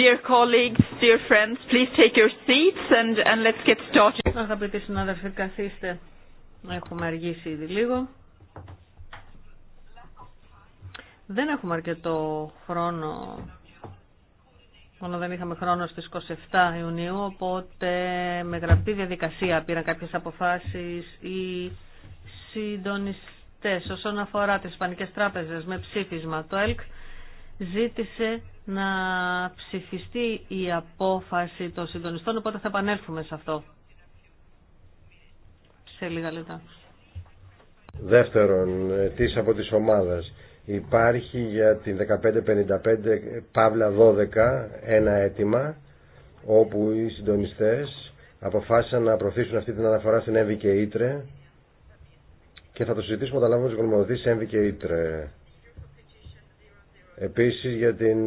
Dear colleagues, dear friends, please take your seats and, and let's get started. Αγαπητοί συνάδελφοι, καθίστε. Έχουμε αργήσει ήδη λίγο. Δεν έχουμε αρκετό χρόνο, μόνο δεν είχαμε χρόνο στις 27 Ιουνίου, οπότε με γραπτή διαδικασία πήραν κάποιες αποφάσεις οι συντονιστές όσον αφορά τις Ισπανικές Τράπεζες με ψήφισμα. Το ΕΛΚ ζήτησε να ψηφιστεί η απόφαση των συντονιστών, οπότε θα επανέλθουμε σε αυτό. Σε λίγα λεπτά. Δεύτερον, τη από τις ομάδες. Υπάρχει για την 1555 Παύλα 12 ένα αίτημα όπου οι συντονιστές αποφάσισαν να προωθήσουν αυτή την αναφορά στην Εύη και Ήτρε και θα το συζητήσουμε όταν λάβουμε τις γνωμοδοτήσεις Εύη και Ήτρε. Επίσης για την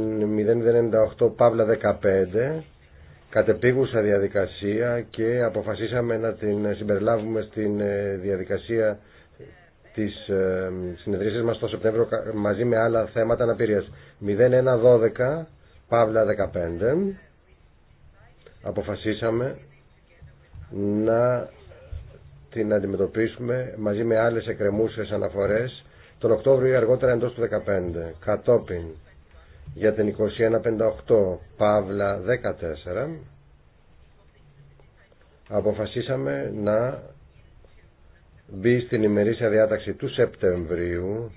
0098 Παύλα 15 κατεπήγουσα διαδικασία και αποφασίσαμε να την συμπεριλάβουμε στην ε, διαδικασία της ε, συνεδρίασης μας το Σεπτέμβριο μαζί με άλλα θέματα αναπηρίας. 0112 Παύλα 15 αποφασίσαμε να την αντιμετωπίσουμε μαζί με άλλες εκκρεμούσες αναφορές τον Οκτώβριο ή αργότερα εντός του 15 κατόπιν για την 2158 Παύλα 14 αποφασίσαμε να μπει στην ημερήσια διάταξη του Σεπτεμβρίου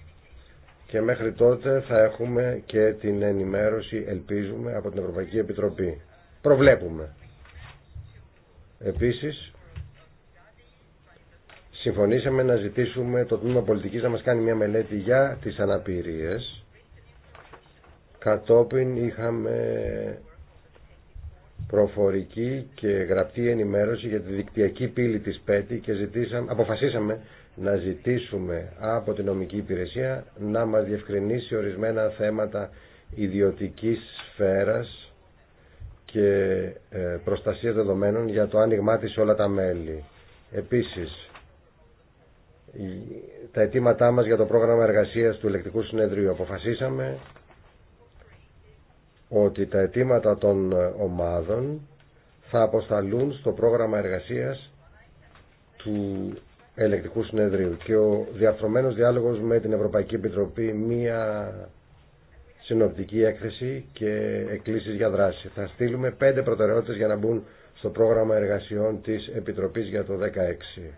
και μέχρι τότε θα έχουμε και την ενημέρωση ελπίζουμε από την Ευρωπαϊκή Επιτροπή προβλέπουμε επίσης συμφωνήσαμε να ζητήσουμε το Τμήμα Πολιτικής να μας κάνει μια μελέτη για τις αναπηρίες. Κατόπιν είχαμε προφορική και γραπτή ενημέρωση για τη δικτυακή πύλη της ΠΕΤΗ και ζητήσαμε, αποφασίσαμε να ζητήσουμε από την νομική υπηρεσία να μας διευκρινίσει ορισμένα θέματα ιδιωτικής σφαίρας και ε, προστασία δεδομένων για το άνοιγμά της σε όλα τα μέλη. Επίσης, τα αιτήματά μας για το πρόγραμμα εργασίας του Ελεκτικού Συνεδρίου. Αποφασίσαμε ότι τα αιτήματα των ε, ομάδων θα αποσταλούν στο πρόγραμμα εργασίας του Ελεκτικού Συνεδρίου και ο διαφρομένος διάλογος με την Ευρωπαϊκή Επιτροπή μία συνοπτική έκθεση και εκκλήσεις για δράση. Θα στείλουμε πέντε προτεραιότητες για να μπουν στο πρόγραμμα εργασιών της Επιτροπής για το 2016.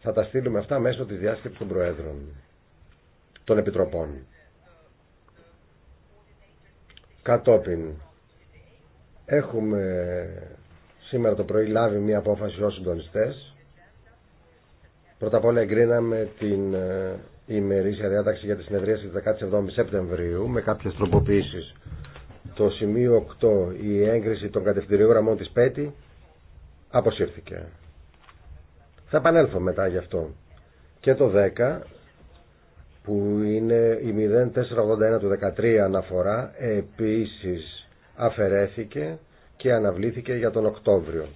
Θα τα στείλουμε αυτά μέσω τη διάσκεψης των Προέδρων, των Επιτροπών. Κατόπιν, έχουμε σήμερα το πρωί λάβει μία απόφαση ως συντονιστές. Πρώτα απ' όλα εγκρίναμε την ε, ημερήσια διάταξη για τη συνεδρία της 17 Σεπτεμβρίου με κάποιες τροποποιήσεις. Το σημείο 8, η έγκριση των κατευθυντηρίων γραμμών της ΠΕΤΗ, αποσύρθηκε. Θα επανέλθω μετά γι' αυτό. Και το 10 που είναι η 0481 του 13 αναφορά επίσης αφαιρέθηκε και αναβλήθηκε για τον Οκτώβριο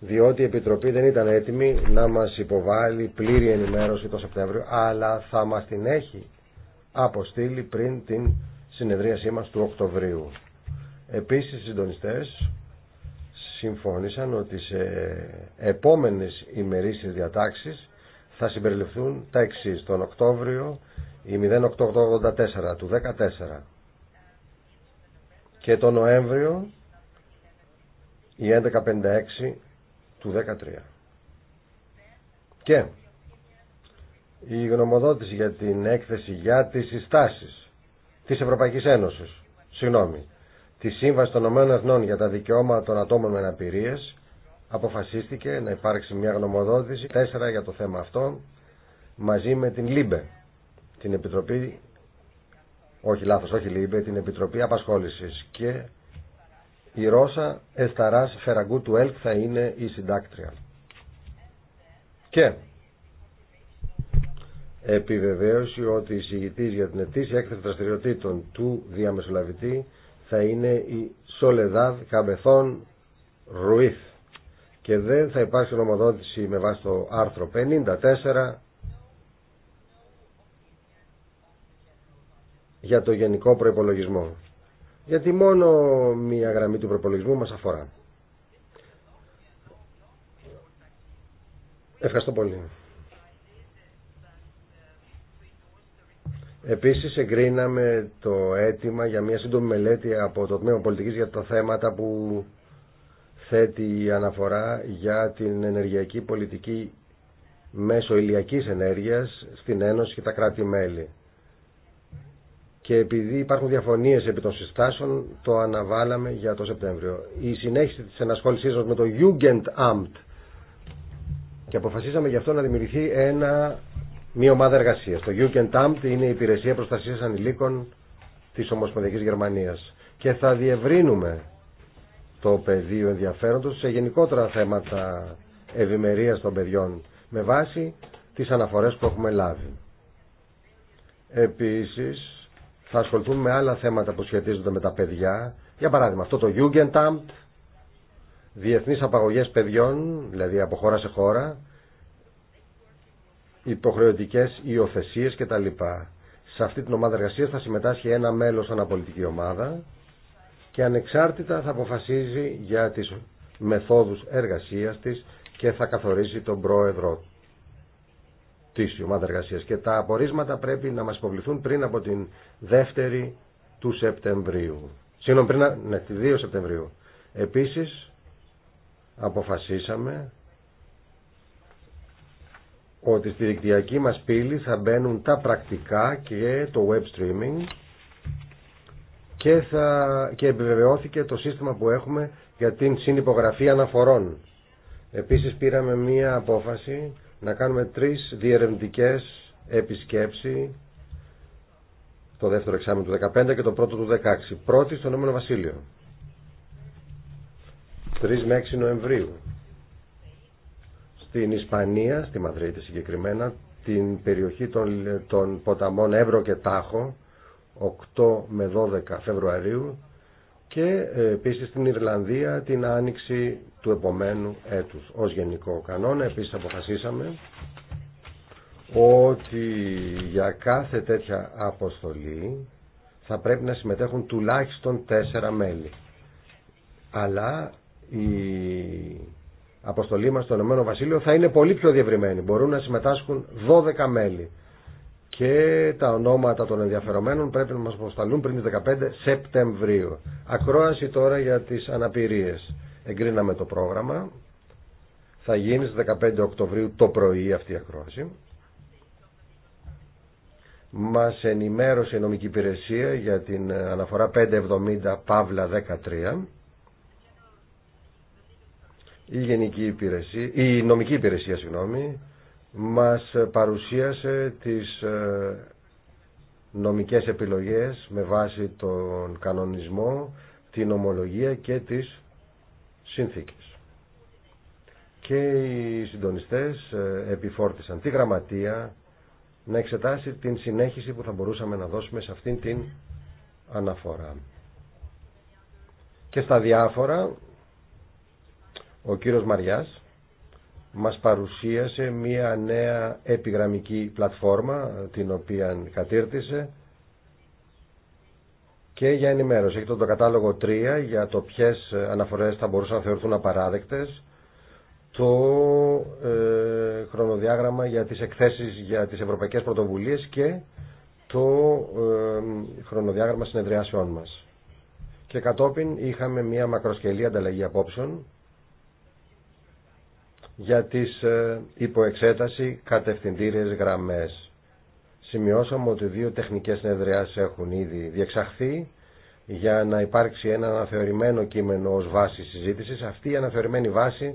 διότι η Επιτροπή δεν ήταν έτοιμη να μας υποβάλει πλήρη ενημέρωση το Σεπτέμβριο αλλά θα μας την έχει αποστείλει πριν την συνεδρίασή μας του Οκτωβρίου. Επίσης συντονιστές συμφώνησαν ότι σε επόμενες ημερήσεις διατάξεις θα συμπεριληφθούν τα εξής. τον Οκτώβριο η 0884 του 14 και τον Νοέμβριο η 1156 του 13 και η γνωμοδότηση για την έκθεση για τις συστάσεις της Ευρωπαϊκής Ένωσης συγγνώμη τη Σύμβαση των Ηνωμένων για τα Δικαιώματα των Ατόμων με Αναπηρίες αποφασίστηκε να υπάρξει μια γνωμοδότηση τέσσερα για το θέμα αυτό μαζί με την ΛΥΜΠΕ, την Επιτροπή, όχι λάθος, όχι ΛΥΜΠΕ, την Επιτροπή Απασχόλησης και η Ρώσα Εσταράς Φεραγκού του ΕΛΚ θα είναι η συντάκτρια. Και επιβεβαίωση ότι η συγητής για την ετήσια έκθεση δραστηριοτήτων του διαμεσολαβητή θα είναι η Σολεδάδ Cabezón Ρουίθ και δεν θα υπάρξει νομοδότηση με βάση το άρθρο 54 για το γενικό προϋπολογισμό γιατί μόνο μία γραμμή του προϋπολογισμού μας αφορά. Ευχαριστώ πολύ. Επίσης εγκρίναμε το αίτημα για μια σύντομη μελέτη από το Τμήμα Πολιτικής για τα θέματα που θέτει η αναφορά για την ενεργειακή πολιτική μέσω ηλιακής ενέργειας στην Ένωση και τα κράτη-μέλη. Και επειδή υπάρχουν διαφωνίες επί των συστάσεων, το αναβάλαμε για το Σεπτέμβριο. Η συνέχιση της ενασχόλησής μας με το Jugendamt και αποφασίσαμε γι' αυτό να δημιουργηθεί ένα μια ομάδα εργασία. Το Jugendamt είναι η Υπηρεσία Προστασία Ανηλίκων τη Ομοσπονδιακή Γερμανία. Και θα διευρύνουμε το πεδίο ενδιαφέροντο σε γενικότερα θέματα ευημερία των παιδιών με βάση τις αναφορές που έχουμε λάβει. Επίσης, θα ασχοληθούμε με άλλα θέματα που σχετίζονται με τα παιδιά. Για παράδειγμα, αυτό το Jugendamt, διεθνεί απαγωγέ παιδιών, δηλαδή από χώρα σε χώρα, υποχρεωτικές υιοθεσίε κτλ. Σε αυτή την ομάδα εργασίας θα συμμετάσχει ένα μέλος αναπολιτική ομάδα και ανεξάρτητα θα αποφασίζει για τις μεθόδους εργασίας της και θα καθορίζει τον πρόεδρο της ομάδα εργασίας. Και τα απορίσματα πρέπει να μας υποβληθούν πριν από την δεύτερη του Σεπτεμβρίου. Συγγνώμη, πριν, ναι, τη 2 Σεπτεμβρίου. Επίσης, αποφασίσαμε ότι στη δικτυακή μας πύλη θα μπαίνουν τα πρακτικά και το web streaming και, θα, και επιβεβαιώθηκε το σύστημα που έχουμε για την συνυπογραφή αναφορών. Επίσης πήραμε μία απόφαση να κάνουμε τρεις διερευνητικές επισκέψεις το δεύτερο εξάμεινο του 2015 και το πρώτο του 2016. Πρώτη στον νόμιμο Βασίλειο. 3 με 6 Νοεμβρίου στην Ισπανία, στη Μαδρίτη συγκεκριμένα, την περιοχή των, των ποταμών Εύρο και Τάχο 8 με 12 Φεβρουαρίου και ε, επίσης στην Ιρλανδία την άνοιξη του επομένου έτους ως γενικό κανόνα. Επίσης αποφασίσαμε ότι για κάθε τέτοια αποστολή θα πρέπει να συμμετέχουν τουλάχιστον τέσσερα μέλη. Αλλά η αποστολή μας στο Ηνωμένο Βασίλειο θα είναι πολύ πιο διευρυμένη. Μπορούν να συμμετάσχουν 12 μέλη και τα ονόματα των ενδιαφερομένων πρέπει να μας αποσταλούν πριν τις 15 Σεπτεμβρίου. Ακρόαση τώρα για τις αναπηρίες. Εγκρίναμε το πρόγραμμα. Θα γίνει στις 15 Οκτωβρίου το πρωί αυτή η ακρόαση. Μας ενημέρωσε η νομική υπηρεσία για την αναφορά 570 Παύλα 13 η, γενική υπηρεσία, η νομική υπηρεσία συγγνώμη, μας παρουσίασε τις ε, νομικές επιλογές με βάση τον κανονισμό, την ομολογία και τις συνθήκες. Και οι συντονιστές ε, επιφόρτησαν τη γραμματεία να εξετάσει την συνέχιση που θα μπορούσαμε να δώσουμε σε αυτήν την αναφορά. Και στα διάφορα ο κύριος Μαριάς μας παρουσίασε μία νέα επιγραμμική πλατφόρμα την οποία κατήρτισε και για ενημέρωση. Έχει το κατάλογο 3 για το ποιες αναφορές θα μπορούσαν να θεωρηθούν απαράδεκτες το ε, χρονοδιάγραμμα για τις εκθέσεις για τις ευρωπαϊκές πρωτοβουλίες και το ε, χρονοδιάγραμμα συνεδριάσεών μας. Και κατόπιν είχαμε μία μακροσκελή ανταλλαγή απόψεων για τις ε, υποεξέταση κατευθυντήριες γραμμές. Σημειώσαμε ότι δύο τεχνικές συνεδριάσεις έχουν ήδη διεξαχθεί για να υπάρξει ένα αναθεωρημένο κείμενο ως βάση συζήτησης. Αυτή η αναθεωρημένη βάση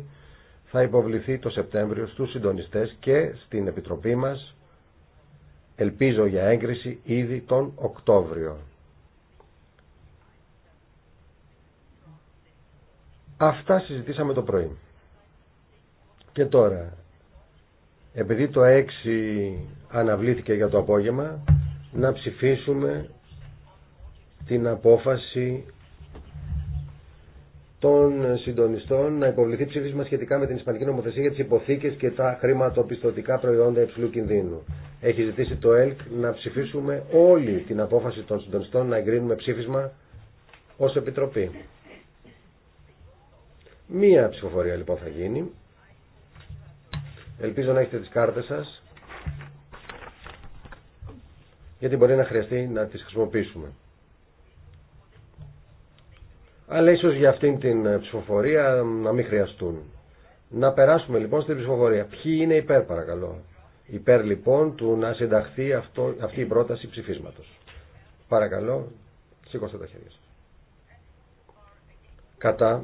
θα υποβληθεί το Σεπτέμβριο στους συντονιστές και στην Επιτροπή μας, ελπίζω για έγκριση, ήδη τον Οκτώβριο. Αυτά συζητήσαμε το πρωί. Και τώρα, επειδή το 6 αναβλήθηκε για το απόγευμα, να ψηφίσουμε την απόφαση των συντονιστών να υποβληθεί ψήφισμα σχετικά με την Ισπανική νομοθεσία για τι υποθήκε και τα χρηματοπιστωτικά προϊόντα υψηλού κινδύνου. Έχει ζητήσει το ΕΛΚ να ψηφίσουμε όλη την απόφαση των συντονιστών να εγκρίνουμε ψήφισμα ω Επιτροπή. Μία ψηφοφορία λοιπόν θα γίνει. Ελπίζω να έχετε τις κάρτες σας, γιατί μπορεί να χρειαστεί να τις χρησιμοποιήσουμε. Αλλά ίσως για αυτήν την ε, ψηφοφορία ε, να μην χρειαστούν. Να περάσουμε λοιπόν στην ψηφοφορία. Ποιοι είναι υπέρ παρακαλώ. Υπέρ λοιπόν του να συνταχθεί αυτό, αυτή η πρόταση ψηφίσματος. Παρακαλώ, σήκωστε τα χέρια σας. Κατά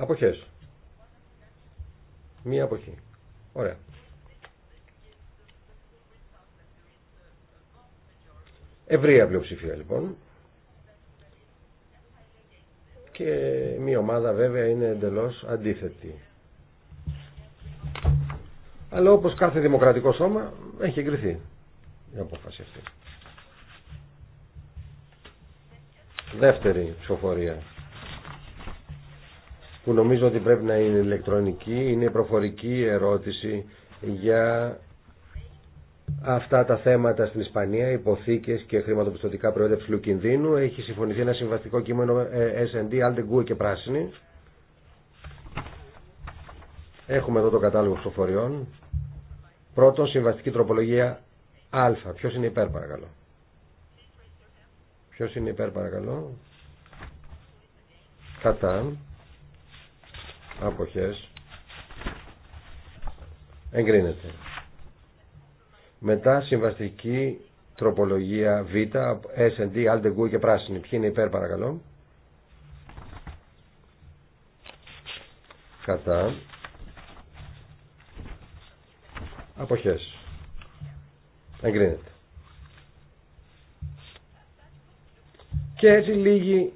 Αποχές. Μία αποχή. Ωραία. Ευρία πλειοψηφία λοιπόν. Και μία ομάδα βέβαια είναι εντελώς αντίθετη. Αλλά όπως κάθε δημοκρατικό σώμα έχει εγκριθεί η απόφαση αυτή. Δεύτερη ψηφοφορία που νομίζω ότι πρέπει να είναι ηλεκτρονική είναι η προφορική ερώτηση για αυτά τα θέματα στην Ισπανία, υποθήκες και χρηματοπιστωτικά προϊόντα ψηλού κινδύνου. Έχει συμφωνηθεί ένα συμβαστικό κείμενο ε, S&D, άλτεγκου και Πράσινη. Έχουμε εδώ το κατάλογο ψηφοφοριών. Πρώτον, συμβαστική τροπολογία Α. Ποιος είναι υπέρ παρακαλώ. Ποιος είναι υπέρ παρακαλώ. Κατά αποχές εγκρίνεται. Μετά συμβαστική τροπολογία Β, S&D, Αλτεγκού και Πράσινη. Ποιοι είναι υπέρ παρακαλώ. Κατά. Αποχές. Εγκρίνεται. Και έτσι λίγη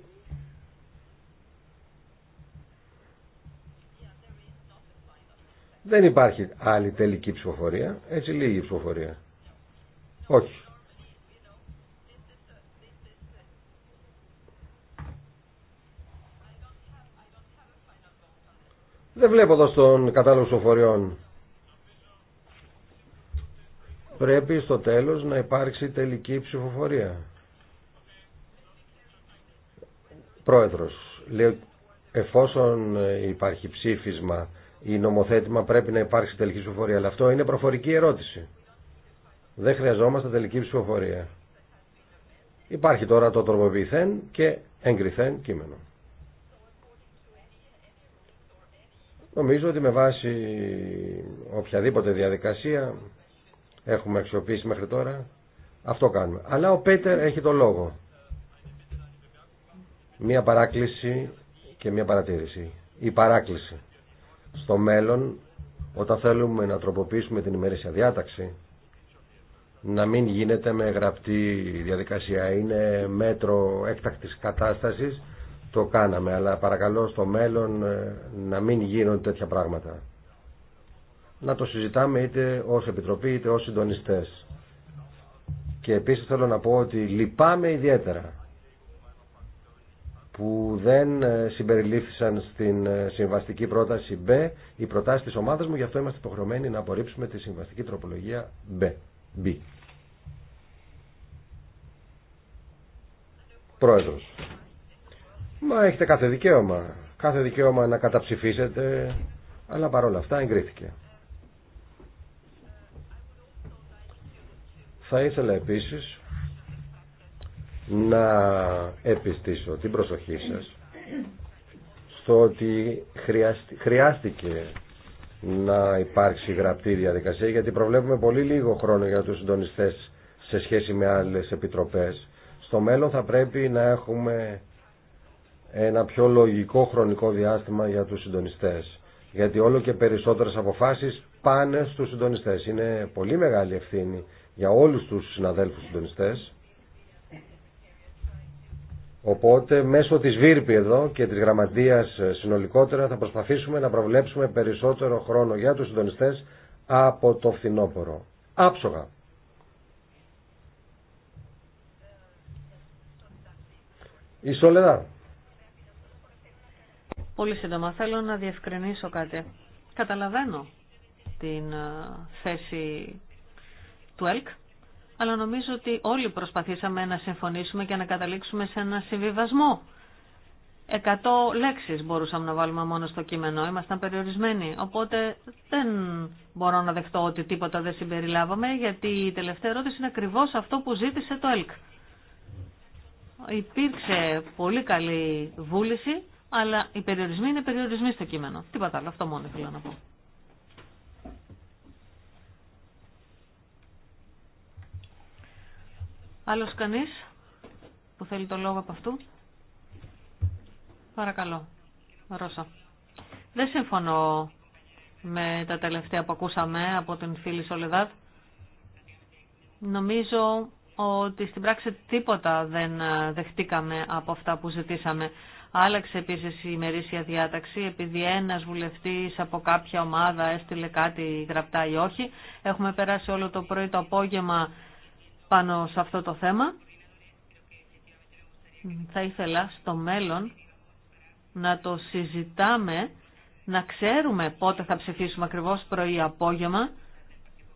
Δεν υπάρχει άλλη τελική ψηφοφορία. Έτσι λίγη ψηφοφορία. Όχι. Δεν βλέπω εδώ στον κατάλογο ψηφοφοριών. Πρέπει στο τέλος να υπάρξει τελική ψηφοφορία. Πρόεδρος, λέω, εφόσον υπάρχει ψήφισμα ή νομοθέτημα πρέπει να υπάρξει τελική ψηφοφορία. Αλλά αυτό είναι προφορική ερώτηση. Δεν χρειαζόμαστε τελική ψηφοφορία. Υπάρχει τώρα το τροποποιηθέν και εγκριθέν κείμενο. Νομίζω ότι με βάση οποιαδήποτε διαδικασία έχουμε αξιοποιήσει μέχρι τώρα, αυτό κάνουμε. Αλλά ο Πέτερ έχει το λόγο. Μία παράκληση και μία παρατήρηση. Η παράκληση στο μέλλον όταν θέλουμε να τροποποιήσουμε την ημερήσια διάταξη να μην γίνεται με γραπτή διαδικασία είναι μέτρο έκτακτης κατάστασης το κάναμε αλλά παρακαλώ στο μέλλον ε, να μην γίνονται τέτοια πράγματα να το συζητάμε είτε ως Επιτροπή είτε ως συντονιστές και επίσης θέλω να πω ότι λυπάμαι ιδιαίτερα που δεν ε, συμπεριλήφθησαν στην ε, συμβαστική πρόταση B η προτάσει τη ομάδας μου, γι' αυτό είμαστε υποχρεωμένοι να απορρίψουμε τη συμβαστική τροπολογία B. B. Πρόεδρος. Μα έχετε κάθε δικαίωμα. Κάθε δικαίωμα να καταψηφίσετε, αλλά παρόλα αυτά εγκρίθηκε. Θα ήθελα επίσης να επιστήσω την προσοχή σας στο ότι χρειάστηκε να υπάρξει γραπτή διαδικασία γιατί προβλέπουμε πολύ λίγο χρόνο για τους συντονιστές σε σχέση με άλλες επιτροπές. Στο μέλλον θα πρέπει να έχουμε ένα πιο λογικό χρονικό διάστημα για τους συντονιστές γιατί όλο και περισσότερες αποφάσεις πάνε στους συντονιστές. Είναι πολύ μεγάλη ευθύνη για όλους τους συναδέλφους συντονιστές Οπότε μέσω της Βύρπη εδώ και της γραμματείας ε, συνολικότερα θα προσπαθήσουμε να προβλέψουμε περισσότερο χρόνο για τους συντονιστές από το φθινόπωρο. Άψογα. Η Σολεδά. Πολύ σύντομα θέλω να διευκρινίσω κάτι. Καταλαβαίνω την ε, θέση του ΕΛΚ αλλά νομίζω ότι όλοι προσπαθήσαμε να συμφωνήσουμε και να καταλήξουμε σε ένα συμβιβασμό. Εκατό λέξεις μπορούσαμε να βάλουμε μόνο στο κείμενο, ήμασταν περιορισμένοι, οπότε δεν μπορώ να δεχτώ ότι τίποτα δεν συμπεριλάβαμε, γιατί η τελευταία ερώτηση είναι ακριβώς αυτό που ζήτησε το ΕΛΚ. Υπήρξε πολύ καλή βούληση, αλλά οι περιορισμοί είναι περιορισμοί στο κείμενο. Τίποτα άλλο, αυτό μόνο ήθελα να πω. Άλλος κανείς που θέλει το λόγο από αυτού. Παρακαλώ. Ρώσα. Δεν συμφωνώ με τα τελευταία που ακούσαμε από την φίλη Σολεδάτ. Νομίζω ότι στην πράξη τίποτα δεν ε, δεχτήκαμε από αυτά που ζητήσαμε. Άλλαξε επίση η ημερήσια διάταξη επειδή ένα βουλευτή από κάποια ομάδα έστειλε κάτι γραπτά ή όχι. Έχουμε περάσει όλο το πρωί το απόγευμα πάνω σε αυτό το θέμα. Θα ήθελα στο μέλλον να το συζητάμε, να ξέρουμε πότε θα ψηφίσουμε ακριβώς πρωί απόγευμα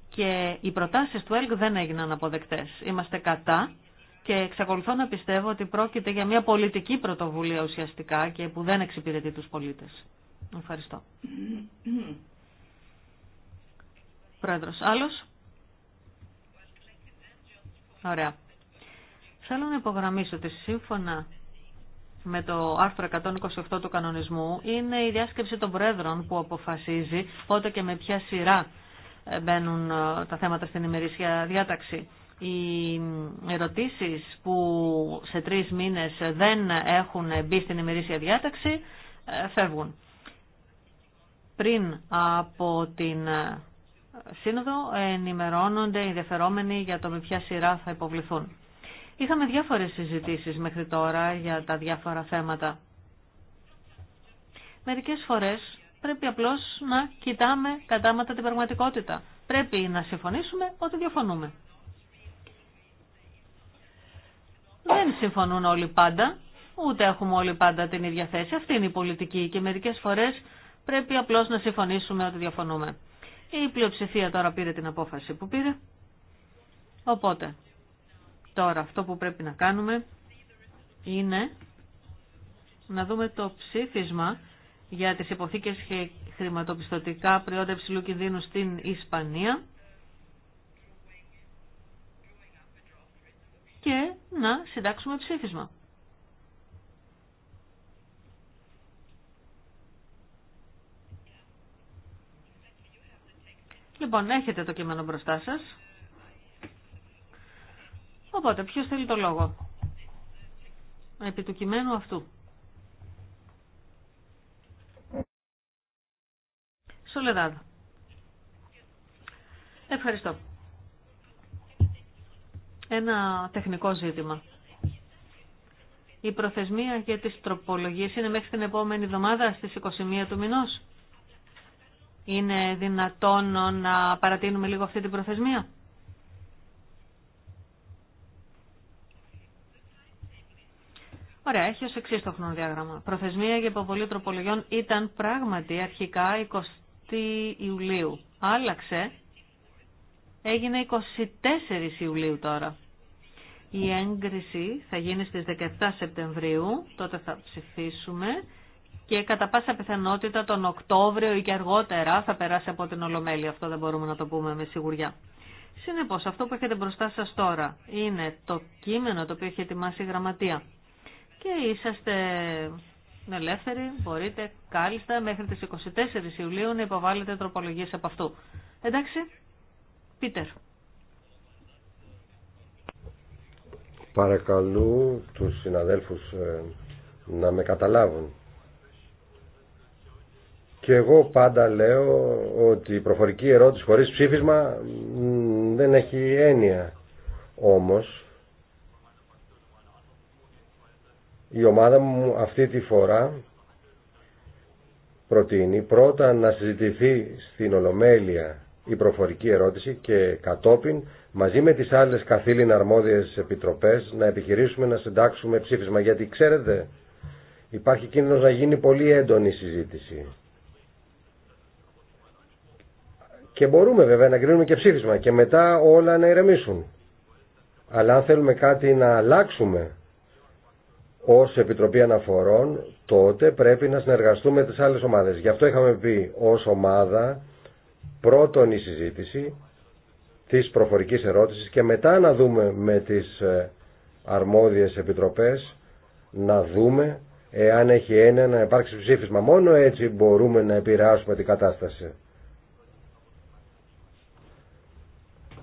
και οι προτάσεις του ΕΛΚ δεν έγιναν αποδεκτές. Είμαστε κατά και εξακολουθώ να πιστεύω ότι πρόκειται για μια πολιτική πρωτοβουλία ουσιαστικά και που δεν εξυπηρετεί τους πολίτες. Ευχαριστώ. Πρόεδρος, άλλος. Ωραία. Θέλω να υπογραμμίσω ότι σύμφωνα με το άρθρο 128 του κανονισμού είναι η διάσκεψη των Προέδρων που αποφασίζει πότε και με ποια σειρά ε, μπαίνουν ε, τα θέματα στην ημερήσια διάταξη. Οι ερωτήσεις που σε τρεις μήνες δεν έχουν μπει στην ημερήσια διάταξη ε, φεύγουν. Πριν από την σύνοδο ενημερώνονται οι ενδιαφερόμενοι για το με ποια σειρά θα υποβληθούν. Είχαμε διάφορες συζητήσεις μέχρι τώρα για τα διάφορα θέματα. Μερικές φορές πρέπει απλώς να κοιτάμε κατάματα την πραγματικότητα. Πρέπει να συμφωνήσουμε ότι διαφωνούμε. Δεν συμφωνούν όλοι πάντα, ούτε έχουμε όλοι πάντα την ίδια θέση. Αυτή είναι η πολιτική και μερικές φορές πρέπει απλώς να συμφωνήσουμε ότι διαφωνούμε. Η πλειοψηφία τώρα πήρε την απόφαση που πήρε. Οπότε, τώρα αυτό που πρέπει να κάνουμε είναι να δούμε το ψήφισμα για τις υποθήκες χρηματοπιστωτικά προϊόντα υψηλού κινδύνου στην Ισπανία και να συντάξουμε ψήφισμα. Λοιπόν, έχετε το κείμενο μπροστά σας. Οπότε, ποιος θέλει το λόγο. Επί του κειμένου αυτού. Σολεδάδ. Ευχαριστώ. Ένα τεχνικό ζήτημα. Η προθεσμία για τις τροπολογίες είναι μέχρι την επόμενη εβδομάδα στις 21 του μηνός. Είναι δυνατόν να παρατείνουμε λίγο αυτή την προθεσμία. Ωραία, έχει ως εξής το χρονοδιάγραμμα. Προθεσμία για υποβολή τροπολογιών ήταν πράγματι αρχικά 20 Ιουλίου. Άλλαξε, έγινε 24 Ιουλίου τώρα. Η έγκριση θα γίνει στις 17 Σεπτεμβρίου, τότε θα ψηφίσουμε και κατά πάσα πιθανότητα τον Οκτώβριο ή και αργότερα θα περάσει από την Ολομέλεια. Αυτό δεν μπορούμε να το πούμε με σιγουριά. Συνεπώς, αυτό που έχετε μπροστά σας τώρα είναι το κείμενο το οποίο έχει ετοιμάσει η Γραμματεία. Και είσαστε ελεύθεροι, μπορείτε κάλλιστα μέχρι τις 24 Ιουλίου να υποβάλλετε τροπολογίες από αυτού. Εντάξει, Πίτερ. Παρακαλώ τους συναδέλφους ε, να με καταλάβουν. Και εγώ πάντα λέω ότι η προφορική ερώτηση χωρίς ψήφισμα δεν έχει έννοια. Όμως, η ομάδα μου αυτή τη φορά προτείνει πρώτα να συζητηθεί στην Ολομέλεια η προφορική ερώτηση και κατόπιν μαζί με τις άλλες καθήλυνα αρμόδιες επιτροπές να επιχειρήσουμε να συντάξουμε ψήφισμα γιατί ξέρετε υπάρχει κίνδυνος να γίνει πολύ έντονη συζήτηση Και μπορούμε βέβαια να κρίνουμε και ψήφισμα και μετά όλα να ηρεμήσουν. Αλλά αν θέλουμε κάτι να αλλάξουμε ως Επιτροπή Αναφορών, τότε πρέπει να συνεργαστούμε με τις άλλες ομάδες. Γι' αυτό είχαμε πει ως ομάδα πρώτον η συζήτηση της προφορικής ερώτησης και μετά να δούμε με τις ε, αρμόδιες επιτροπές να δούμε εάν έχει ένα να υπάρξει ψήφισμα. Μόνο έτσι μπορούμε να επηρεάσουμε την κατάσταση.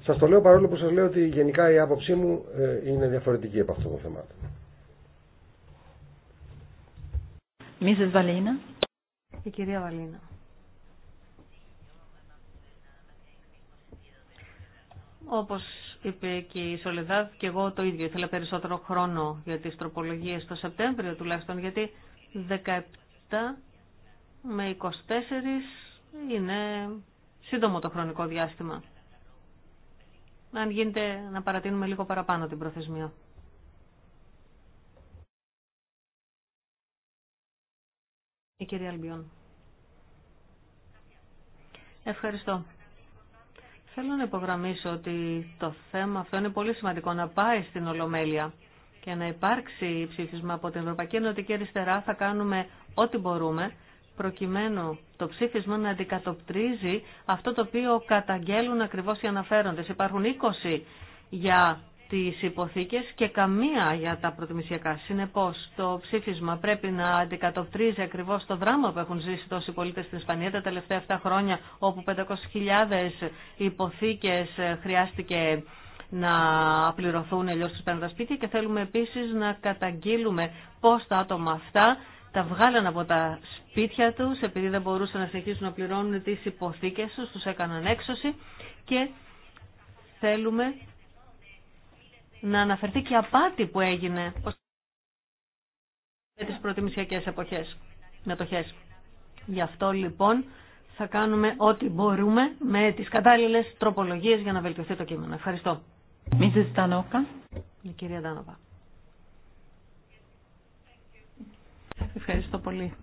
Σας το λέω παρόλο που σας λέω ότι γενικά η άποψή μου ε, είναι διαφορετική από αυτό το θέμα. Μίσες Βαλίνα. Η κυρία Βαλίνα. Όπως είπε και η Σολεδάδ και εγώ το ίδιο ήθελα περισσότερο χρόνο για τις τροπολογίες το Σεπτέμβριο τουλάχιστον γιατί 17 με 24 είναι σύντομο το χρονικό διάστημα αν γίνεται να παρατείνουμε λίγο παραπάνω την προθεσμία. Η κυρία Αλμπιόν. Ευχαριστώ. Θέλω να υπογραμμίσω ότι το θέμα αυτό είναι πολύ σημαντικό να πάει στην Ολομέλεια και να υπάρξει ψήφισμα από την Ευρωπαϊκή Ενωτική Αριστερά. Θα κάνουμε ό,τι μπορούμε προκειμένου το ψήφισμα να αντικατοπτρίζει αυτό το οποίο καταγγέλουν ακριβώς οι αναφέροντες. Υπάρχουν 20 για τις υποθήκες και καμία για τα προτιμησιακά. Συνεπώς, το ψήφισμα πρέπει να αντικατοπτρίζει ακριβώς το δράμα που έχουν ζήσει τόσοι πολίτες στην Ισπανία τα τελευταία 7 χρόνια, όπου 500.000 υποθήκες χρειάστηκε να πληρωθούν αλλιώς τους σπίτια και θέλουμε επίσης να καταγγείλουμε πώς τα άτομα αυτά τα βγάλαν από τα σπίτια τους επειδή δεν μπορούσαν να συνεχίσουν να πληρώνουν τις υποθήκες τους, τους έκαναν έξωση και θέλουμε να αναφερθεί και απάτη που έγινε με τις προτιμησιακές εποχές, μετοχές. Γι' αυτό λοιπόν θα κάνουμε ό,τι μπορούμε με τις κατάλληλες τροπολογίες για να βελτιωθεί το κείμενο. Ευχαριστώ. Τανόκα, κυρία Ευχαριστώ πολύ.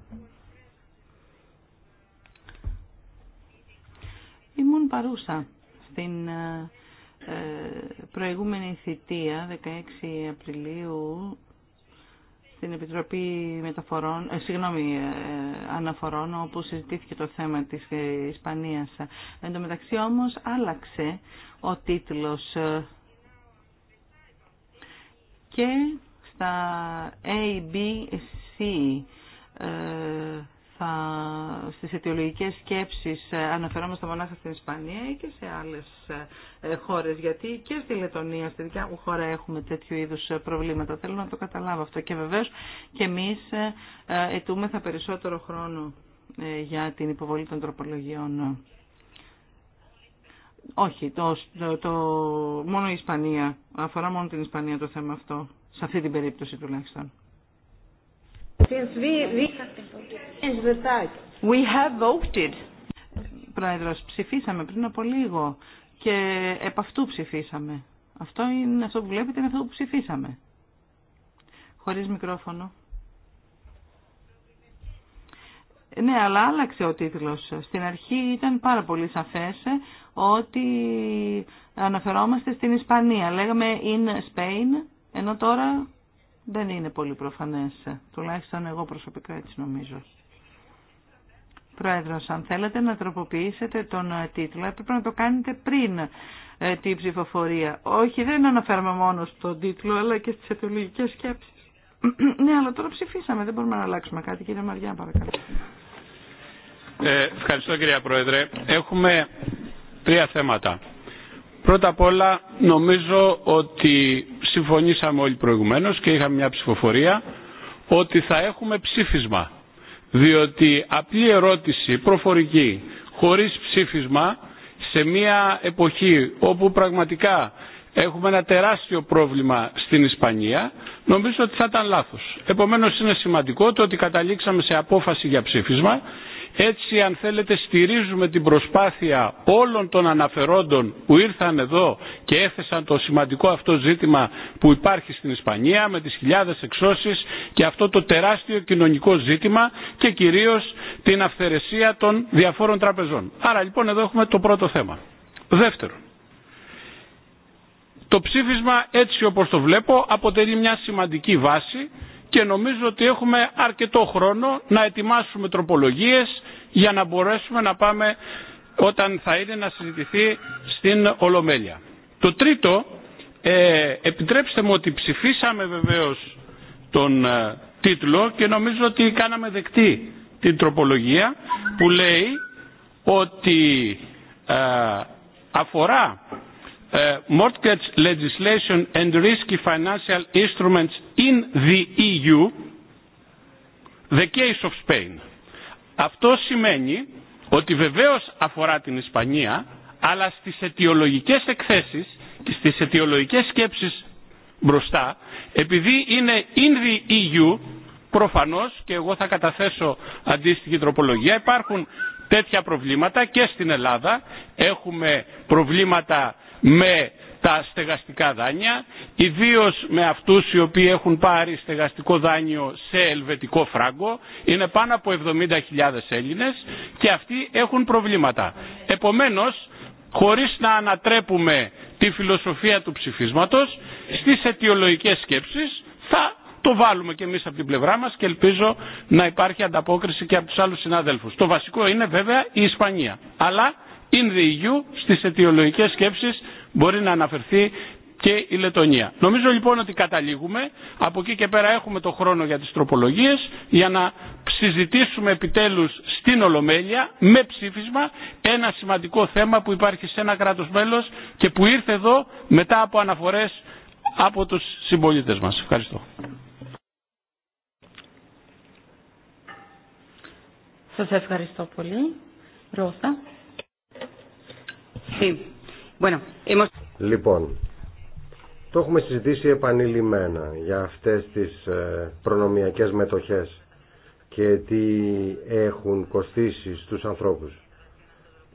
Ήμουν παρούσα στην ε, ε, προηγούμενη θητεία, 16 Απριλίου, στην Επιτροπή Μεταφορών, ε, συγγνώμη, Αναφορών, όπου συζητήθηκε το θέμα της Ισπανίας. Εν τω μεταξύ όμως άλλαξε ο τίτλος και στα A, ε, θα, στις αιτιολογικές σκέψεις ε, αναφερόμαστε μονάχα στην Ισπανία ή και σε άλλες ε, χώρες γιατί και στη Λετωνία, στη δικιά μου χώρα έχουμε τέτοιου είδους ε, προβλήματα θέλω να το καταλάβω αυτό και βεβαίως και εμείς θα περισσότερο χρόνο για την υποβολή των τροπολογιών όχι, το, το, το, μόνο η Ισπανία αφορά μόνο την Ισπανία το θέμα αυτό σε αυτή την περίπτωση τουλάχιστον we, have voted. Πρόεδρος, ψηφίσαμε πριν από λίγο και επ' αυτού ψηφίσαμε. Αυτό είναι αυτό που βλέπετε, είναι αυτό που ψηφίσαμε. Χωρίς μικρόφωνο. Ναι, αλλά άλλαξε ο τίτλος. Στην αρχή ήταν πάρα πολύ σαφές ότι αναφερόμαστε στην Ισπανία. Λέγαμε in Spain, ενώ τώρα δεν είναι πολύ προφανές. Τουλάχιστον εγώ προσωπικά έτσι νομίζω. Πρόεδρος, αν θέλετε να τροποποιήσετε τον ε, τίτλο, έπρεπε να το κάνετε πριν ε, την ψηφοφορία. Όχι, δεν αναφέρουμε μόνο στον τίτλο, αλλά και στις αιτιολογικές σκέψεις. ναι, αλλά τώρα ψηφίσαμε, δεν μπορούμε να αλλάξουμε κάτι. Κύριε Μαριά, παρακαλώ. Ε, ευχαριστώ, κυρία Πρόεδρε. Έχουμε τρία θέματα. Πρώτα απ' όλα νομίζω ότι συμφωνήσαμε όλοι προηγουμένως και είχαμε μια ψηφοφορία ότι θα έχουμε ψήφισμα. Διότι απλή ερώτηση, προφορική, χωρίς ψήφισμα, σε μια εποχή όπου πραγματικά έχουμε ένα τεράστιο πρόβλημα στην Ισπανία, νομίζω ότι θα ήταν λάθος. Επομένως είναι σημαντικό το ότι καταλήξαμε σε απόφαση για ψήφισμα έτσι αν θέλετε στηρίζουμε την προσπάθεια όλων των αναφερόντων που ήρθαν εδώ και έθεσαν το σημαντικό αυτό ζήτημα που υπάρχει στην Ισπανία με τις χιλιάδες εξώσεις και αυτό το τεράστιο κοινωνικό ζήτημα και κυρίως την αυθαιρεσία των διαφόρων τραπεζών. Άρα λοιπόν εδώ έχουμε το πρώτο θέμα. Δεύτερον, το ψήφισμα έτσι όπως το βλέπω αποτελεί μια σημαντική βάση και νομίζω ότι έχουμε αρκετό χρόνο να ετοιμάσουμε τροπολογίες για να μπορέσουμε να πάμε όταν θα είναι να συζητηθεί στην Ολομέλεια. Το τρίτο, ε, επιτρέψτε μου ότι ψηφίσαμε βεβαίως τον ε, τίτλο και νομίζω ότι κάναμε δεκτή την τροπολογία που λέει ότι ε, αφορά ε, mortgage legislation and risky financial instruments in the EU, the case of Spain. Αυτό σημαίνει ότι βεβαίως αφορά την Ισπανία, αλλά στις αιτιολογικές εκθέσεις και στις αιτιολογικές σκέψεις μπροστά, επειδή είναι in the EU, προφανώς και εγώ θα καταθέσω αντίστοιχη τροπολογία, υπάρχουν τέτοια προβλήματα και στην Ελλάδα. Έχουμε προβλήματα με τα στεγαστικά δάνεια, ιδίω με αυτούς οι οποίοι έχουν πάρει στεγαστικό δάνειο σε ελβετικό φράγκο, είναι πάνω από 70.000 Έλληνες και αυτοί έχουν προβλήματα. Επομένως, χωρίς να ανατρέπουμε τη φιλοσοφία του ψηφίσματος, στις αιτιολογικές σκέψεις θα το βάλουμε και εμείς από την πλευρά μας και ελπίζω να υπάρχει ανταπόκριση και από τους άλλους συνάδελφους. Το βασικό είναι βέβαια η Ισπανία. Αλλά in the EU στις αιτιολογικές σκέψεις μπορεί να αναφερθεί και η Λετωνία. Νομίζω λοιπόν ότι καταλήγουμε, από εκεί και πέρα έχουμε το χρόνο για τις τροπολογίες, για να συζητήσουμε επιτέλους στην Ολομέλεια, με ψήφισμα, ένα σημαντικό θέμα που υπάρχει σε ένα κράτος μέλος και που ήρθε εδώ μετά από αναφορές από τους συμπολίτες μας. Ευχαριστώ. Σας ευχαριστώ πολύ. Ρώστα. Λοιπόν, το έχουμε συζητήσει επανειλημμένα για αυτές τις ε, προνομιακές μετοχές και τι έχουν κοστίσει στους ανθρώπους.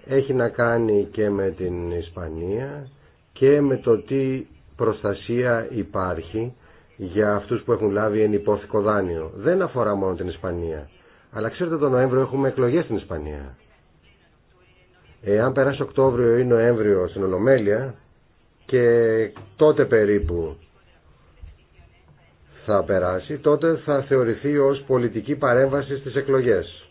Έχει να κάνει και με την Ισπανία και με το τι προστασία υπάρχει για αυτούς που έχουν λάβει ενυπόθηκο δάνειο. Δεν αφορά μόνο την Ισπανία. Αλλά ξέρετε τον Νοέμβριο έχουμε εκλογές στην Ισπανία. Εάν περάσει Οκτώβριο ή Νοέμβριο στην Ολομέλεια και τότε περίπου θα περάσει, τότε θα θεωρηθεί ως πολιτική παρέμβαση στις εκλογές.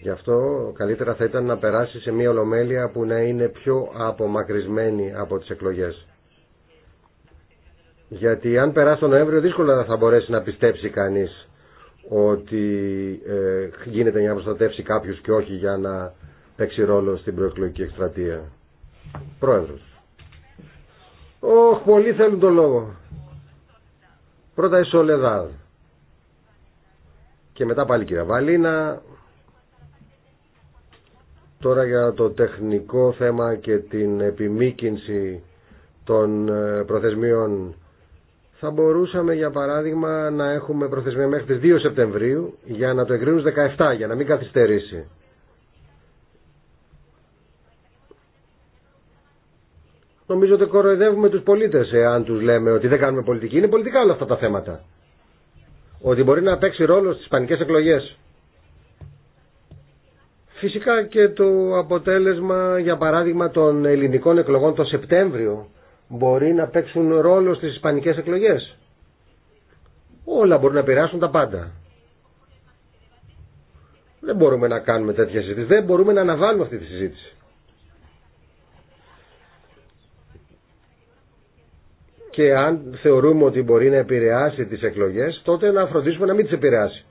Γι' αυτό καλύτερα θα ήταν να περάσει σε μια ολομέλεια που να είναι πιο απομακρυσμένη από τις εκλογές. Γιατί αν περάσει τον Νοέμβριο δύσκολα θα μπορέσει να πιστέψει κανείς ότι ε, γίνεται για να προστατεύσει κάποιους και όχι για να παίξει ρόλο στην προεκλογική εκστρατεία. Πρόεδρος. Όχι, πολλοί θέλουν τον λόγο. Πρώτα η Σολεδάδ. Και μετά πάλι κυρία Βαλίνα. Τώρα για το τεχνικό θέμα και την επιμήκυνση των ε, προθεσμίων θα μπορούσαμε για παράδειγμα να έχουμε προθεσμία μέχρι τις 2 Σεπτεμβρίου για να το εγκρίνουν 17 για να μην καθυστερήσει. Νομίζω ότι κοροϊδεύουμε τους πολίτες εάν τους λέμε ότι δεν κάνουμε πολιτική. Είναι πολιτικά όλα αυτά τα θέματα. Ότι μπορεί να παίξει ρόλο στις πανικές εκλογές. Φυσικά και το αποτέλεσμα για παράδειγμα των ελληνικών εκλογών το Σεπτέμβριο μπορεί να παίξουν ρόλο στις ισπανικές εκλογές. Όλα μπορούν να επηρεάσουν τα πάντα. Δεν μπορούμε να κάνουμε τέτοια συζήτηση. Δεν μπορούμε να αναβάλουμε αυτή τη συζήτηση. Και αν θεωρούμε ότι μπορεί να επηρεάσει τις εκλογές, τότε να φροντίσουμε να μην τις επηρεάσει.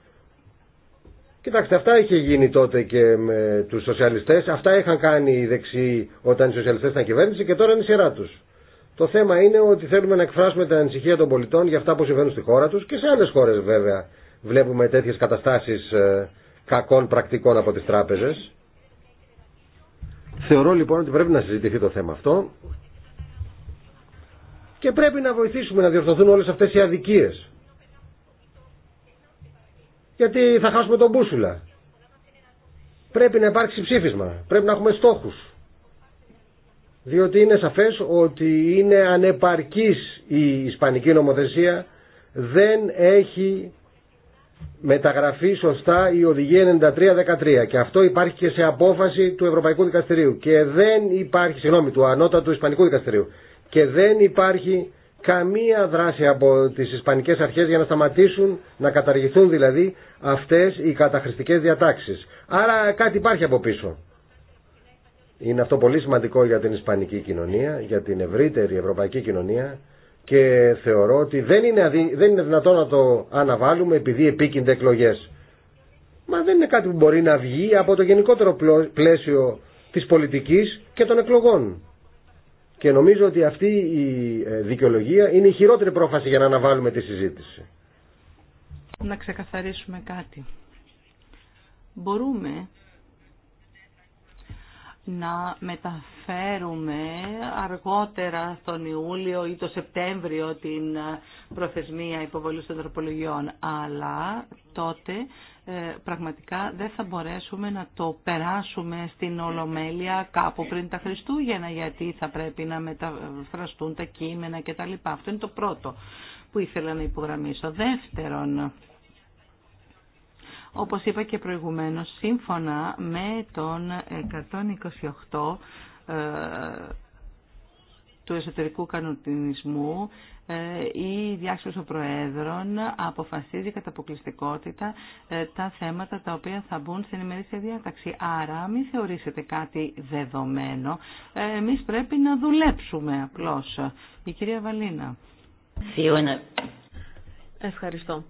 Κοιτάξτε, αυτά είχε γίνει τότε και με τους σοσιαλιστές. Αυτά είχαν κάνει οι δεξιοί όταν οι σοσιαλιστές ήταν κυβέρνηση και τώρα είναι η σειρά τους. Το θέμα είναι ότι θέλουμε να εκφράσουμε τα ανησυχία των πολιτών για αυτά που συμβαίνουν στη χώρα τους και σε άλλες χώρες βέβαια βλέπουμε τέτοιες καταστάσεις ε, κακών πρακτικών από τις τράπεζες. Θεωρώ λοιπόν ότι πρέπει να συζητηθεί το θέμα αυτό και πρέπει να βοηθήσουμε να διορθωθούν όλες αυτές οι αδικίες. Γιατί θα χάσουμε τον μπούσουλα. Πρέπει να υπάρξει ψήφισμα, πρέπει να έχουμε στόχους διότι είναι σαφές ότι είναι ανεπαρκής η ισπανική νομοθεσία, δεν έχει μεταγραφεί σωστά η οδηγία 93-13 και αυτό υπάρχει και σε απόφαση του Ευρωπαϊκού Δικαστηρίου και δεν υπάρχει, συγγνώμη, του ανώτατου Ισπανικού Δικαστηρίου και δεν υπάρχει καμία δράση από τις Ισπανικές αρχές για να σταματήσουν, να καταργηθούν δηλαδή αυτές οι καταχρηστικές διατάξεις. Άρα κάτι υπάρχει από πίσω. Είναι αυτό πολύ σημαντικό για την ισπανική κοινωνία, για την ευρύτερη ευρωπαϊκή κοινωνία και θεωρώ ότι δεν είναι, αδυ... δεν είναι δυνατόν να το αναβάλουμε επειδή επίκυνται εκλογέ. Μα δεν είναι κάτι που μπορεί να βγει από το γενικότερο πλαίσιο της πολιτικής και των εκλογών. Και νομίζω ότι αυτή η ε, δικαιολογία είναι η χειρότερη πρόφαση για να αναβάλουμε τη συζήτηση. Να ξεκαθαρίσουμε κάτι. Μπορούμε να μεταφέρουμε αργότερα τον Ιούλιο ή το Σεπτέμβριο την ε, προθεσμία υποβολής των τροπολογιών. Αλλά τότε ε, πραγματικά δεν θα μπορέσουμε να το περάσουμε στην Ολομέλεια κάπου πριν τα Χριστούγεννα γιατί θα πρέπει να μεταφραστούν τα κείμενα κτλ. Αυτό είναι το πρώτο που ήθελα να υπογραμμίσω. Δεύτερον, όπως είπα και προηγουμένως, σύμφωνα με τον 128 ε, του εσωτερικού ε, η διάσκεψη των Προέδρων αποφασίζει κατά αποκλειστικότητα ε, τα θέματα τα οποία θα μπουν στην ημερήσια διάταξη. Άρα μην θεωρήσετε κάτι δεδομένο. Ε, εμείς πρέπει να δουλέψουμε απλώς. Η κυρία Βαλίνα. Ευχαριστώ.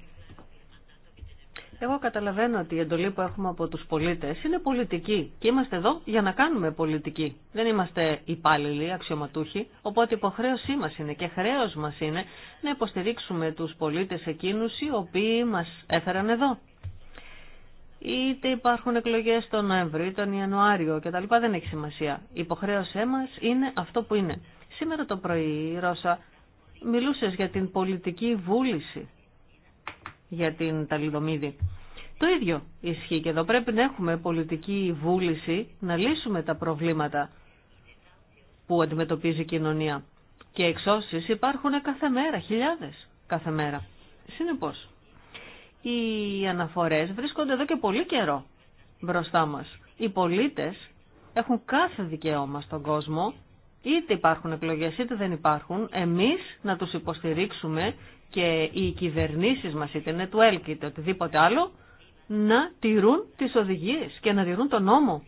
Εγώ καταλαβαίνω ότι η εντολή που έχουμε από τους πολίτες είναι πολιτική και είμαστε εδώ για να κάνουμε πολιτική. Δεν είμαστε υπάλληλοι, αξιωματούχοι, οπότε υποχρέωσή μας είναι και χρέος μας είναι να υποστηρίξουμε τους πολίτες εκείνους οι οποίοι μας έφεραν εδώ. Είτε υπάρχουν εκλογές τον Νοέμβριο ή τον Ιανουάριο κτλ. Δεν έχει σημασία. Η υποχρέωσή μας είναι αυτό που είναι. Σήμερα το πρωί, Ρώσα, μιλούσες για την πολιτική βούληση για την ταλιδομίδη. Το ίδιο ισχύει και εδώ. Πρέπει να έχουμε πολιτική βούληση να λύσουμε τα προβλήματα που αντιμετωπίζει η κοινωνία. Και εξώσεις υπάρχουν κάθε μέρα, χιλιάδες κάθε μέρα. Συνεπώς, οι αναφορές βρίσκονται εδώ και πολύ καιρό μπροστά μας. Οι πολίτες έχουν κάθε δικαίωμα στον κόσμο, είτε υπάρχουν εκλογές είτε δεν υπάρχουν, εμείς να τους υποστηρίξουμε και οι κυβερνήσεις μας, είτε είναι του ΕΛΚ είτε οτιδήποτε άλλο, να τηρούν τις οδηγίες και να τηρούν τον νόμο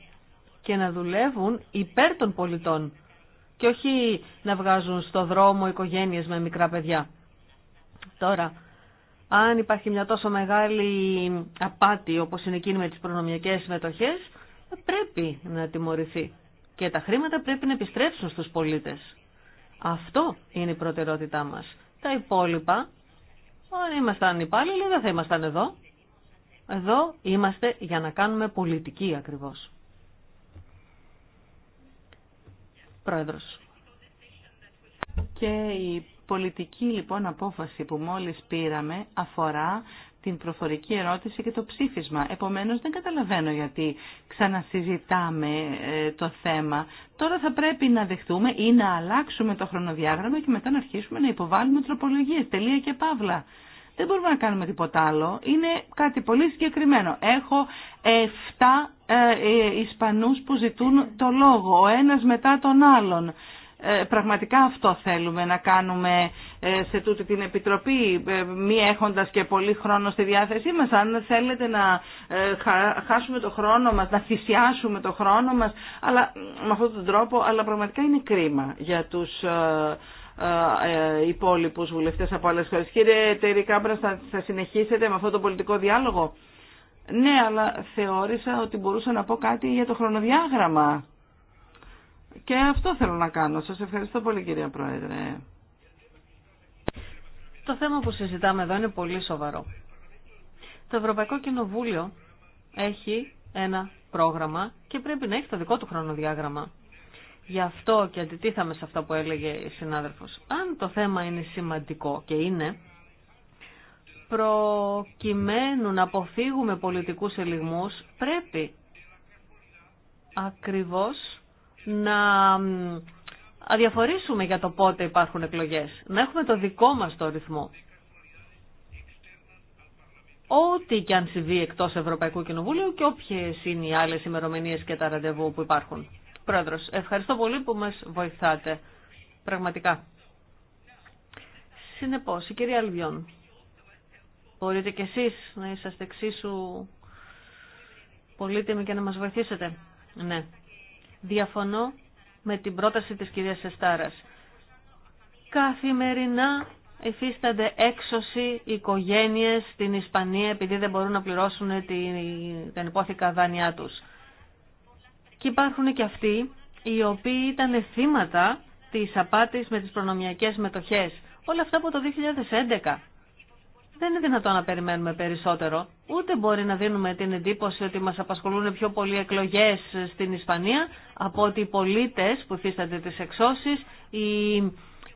και να δουλεύουν υπέρ των πολιτών και όχι να βγάζουν στο δρόμο οικογένειες με μικρά παιδιά. Τώρα, αν υπάρχει μια τόσο μεγάλη απάτη όπως είναι εκείνη με τις προνομιακές συμμετοχές, πρέπει να τιμωρηθεί και τα χρήματα πρέπει να επιστρέψουν στους πολίτες. Αυτό είναι η προτεραιότητά μας. Τα υπόλοιπα, αν ήμασταν υπάλληλοι, δεν θα ήμασταν εδώ. Εδώ είμαστε για να κάνουμε πολιτική ακριβώς. Πρόεδρος. Και η πολιτική λοιπόν απόφαση που μόλις πήραμε αφορά την προφορική ερώτηση και το ψήφισμα. Επομένως δεν καταλαβαίνω γιατί ξανασυζητάμε ε, το θέμα. Τώρα θα πρέπει να δεχτούμε ή να αλλάξουμε το χρονοδιάγραμμα και μετά να αρχίσουμε να υποβάλουμε τροπολογίες. Τελεία και παύλα. Δεν μπορούμε να κάνουμε τίποτα άλλο. Είναι κάτι πολύ συγκεκριμένο. Έχω 7 ε, ε, Ισπανούς που ζητούν το λόγο, ο ένας μετά τον άλλον. Ε, πραγματικά αυτό θέλουμε να κάνουμε ε, σε τούτη την Επιτροπή, ε, μη έχοντας και πολύ χρόνο στη διάθεσή μας. Αν θέλετε να χάσουμε το χρόνο μας, να θυσιάσουμε το χρόνο μας, αλλά με αυτόν τον τρόπο, αλλά πραγματικά είναι κρίμα για τους υπόλοιπου βουλευτές από άλλε χώρε. Κύριε Τέρη Κάμπρα, θα συνεχίσετε με αυτό το πολιτικό διάλογο. Ναι, αλλά θεώρησα ότι μπορούσα να πω κάτι για το χρονοδιάγραμμα. Και αυτό θέλω να κάνω. Σας ευχαριστώ πολύ κυρία Πρόεδρε. Το θέμα που συζητάμε εδώ είναι πολύ σοβαρό. Το Ευρωπαϊκό Κοινοβούλιο έχει ένα πρόγραμμα και πρέπει να έχει το δικό του χρονοδιάγραμμα. Γι' αυτό και αντιτίθαμε σε αυτά που έλεγε η συνάδελφος. Αν το θέμα είναι σημαντικό και είναι, προκειμένου να αποφύγουμε πολιτικούς ελιγμούς, πρέπει ακριβώς να αδιαφορήσουμε για το πότε υπάρχουν εκλογές. Να έχουμε το δικό μας το ρυθμό. Ό,τι και αν συμβεί εκτός Ευρωπαϊκού Κοινοβουλίου και όποιες είναι οι άλλες ημερομηνίε και τα ραντεβού που υπάρχουν. Πρόεδρος, ευχαριστώ πολύ που μας βοηθάτε. Πραγματικά. Συνεπώς, η κυρία Αλβιών. Μπορείτε κι εσείς να είσαστε εξίσου πολύτιμοι και να μας βοηθήσετε. Ναι. Διαφωνώ με την πρόταση της κυρίας Σεστάρας. Καθημερινά υφίστανται έξωση οικογένειες στην Ισπανία επειδή δεν μπορούν να πληρώσουν την, υπόθηκα δάνειά τους. Και υπάρχουν και αυτοί οι οποίοι ήταν θύματα της απάτης με τις προνομιακές μετοχές. Όλα αυτά από το 2011 δεν είναι δυνατόν να περιμένουμε περισσότερο. Ούτε μπορεί να δίνουμε την εντύπωση ότι μας απασχολούν πιο πολλοί εκλογές στην Ισπανία από ότι οι πολίτες που θίστανται τις εξώσεις ή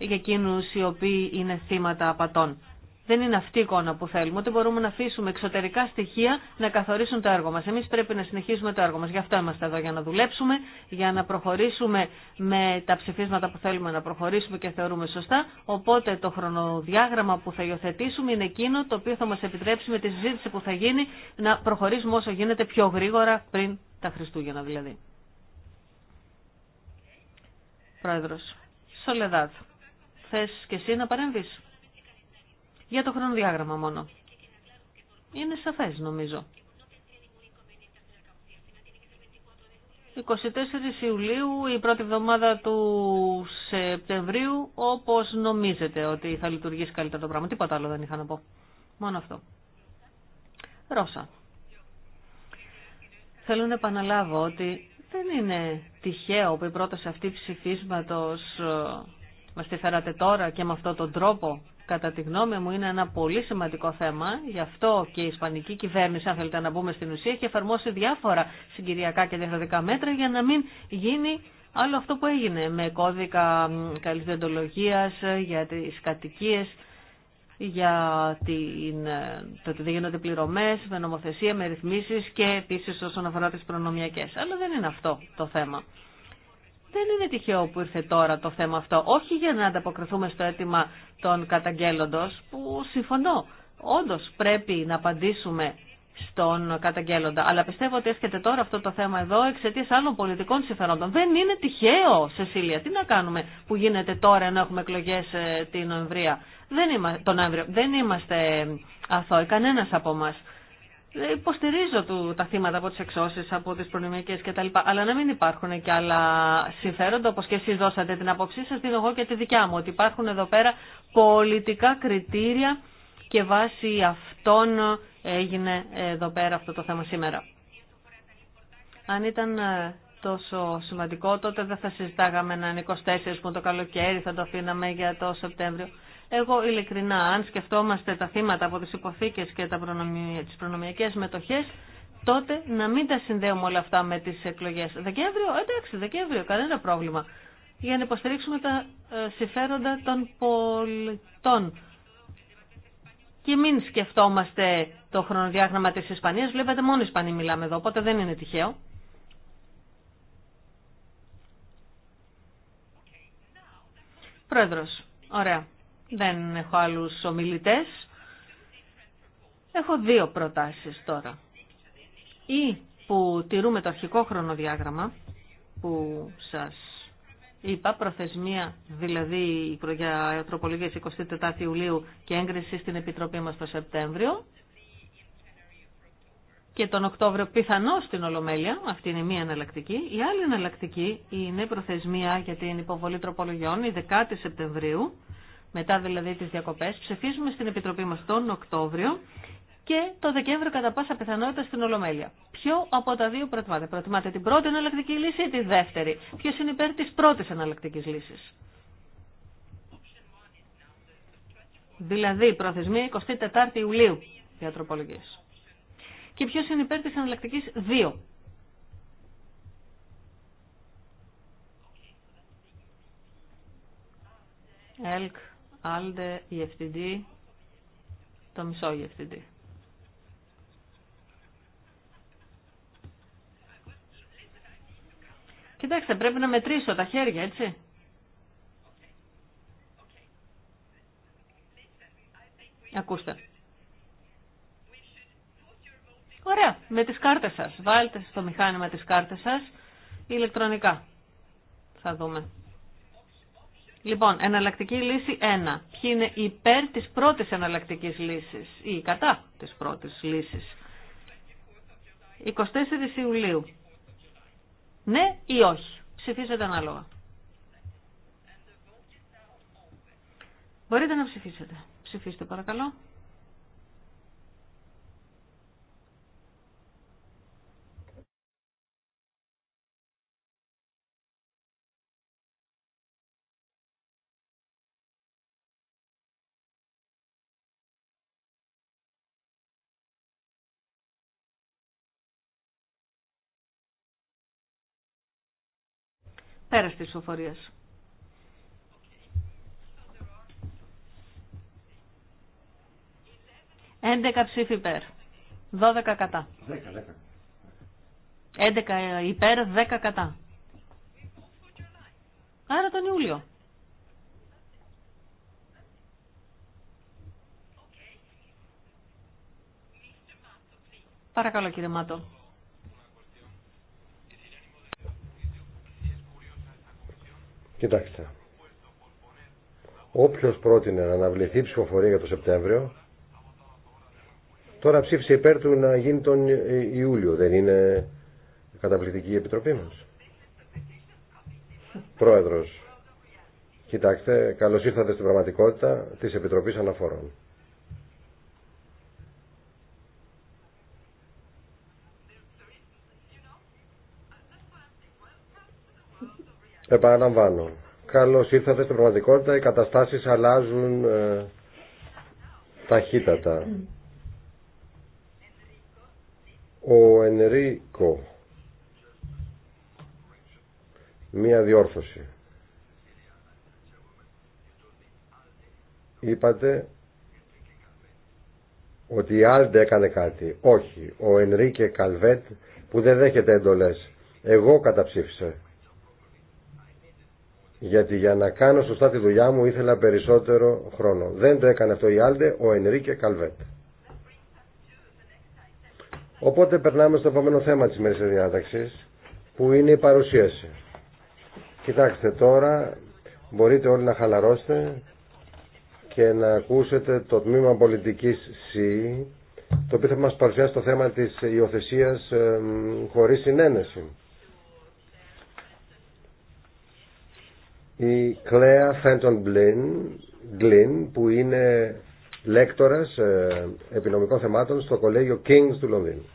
για εκείνους οι οποίοι είναι θύματα απατών. Δεν είναι αυτή η εικόνα που θέλουμε, ότι μπορούμε να αφήσουμε εξωτερικά στοιχεία να καθορίσουν το έργο μας. Εμείς πρέπει να συνεχίσουμε το έργο μας. Γι' αυτό είμαστε εδώ, για να δουλέψουμε, για να προχωρήσουμε με τα ψηφίσματα που θέλουμε να προχωρήσουμε και θεωρούμε σωστά. Οπότε το χρονοδιάγραμμα που θα υιοθετήσουμε είναι εκείνο το οποίο θα μας επιτρέψει με τη συζήτηση που θα γίνει να προχωρήσουμε όσο γίνεται πιο γρήγορα πριν τα Χριστούγεννα δηλαδή. Πρόεδρος, Σολεδάδ, θες και εσύ να παρέμβεις. Για το χρονοδιάγραμμα μόνο. Είναι σαφές νομίζω. 24 Ιουλίου, η πρώτη εβδομάδα του Σεπτεμβρίου, όπως νομίζετε ότι θα λειτουργήσει καλύτερα το πράγμα. Τίποτα άλλο δεν είχα να πω. Μόνο αυτό. Ρώσα. Θέλω να επαναλάβω ότι δεν είναι τυχαίο που η πρόταση αυτή ψηφίσματος ε, μας τη φέρατε τώρα και με αυτόν τον τρόπο κατά τη γνώμη μου είναι ένα πολύ σημαντικό θέμα. Γι' αυτό και η Ισπανική κυβέρνηση, αν θέλετε να μπούμε στην ουσία, έχει εφαρμόσει διάφορα συγκυριακά και διαφορετικά μέτρα για να μην γίνει άλλο αυτό που έγινε με κώδικα καλής για τις κατοικίες, για την, ε, το ότι δεν γίνονται πληρωμές, με νομοθεσία, με ρυθμίσεις και επίσης όσον αφορά τις προνομιακές. Αλλά δεν είναι αυτό το θέμα. Δεν είναι τυχαίο που ήρθε τώρα το θέμα αυτό. Όχι για να ανταποκριθούμε στο αίτημα των καταγγέλλοντος, που συμφωνώ. Όντως πρέπει να απαντήσουμε στον καταγγέλλοντα. Αλλά πιστεύω ότι έρχεται τώρα αυτό το θέμα εδώ εξαιτία άλλων πολιτικών συμφερόντων. Δεν είναι τυχαίο, Σεσίλια. Τι να κάνουμε που γίνεται τώρα ενώ έχουμε εκλογέ ε, την Νοεμβρία. Δεν τον Δεν είμαστε ε, αθώοι, κανένα από εμά. Υποστηρίζω του, τα θύματα από τι εξώσει από τις προνομιακέ κτλ. Αλλά να μην υπάρχουν και άλλα συμφέροντα, όπως και εσεί δώσατε την απόψή σα, δίνω εγώ και τη δικιά μου, ότι υπάρχουν εδώ πέρα πολιτικά κριτήρια και βάσει αυτών έγινε εδώ πέρα αυτό το θέμα σήμερα. Αν ήταν ε, τόσο σημαντικό, τότε δεν θα συζητάγαμε έναν 24 που το καλοκαίρι θα το αφήναμε για το Σεπτέμβριο. Εγώ ειλικρινά, αν σκεφτόμαστε τα θύματα από τις υποθήκες και τα προνομιακέ τις προνομιακές μετοχές, τότε να μην τα συνδέουμε όλα αυτά με τις εκλογές. Δεκέμβριο, εντάξει, Δεκέμβριο, κανένα πρόβλημα. Για να υποστηρίξουμε τα ε, συμφέροντα των πολιτών. Και μην σκεφτόμαστε το χρονοδιάγραμμα της Ισπανίας. Βλέπετε μόνο Ισπανοί μιλάμε εδώ, οπότε δεν είναι τυχαίο. Πρόεδρος, ωραία. Δεν έχω άλλους ομιλητές. Έχω δύο προτάσεις τώρα. Ή που τηρούμε το αρχικό χρονοδιάγραμμα που σας είπα, προθεσμία δηλαδή για τροπολογίες 24 Ιουλίου και έγκριση στην Επιτροπή μας το Σεπτέμβριο και τον Οκτώβριο πιθανώ στην Ολομέλεια, αυτή είναι η μία εναλλακτική. Η άλλη εναλλακτική είναι προθεσμία για την υποβολή τροπολογιών, η 10η Σεπτεμβρίου, μετά δηλαδή τις διακοπές, ψηφίζουμε στην Επιτροπή μας τον Οκτώβριο και το Δεκέμβριο κατά πάσα πιθανότητα στην Ολομέλεια. Ποιο από τα δύο προτιμάτε. Προτιμάτε την πρώτη εναλλακτική λύση ή τη δεύτερη. Ποιο είναι υπέρ της πρώτης εναλλακτική λύσης. Δηλαδή προθεσμη 24 Ιουλίου για τροπολογίες. Και ποιο είναι υπέρ της εναλλακτική 2. ΕΛΚ, Άλτε, η FTD, το μισό η FTD. Κοιτάξτε, πρέπει να μετρήσω τα χέρια, έτσι. Ακούστε. Ωραία, με τις κάρτες σας. Βάλτε στο μηχάνημα τις κάρτες σας ηλεκτρονικά. Θα δούμε. Λοιπόν, εναλλακτική λύση 1. Ποιοι είναι υπέρ της πρώτης εναλλακτικής λύσης ή κατά της πρώτης λύσης. 24 Ιουλίου. Ναι ή όχι. Ψηφίζετε ανάλογα. Μπορείτε να ψηφίσετε. Ψηφίστε παρακαλώ. Πέρα τη σοφορίας. Έντεκα ψήφοι υπέρ. Δώδεκα κατά. Έντεκα υπέρ, δέκα κατά. Άρα τον Ιούλιο. Παρακαλώ κύριε Μάτο. Κοιτάξτε. Όποιος πρότεινε να αναβληθεί η ψηφοφορία για το Σεπτέμβριο, τώρα ψήφισε υπέρ του να γίνει τον Ιούλιο. Δεν είναι καταπληκτική η επιτροπή μας. Πρόεδρος, κοιτάξτε, καλώς ήρθατε στην πραγματικότητα της Επιτροπής Αναφορών. Επαναλαμβάνω. Καλώ ήρθατε στην πραγματικότητα. Οι καταστάσει αλλάζουν ε, ταχύτατα. Ο Ενρίκο. Μία διόρθωση. Είπατε ότι η Άλντε έκανε κάτι. Όχι. Ο Ενρίκε Καλβέτ που δεν δέχεται εντολές. Εγώ καταψήφισα. Γιατί για να κάνω σωστά τη δουλειά μου ήθελα περισσότερο χρόνο. Δεν το έκανε αυτό η Άλντε, ο Ενρίκε Καλβέτ. Οπότε περνάμε στο επόμενο θέμα της μέρης διάταξης, που είναι η παρουσίαση. Κοιτάξτε τώρα, μπορείτε όλοι να χαλαρώσετε και να ακούσετε το τμήμα πολιτικής ΣΥ, το οποίο θα μας παρουσιάσει το θέμα της υιοθεσίας ε, χωρίς συνένεση. η Κλέα Φέντον Γκλίν που είναι λέκτορας ε, επινομικών θεμάτων στο κολέγιο Kings του Λονδίνου.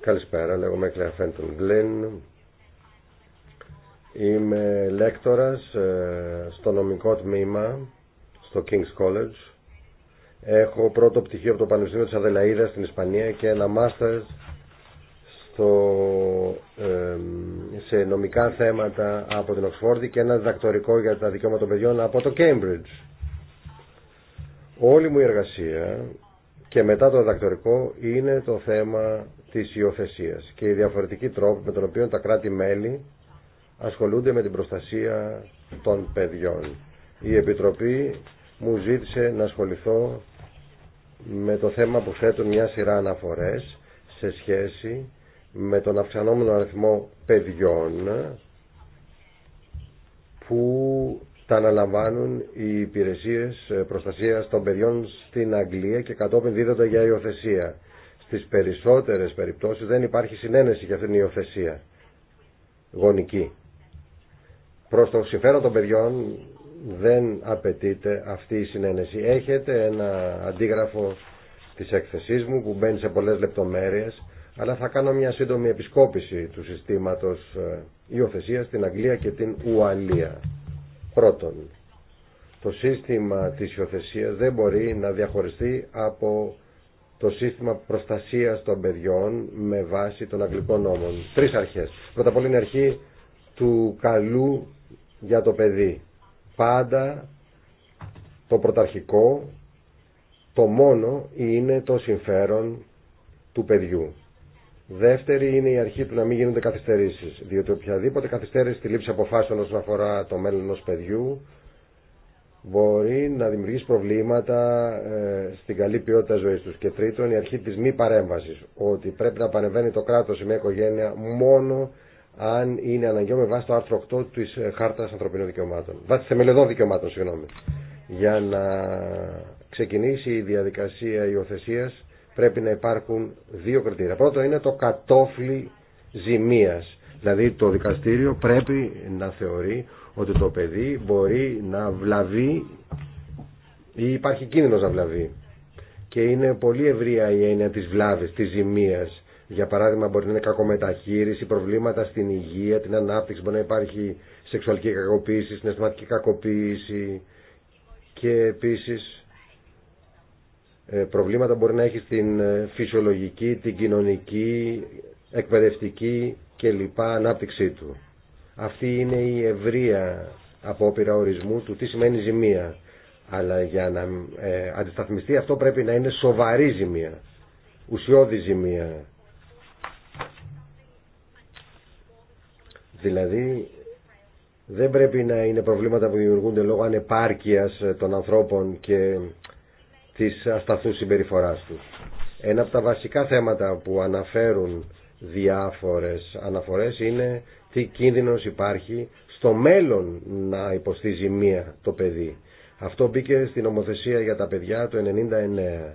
Καλησπέρα, λέγομαι Κλέα Φέντον Γκλίν. Είμαι λέκτορας ε, στο νομικό τμήμα στο King's College. Έχω πρώτο πτυχίο από το Πανεπιστήμιο της Αδελαίδας στην Ισπανία και ένα μάστερ σε νομικά θέματα από την Οξφόρδη και ένα διδακτορικό για τα δικαιώματα των παιδιών από το Cambridge. Όλη μου η εργασία και μετά το διδακτορικό είναι το θέμα της υιοθεσία και οι διαφορετικοί τρόποι με τον οποίο τα κράτη-μέλη ασχολούνται με την προστασία των παιδιών. Η Επιτροπή μου ζήτησε να ασχοληθώ με το θέμα που θέτουν μια σειρά αναφορές σε σχέση με τον αυξανόμενο αριθμό παιδιών που τα αναλαμβάνουν οι υπηρεσίες προστασίας των παιδιών στην Αγγλία και κατόπιν δίδονται για υιοθεσία. Στις περισσότερες περιπτώσεις δεν υπάρχει συνένεση για αυτήν την υιοθεσία γονική. Προς το συμφέρον των παιδιών δεν απαιτείται αυτή η συνένεση. Έχετε ένα αντίγραφο της έκθεσής μου που μπαίνει σε πολλές λεπτομέρειες αλλά θα κάνω μια σύντομη επισκόπηση του συστήματος ε, υιοθεσία στην Αγγλία και την Ουαλία. Πρώτον, το σύστημα της υιοθεσία δεν μπορεί να διαχωριστεί από το σύστημα προστασίας των παιδιών με βάση των αγγλικών νόμων. Τρεις αρχές. Πρώτα απ' όλα είναι αρχή του καλού για το παιδί. Πάντα το πρωταρχικό, το μόνο είναι το συμφέρον του παιδιού. Δεύτερη είναι η αρχή του να μην γίνονται καθυστερήσει. Διότι οποιαδήποτε καθυστέρηση στη λήψη αποφάσεων όσον αφορά το μέλλον ενό παιδιού μπορεί να δημιουργήσει προβλήματα ε, στην καλή ποιότητα ζωή του. Και τρίτον, η αρχή τη μη παρέμβαση. Ότι πρέπει να παρεμβαίνει το κράτο ή μια οικογένεια μόνο αν είναι αναγκαίο με βάση το άρθρο 8 τη ε, Χάρτα Ανθρωπίνων Δικαιωμάτων. Βάσει θεμελιωδών δικαιωμάτων, συγγνώμη. Για να ξεκινήσει η διαδικασία υιοθεσία πρέπει να υπάρχουν δύο κριτήρια. Πρώτο είναι το κατόφλι ζημίας. Δηλαδή το δικαστήριο πρέπει να θεωρεί ότι το παιδί μπορεί να βλαβεί ή υπάρχει κίνδυνος να βλαβεί. Και είναι πολύ ευρία η έννοια της βλάβης, της ζημίας. Για παράδειγμα μπορεί να είναι κακομεταχείριση, προβλήματα στην υγεία, την ανάπτυξη, μπορεί να υπάρχει σεξουαλική κακοποίηση, συναισθηματική κακοποίηση και επίσης ε, προβλήματα μπορεί να έχει στην ε, φυσιολογική, την κοινωνική, εκπαιδευτική κλπ. ανάπτυξή του. Αυτή είναι η ευρεία απόπειρα ορισμού του τι σημαίνει ζημία. Αλλά για να ε, αντισταθμιστεί αυτό πρέπει να είναι σοβαρή ζημία, ουσιώδη ζημία. Δηλαδή δεν πρέπει να είναι προβλήματα που δημιουργούνται λόγω ανεπάρκειας ε, των ανθρώπων και της ασταθούς συμπεριφοράς του. Ένα από τα βασικά θέματα που αναφέρουν διάφορες αναφορές είναι τι κίνδυνος υπάρχει στο μέλλον να υποστεί ζημία το παιδί. Αυτό μπήκε στην ομοθεσία για τα παιδιά το 1999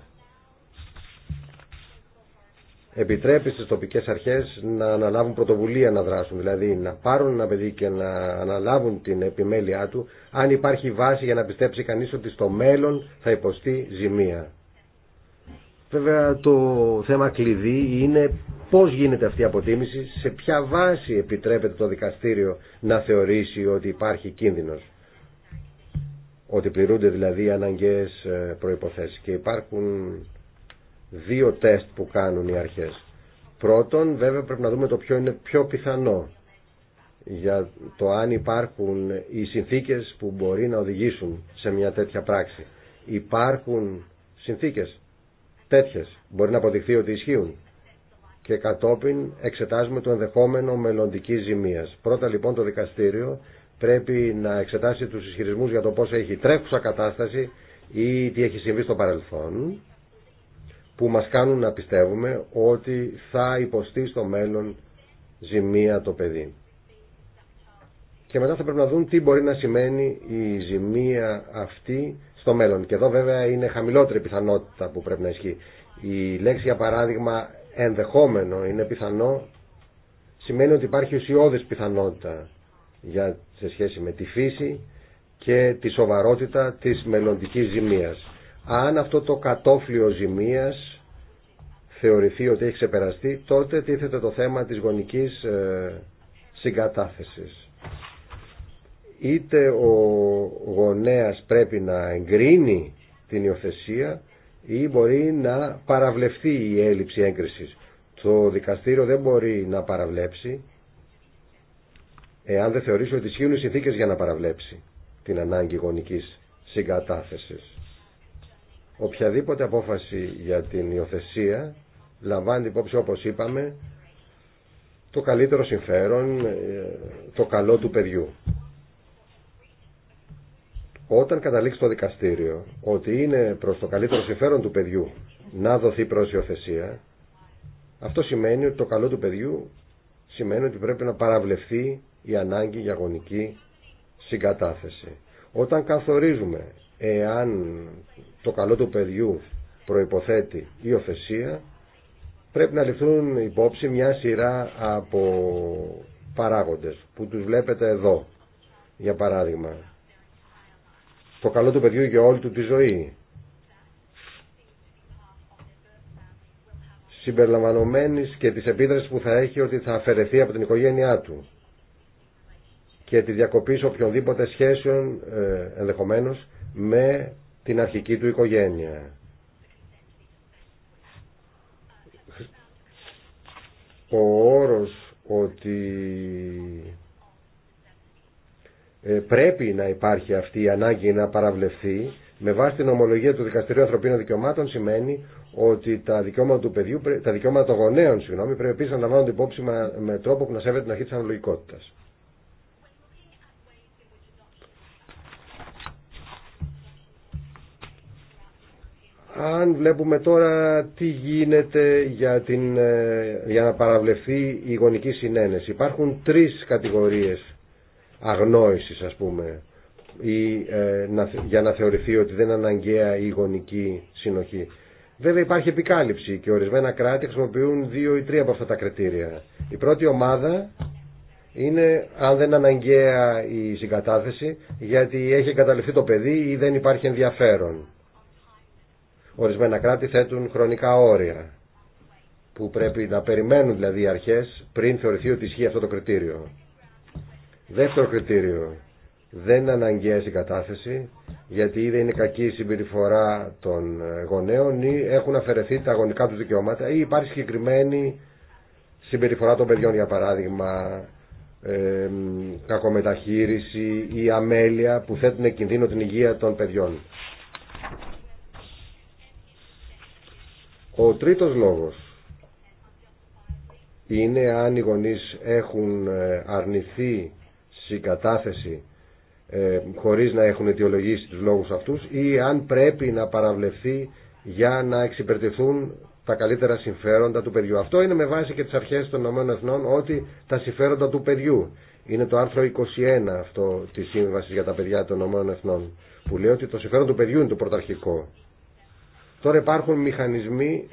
επιτρέπει στις τοπικές αρχές να αναλάβουν πρωτοβουλία να δράσουν, δηλαδή να πάρουν ένα παιδί και να αναλάβουν την επιμέλειά του, αν υπάρχει βάση για να πιστέψει κανείς ότι στο μέλλον θα υποστεί ζημία. Βέβαια το θέμα κλειδί είναι πώς γίνεται αυτή η αποτίμηση, σε ποια βάση επιτρέπεται το δικαστήριο να θεωρήσει ότι υπάρχει κίνδυνος. Ότι πληρούνται δηλαδή αναγκαίες ε, προϋποθέσεις και υπάρχουν δύο τεστ που κάνουν οι αρχές. Πρώτον, βέβαια πρέπει να δούμε το ποιο είναι πιο πιθανό για το αν υπάρχουν οι συνθήκες που μπορεί να οδηγήσουν σε μια τέτοια πράξη. Υπάρχουν συνθήκες τέτοιες, μπορεί να αποδειχθεί ότι ισχύουν και κατόπιν εξετάζουμε το ενδεχόμενο μελλοντική ζημίας. Πρώτα λοιπόν το δικαστήριο πρέπει να εξετάσει τους ισχυρισμούς για το πώς έχει τρέχουσα κατάσταση ή τι έχει συμβεί στο παρελθόν που μας κάνουν να πιστεύουμε ότι θα υποστεί στο μέλλον ζημία το παιδί. Και μετά θα πρέπει να δουν τι μπορεί να σημαίνει η ζημία αυτή στο μέλλον. Και εδώ βέβαια είναι χαμηλότερη πιθανότητα που πρέπει να ισχύει. Η λέξη για παράδειγμα ενδεχόμενο είναι πιθανό σημαίνει ότι υπάρχει ουσιώδης πιθανότητα για, σε σχέση με τη φύση και τη σοβαρότητα της μελλοντική ζημίας. Αν αυτό το κατόφλιο ζημίας θεωρηθεί ότι έχει ξεπεραστεί, τότε τίθεται το θέμα της γονικής ε, συγκατάθεσης. Είτε ο γονέας πρέπει να εγκρίνει την υιοθεσία ή μπορεί να παραβλεφθεί η έλλειψη έγκρισης. Το δικαστήριο δεν μπορεί να παραβλέψει εάν δεν θεωρήσει ότι ισχύουν οι συνθήκες για να παραβλέψει την ανάγκη γονικής συγκατάθεσης. Οποιαδήποτε απόφαση για την υιοθεσία λαμβάνει υπόψη, όπως είπαμε, το καλύτερο συμφέρον, ε, το καλό του παιδιού. Όταν καταλήξει το δικαστήριο ότι είναι προς το καλύτερο συμφέρον του παιδιού να δοθεί προς υιοθεσία, αυτό σημαίνει ότι το καλό του παιδιού σημαίνει ότι πρέπει να παραβλεφθεί η ανάγκη για γονική συγκατάθεση. Όταν καθορίζουμε εάν το καλό του παιδιού προϋποθέτει υιοθεσία πρέπει να ληφθούν υπόψη μια σειρά από παράγοντες που τους βλέπετε εδώ για παράδειγμα το καλό του παιδιού για όλη του τη ζωή συμπεριλαμβανομένης και της επίδρασης που θα έχει ότι θα αφαιρεθεί από την οικογένειά του και τη διακοπή οποιονδήποτε σχέσεων ε, ενδεχομένως με την αρχική του οικογένεια. Ο όρος ότι ε, πρέπει να υπάρχει αυτή η ανάγκη να παραβλεφθεί με βάση την ομολογία του Δικαστηρίου Ανθρωπίνων Δικαιωμάτων σημαίνει ότι τα δικαιώματα, του παιδιού, τα δικαιώματα των γονέων συγγνώμη, πρέπει επίσης να λαμβάνονται υπόψη με, τρόπο που να σέβεται την αρχή της αναλογικότητας. Αν βλέπουμε τώρα τι γίνεται για, την, ε, για να παραβλεφθεί η γονική συνένεση. Υπάρχουν τρεις κατηγορίες αγνόησης ας πούμε ή, ε, για να θεωρηθεί ότι δεν είναι αναγκαία η γονική συνοχή. Βέβαια υπάρχει επικάλυψη και ορισμένα κράτη χρησιμοποιούν δύο ή τρία από αυτά τα κριτήρια. Η πρώτη ομάδα είναι αν δεν αναγκαία η συγκατάθεση γιατί έχει εγκαταλειφθεί το παιδί ή δεν υπάρχει ενδιαφέρον. Ορισμένα κράτη θέτουν χρονικά όρια που πρέπει να περιμένουν δηλαδή οι αρχές πριν θεωρηθεί ότι ισχύει αυτό το κριτήριο. Δεύτερο κριτήριο, δεν είναι αναγκαίες η κατάθεση γιατί είδε είναι κακή η συμπεριφορά των γονέων ή έχουν αφαιρεθεί τα γονικά του δικαιώματα ή υπάρχει συγκεκριμένη συμπεριφορά των παιδιών για παράδειγμα ε, κακομεταχείριση ή αμέλεια που θέτουν κινδύνο την υγεία των παιδιών. Ο τρίτος λόγος είναι αν οι γονείς έχουν ε, αρνηθεί συγκατάθεση ε, χωρίς να έχουν αιτιολογήσει τους λόγους αυτούς ή αν πρέπει να παραβλεφθεί για να εξυπηρετηθούν τα καλύτερα συμφέροντα του παιδιού. Αυτό είναι με βάση και τις αρχές των ΗΕ ότι τα συμφέροντα του παιδιού. Είναι το άρθρο 21 αυτό τη σύμβαση για τα παιδιά των ΗΕ που λέει ότι το συμφέρον του παιδιού είναι το πρωταρχικό. Τώρα υπάρχουν μηχανισμοί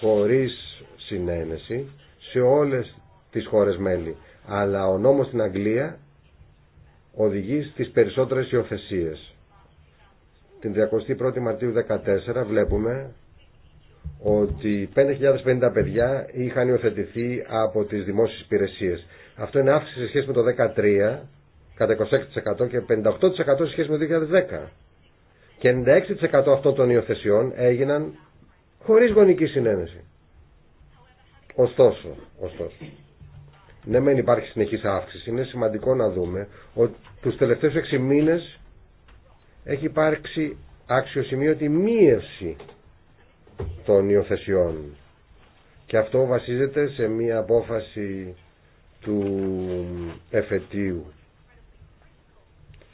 χωρίς συνένεση σε όλες τις χώρες μέλη. Αλλά ο νόμος στην Αγγλία οδηγεί στις περισσότερες υιοθεσίε. Την 21η Μαρτίου 2014 βλέπουμε ότι 5.050 παιδιά είχαν υιοθετηθεί από τις δημόσιες υπηρεσίες. Αυτό είναι αύξηση σε σχέση με το 2013 κατά 26% και 58% σε σχέση με το 2010. Και 96% αυτών των υιοθεσιών έγιναν χωρίς γονική συνένεση. Ωστόσο, ωστόσο. Ναι, μεν υπάρχει συνεχής αύξηση. Είναι σημαντικό να δούμε ότι τους τελευταίους 6 μήνες έχει υπάρξει άξιο σημείο τη μείευση των υιοθεσιών. Και αυτό βασίζεται σε μία απόφαση του εφετείου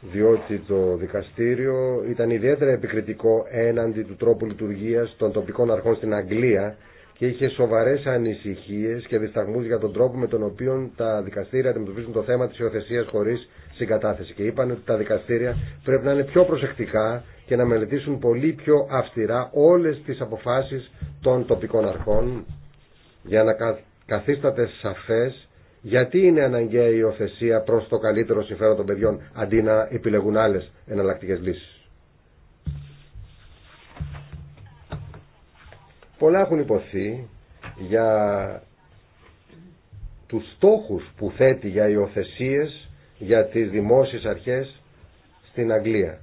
διότι το δικαστήριο ήταν ιδιαίτερα επικριτικό έναντι του τρόπου λειτουργίας των τοπικών αρχών στην Αγγλία και είχε σοβαρές ανησυχίες και δισταγμούς για τον τρόπο με τον οποίο τα δικαστήρια αντιμετωπίζουν το θέμα της υιοθεσία χωρίς συγκατάθεση. Και είπαν ότι τα δικαστήρια πρέπει να είναι πιο προσεκτικά και να μελετήσουν πολύ πιο αυστηρά όλες τις αποφάσεις των τοπικών αρχών για να καθίσταται σαφές γιατί είναι αναγκαία η υιοθεσία προς το καλύτερο συμφέρον των παιδιών αντί να επιλεγούν άλλε εναλλακτικέ λύσεις. Πολλά έχουν υποθεί για τους στόχους που θέτει για υιοθεσίε για τις δημόσιες αρχές στην Αγγλία.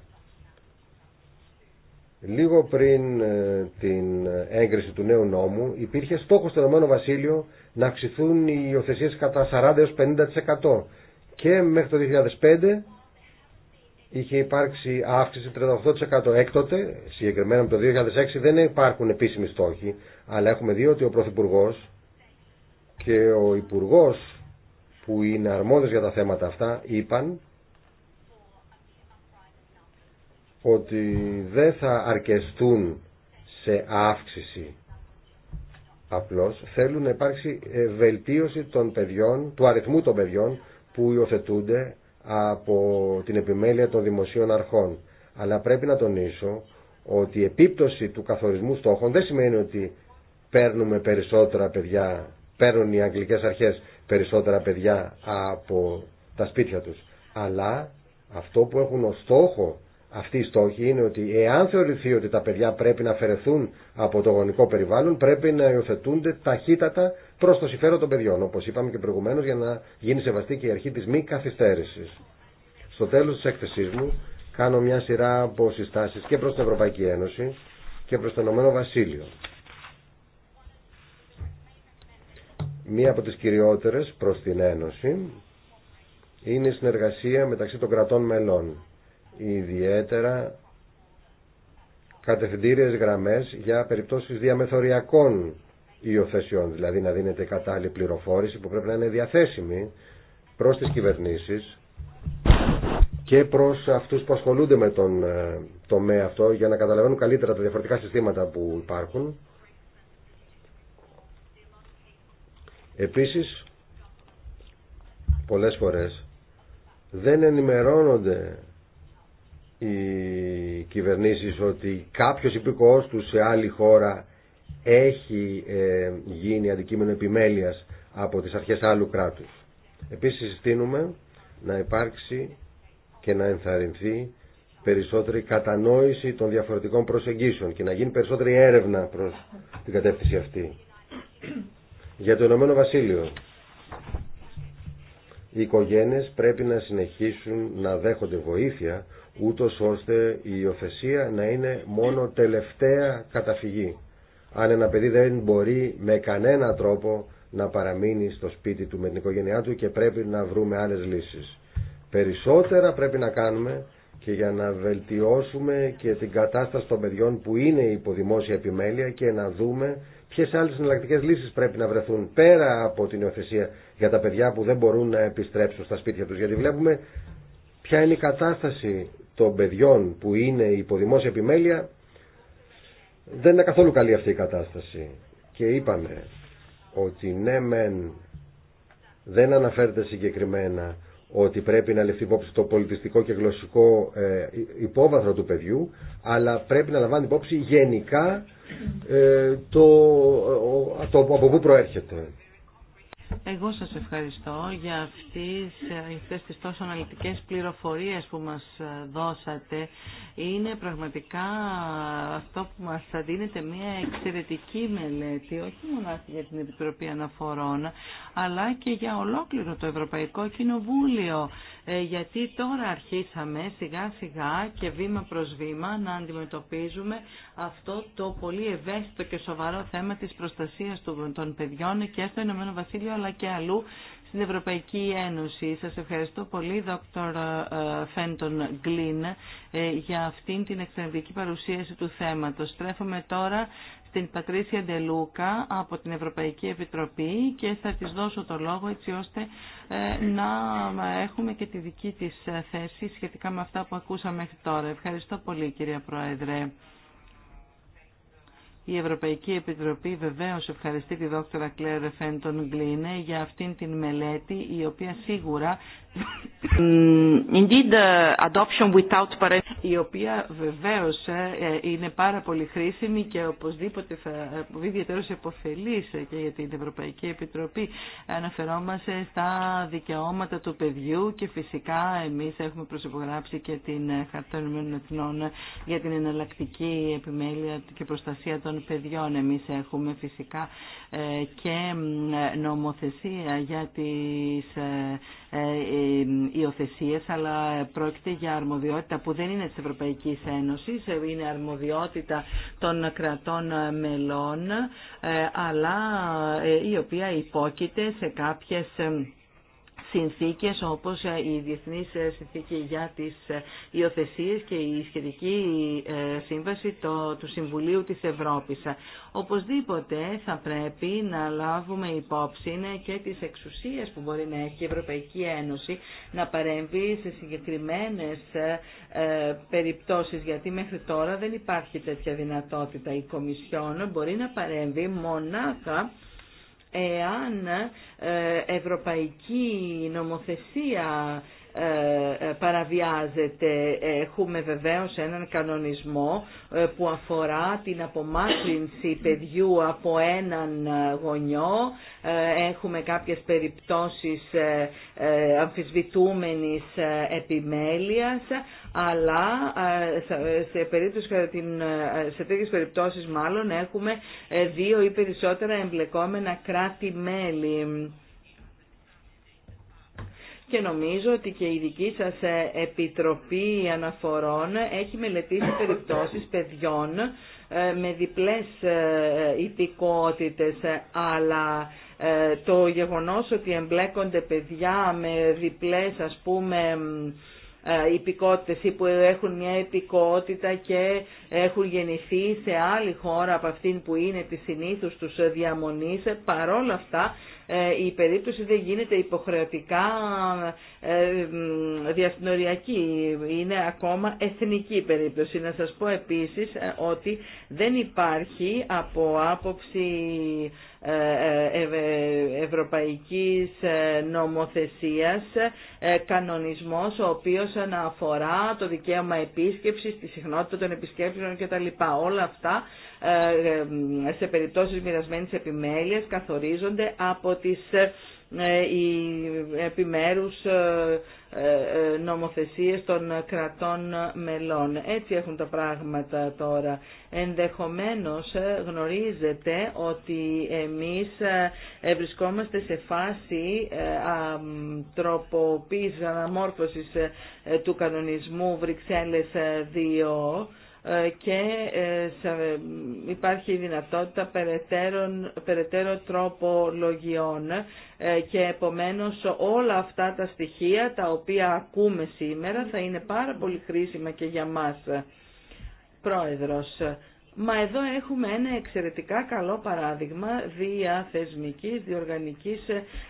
Λίγο πριν ε, την έγκριση του νέου νόμου υπήρχε στόχο στο Ηνωμένο Βασίλειο να αυξηθούν οι υιοθεσιε κατά 40 50% και μέχρι το 2005 είχε υπάρξει αύξηση 38% έκτοτε, συγκεκριμένα με το 2006 δεν υπάρχουν επίσημοι στόχοι, αλλά έχουμε δει ότι ο Πρωθυπουργό και ο Υπουργό που είναι αρμόδιος για τα θέματα αυτά είπαν ότι δεν θα αρκεστούν σε αύξηση απλώς θέλουν να υπάρξει ε, βελτίωση των παιδιών, του αριθμού των παιδιών που υιοθετούνται από την επιμέλεια των δημοσίων αρχών. Αλλά πρέπει να τονίσω ότι η επίπτωση του καθορισμού στόχων δεν σημαίνει ότι παίρνουμε περισσότερα παιδιά, παίρνουν οι αγγλικές αρχές περισσότερα παιδιά από τα σπίτια τους. Αλλά αυτό που έχουν ως στόχο αυτή η στόχη είναι ότι εάν θεωρηθεί ότι τα παιδιά πρέπει να αφαιρεθούν από το γονικό περιβάλλον, πρέπει να υιοθετούνται ταχύτατα προ το συμφέρον των παιδιών, όπω είπαμε και προηγουμένω, για να γίνει σεβαστή και η αρχή τη μη καθυστέρηση. Στο τέλο τη έκθεσή μου, κάνω μια σειρά από συστάσει και προ την Ευρωπαϊκή Ένωση και προ το Ηνωμένο Βασίλειο. Μία από τις κυριότερες προς την Ένωση είναι η συνεργασία μεταξύ των κρατών μελών ιδιαίτερα κατευθυντήριες γραμμές για περιπτώσεις διαμεθοριακών υιοθεσιών, δηλαδή να δίνεται κατάλληλη πληροφόρηση που πρέπει να είναι διαθέσιμη προς τις κυβερνήσεις και προς αυτούς που ασχολούνται με τον ε, τομέα αυτό για να καταλαβαίνουν καλύτερα τα διαφορετικά συστήματα που υπάρχουν. Επίσης, πολλές φορές δεν ενημερώνονται οι κυβερνήσεις ότι κάποιος υπηκός του σε άλλη χώρα έχει ε, γίνει αντικείμενο επιμέλειας από τις αρχές άλλου κράτους. Επίσης συστήνουμε να υπάρξει και να ενθαρρυνθεί περισσότερη κατανόηση των διαφορετικών προσεγγίσεων και να γίνει περισσότερη έρευνα προς την κατεύθυνση αυτή. Για το Ηνωμένο Βασίλειο οι οικογένειες πρέπει να συνεχίσουν να δέχονται βοήθεια, ούτως ώστε η υιοθεσία να είναι μόνο τελευταία καταφυγή. Αν ένα παιδί δεν μπορεί με κανένα τρόπο να παραμείνει στο σπίτι του με την οικογένειά του και πρέπει να βρούμε άλλες λύσεις. Περισσότερα πρέπει να κάνουμε και για να βελτιώσουμε και την κατάσταση των παιδιών που είναι υπό δημόσια επιμέλεια και να δούμε ποιες άλλες εναλλακτικέ λύσεις πρέπει να βρεθούν πέρα από την υιοθεσία για τα παιδιά που δεν μπορούν να επιστρέψουν στα σπίτια τους. Γιατί βλέπουμε ποια είναι η κατάσταση των παιδιών που είναι υπό δημόσια επιμέλεια. Δεν είναι καθόλου καλή αυτή η κατάσταση. Και είπαμε ότι ναι μεν δεν αναφέρεται συγκεκριμένα ότι πρέπει να ληφθεί υπόψη το πολιτιστικό και γλωσσικό ε, υπόβαθρο του παιδιού, αλλά πρέπει να λαμβάνει υπόψη γενικά ε, το, ε, το από πού προέρχεται. Εγώ σας ευχαριστώ για αυτές, αυτές τις τόσο αναλυτικές πληροφορίες που μας δώσατε είναι πραγματικά αυτό που μας δίνεται μια εξαιρετική μελέτη, όχι μόνο για την Επιτροπή Αναφορών, αλλά και για ολόκληρο το Ευρωπαϊκό Κοινοβούλιο. Ε, γιατί τώρα αρχίσαμε σιγά σιγά και βήμα προς βήμα να αντιμετωπίζουμε αυτό το πολύ ευαίσθητο και σοβαρό θέμα της προστασίας των παιδιών και στο Ηνωμένο Βασίλειο αλλά και αλλού στην Ευρωπαϊκή Ένωση. Σας ευχαριστώ πολύ, Δόκτωρ ε, Φέντον Γκλίν, ε, για αυτήν την εξαιρετική παρουσίαση του θέματος. Στρέφουμε τώρα στην Πατρίσια Ντελούκα από την Ευρωπαϊκή Επιτροπή και θα της δώσω το λόγο έτσι ώστε ε, να έχουμε και τη δική της θέση σχετικά με αυτά που ακούσαμε μέχρι τώρα. Ευχαριστώ πολύ, κυρία Πρόεδρε. Η Ευρωπαϊκή Επιτροπή βεβαίω ευχαριστεί τη δόκτωρα Κλέρε Φέντον Γκλίνε για αυτήν την μελέτη η οποία σίγουρα Indeed, adoption without η οποία βεβαίως ε, ε, είναι πάρα πολύ χρήσιμη και οπωσδήποτε θα βγει ιδιαίτερως ε, και για την Ευρωπαϊκή Επιτροπή. Αναφερόμαστε στα δικαιώματα του παιδιού και φυσικά εμείς έχουμε προσυπογράψει και την Χαρτά Εθνών για την εναλλακτική επιμέλεια και προστασία των παιδιών. Εμείς έχουμε φυσικά και νομοθεσία για τις υιοθεσίε, αλλά πρόκειται για αρμοδιότητα που δεν είναι τη Ευρωπαϊκή Ένωση, είναι αρμοδιότητα των κρατών μελών, ε, αλλά ε, η οποία υπόκειται σε κάποιες ε, συνθήκες όπως ε, η διεθνή ε, Συνθήκη για τις ε, Υιοθεσίες και η σχετική σύμβαση του Συμβουλίου της Ευρώπης. Οπωσδήποτε θα πρέπει να λάβουμε υπόψη και τις εξουσίες που μπορεί να έχει η Ευρωπαϊκή Ένωση να παρέμβει σε συγκεκριμένες περιπτώσεις γιατί μέχρι τώρα δεν υπάρχει τέτοια δυνατότητα. Η Κομισιόν μπορεί να παρέμβει μονάχα εάν ε, ευρωπαϊκή νομοθεσία ε, ε, παραβιάζεται. Έχουμε βεβαίως έναν κανονισμό που αφορά την απομάκρυνση παιδιού από έναν γονιό. Έχουμε κάποιες περιπτώσεις αμφισβητούμενης επιμέλειας, αλλά ε, σε, περίπτωση, ε, ε, σε τέτοιες περιπτώσεις μάλλον έχουμε δύο ή περισσότερα εμπλεκόμενα κράτη-μέλη. Και νομίζω ότι και η δική σας Επιτροπή Αναφορών έχει μελετήσει περιπτώσεις παιδιών με διπλές υπηκότητες, αλλά το γεγονός ότι εμπλέκονται παιδιά με διπλές ας πούμε ε, υπηκότητες ή που έχουν μια υπηκότητα και έχουν γεννηθεί σε άλλη χώρα από αυτήν που είναι τη συνήθους τους διαμονής. Παρόλα αυτά ε, η περίπτωση δεν γίνεται υποχρεωτικά ε, διασυνοριακή. Είναι ακόμα εθνική περίπτωση. Να σας πω επίσης ε, ότι δεν υπάρχει από άποψη ευρωπαϊκής νομοθεσίας κανονισμός ο οποίος αναφορά το δικαίωμα επίσκεψης, τη συχνότητα των επισκέψεων κτλ. Όλα αυτά ε, ε, σε περιπτώσεις μοιρασμένης επιμέλειας καθορίζονται από τις ε, οι επιμέρους νομοθεσίες των κρατών μελών. Έτσι έχουν τα πράγματα τώρα. Ενδεχομένως γνωρίζετε ότι εμείς βρισκόμαστε σε φάση τροποποίησης αναμόρφωσης του κανονισμού Βρυξέλλες 2 ε, και ε, υπάρχει η δυνατότητα περαιτέρω τροπολογιών ε, και επομένως όλα αυτά τα στοιχεία τα οποία ακούμε σήμερα θα είναι πάρα πολύ χρήσιμα και για μας. Πρόεδρος, Μα εδώ έχουμε ένα εξαιρετικά καλό παράδειγμα διαθεσμικής, διοργανικής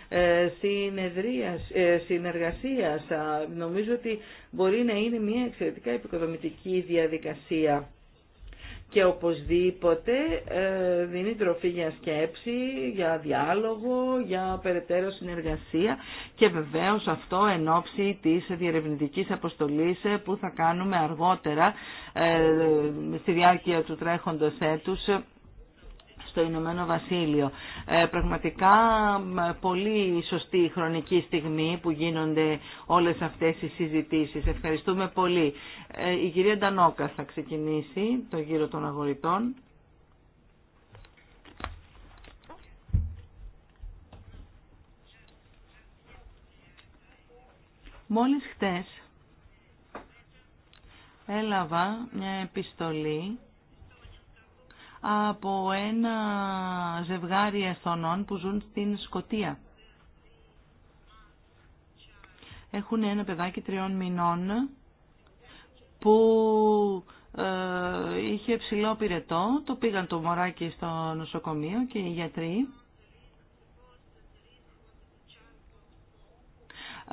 ε, συνεδρίας, ε, συνεργασίας. Νομίζω ότι μπορεί να είναι μια εξαιρετικά επικοδομητική διαδικασία και οπωσδήποτε ε, δίνει τροφή για σκέψη, για διάλογο, για περαιτέρω συνεργασία και βεβαίως αυτό εν ώψη της διερευνητικής αποστολής ε, που θα κάνουμε αργότερα ε, στη διάρκεια του τρέχοντος έτους στο Ηνωμένο Βασίλειο. Ε, πραγματικά πολύ σωστή χρονική στιγμή που γίνονται όλες αυτές οι συζητήσεις. Ευχαριστούμε πολύ. Ε, η κυρία Ντανόκα θα ξεκινήσει το γύρο των αγορητών. Μόλις χτες έλαβα μια επιστολή από ένα ζευγάρι εθωνών που ζουν στην Σκοτία. Έχουν ένα παιδάκι τριών μηνών που ε, είχε ψηλό πυρετό, το πήγαν το μωράκι στο νοσοκομείο και οι γιατροί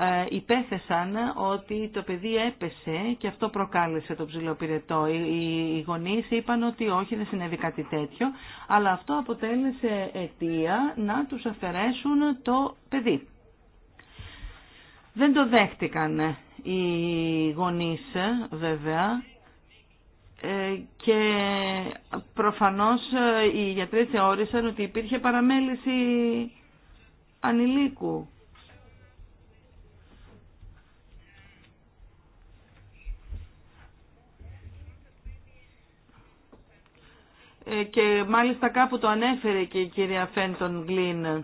Ε, υπέθεσαν ότι το παιδί έπεσε και αυτό προκάλεσε το ψηλοπυρετό. Οι γονείς είπαν ότι όχι δεν συνέβη κάτι τέτοιο, αλλά αυτό αποτέλεσε αιτία να τους αφαιρέσουν το παιδί. Δεν το δέχτηκαν οι γονείς βέβαια ε, και προφανώς ε, οι γιατροί θεώρησαν ότι υπήρχε παραμέληση ανηλίκου. Ε, και μάλιστα κάπου το ανέφερε και η κυρία Φέντον Γκλίν ε,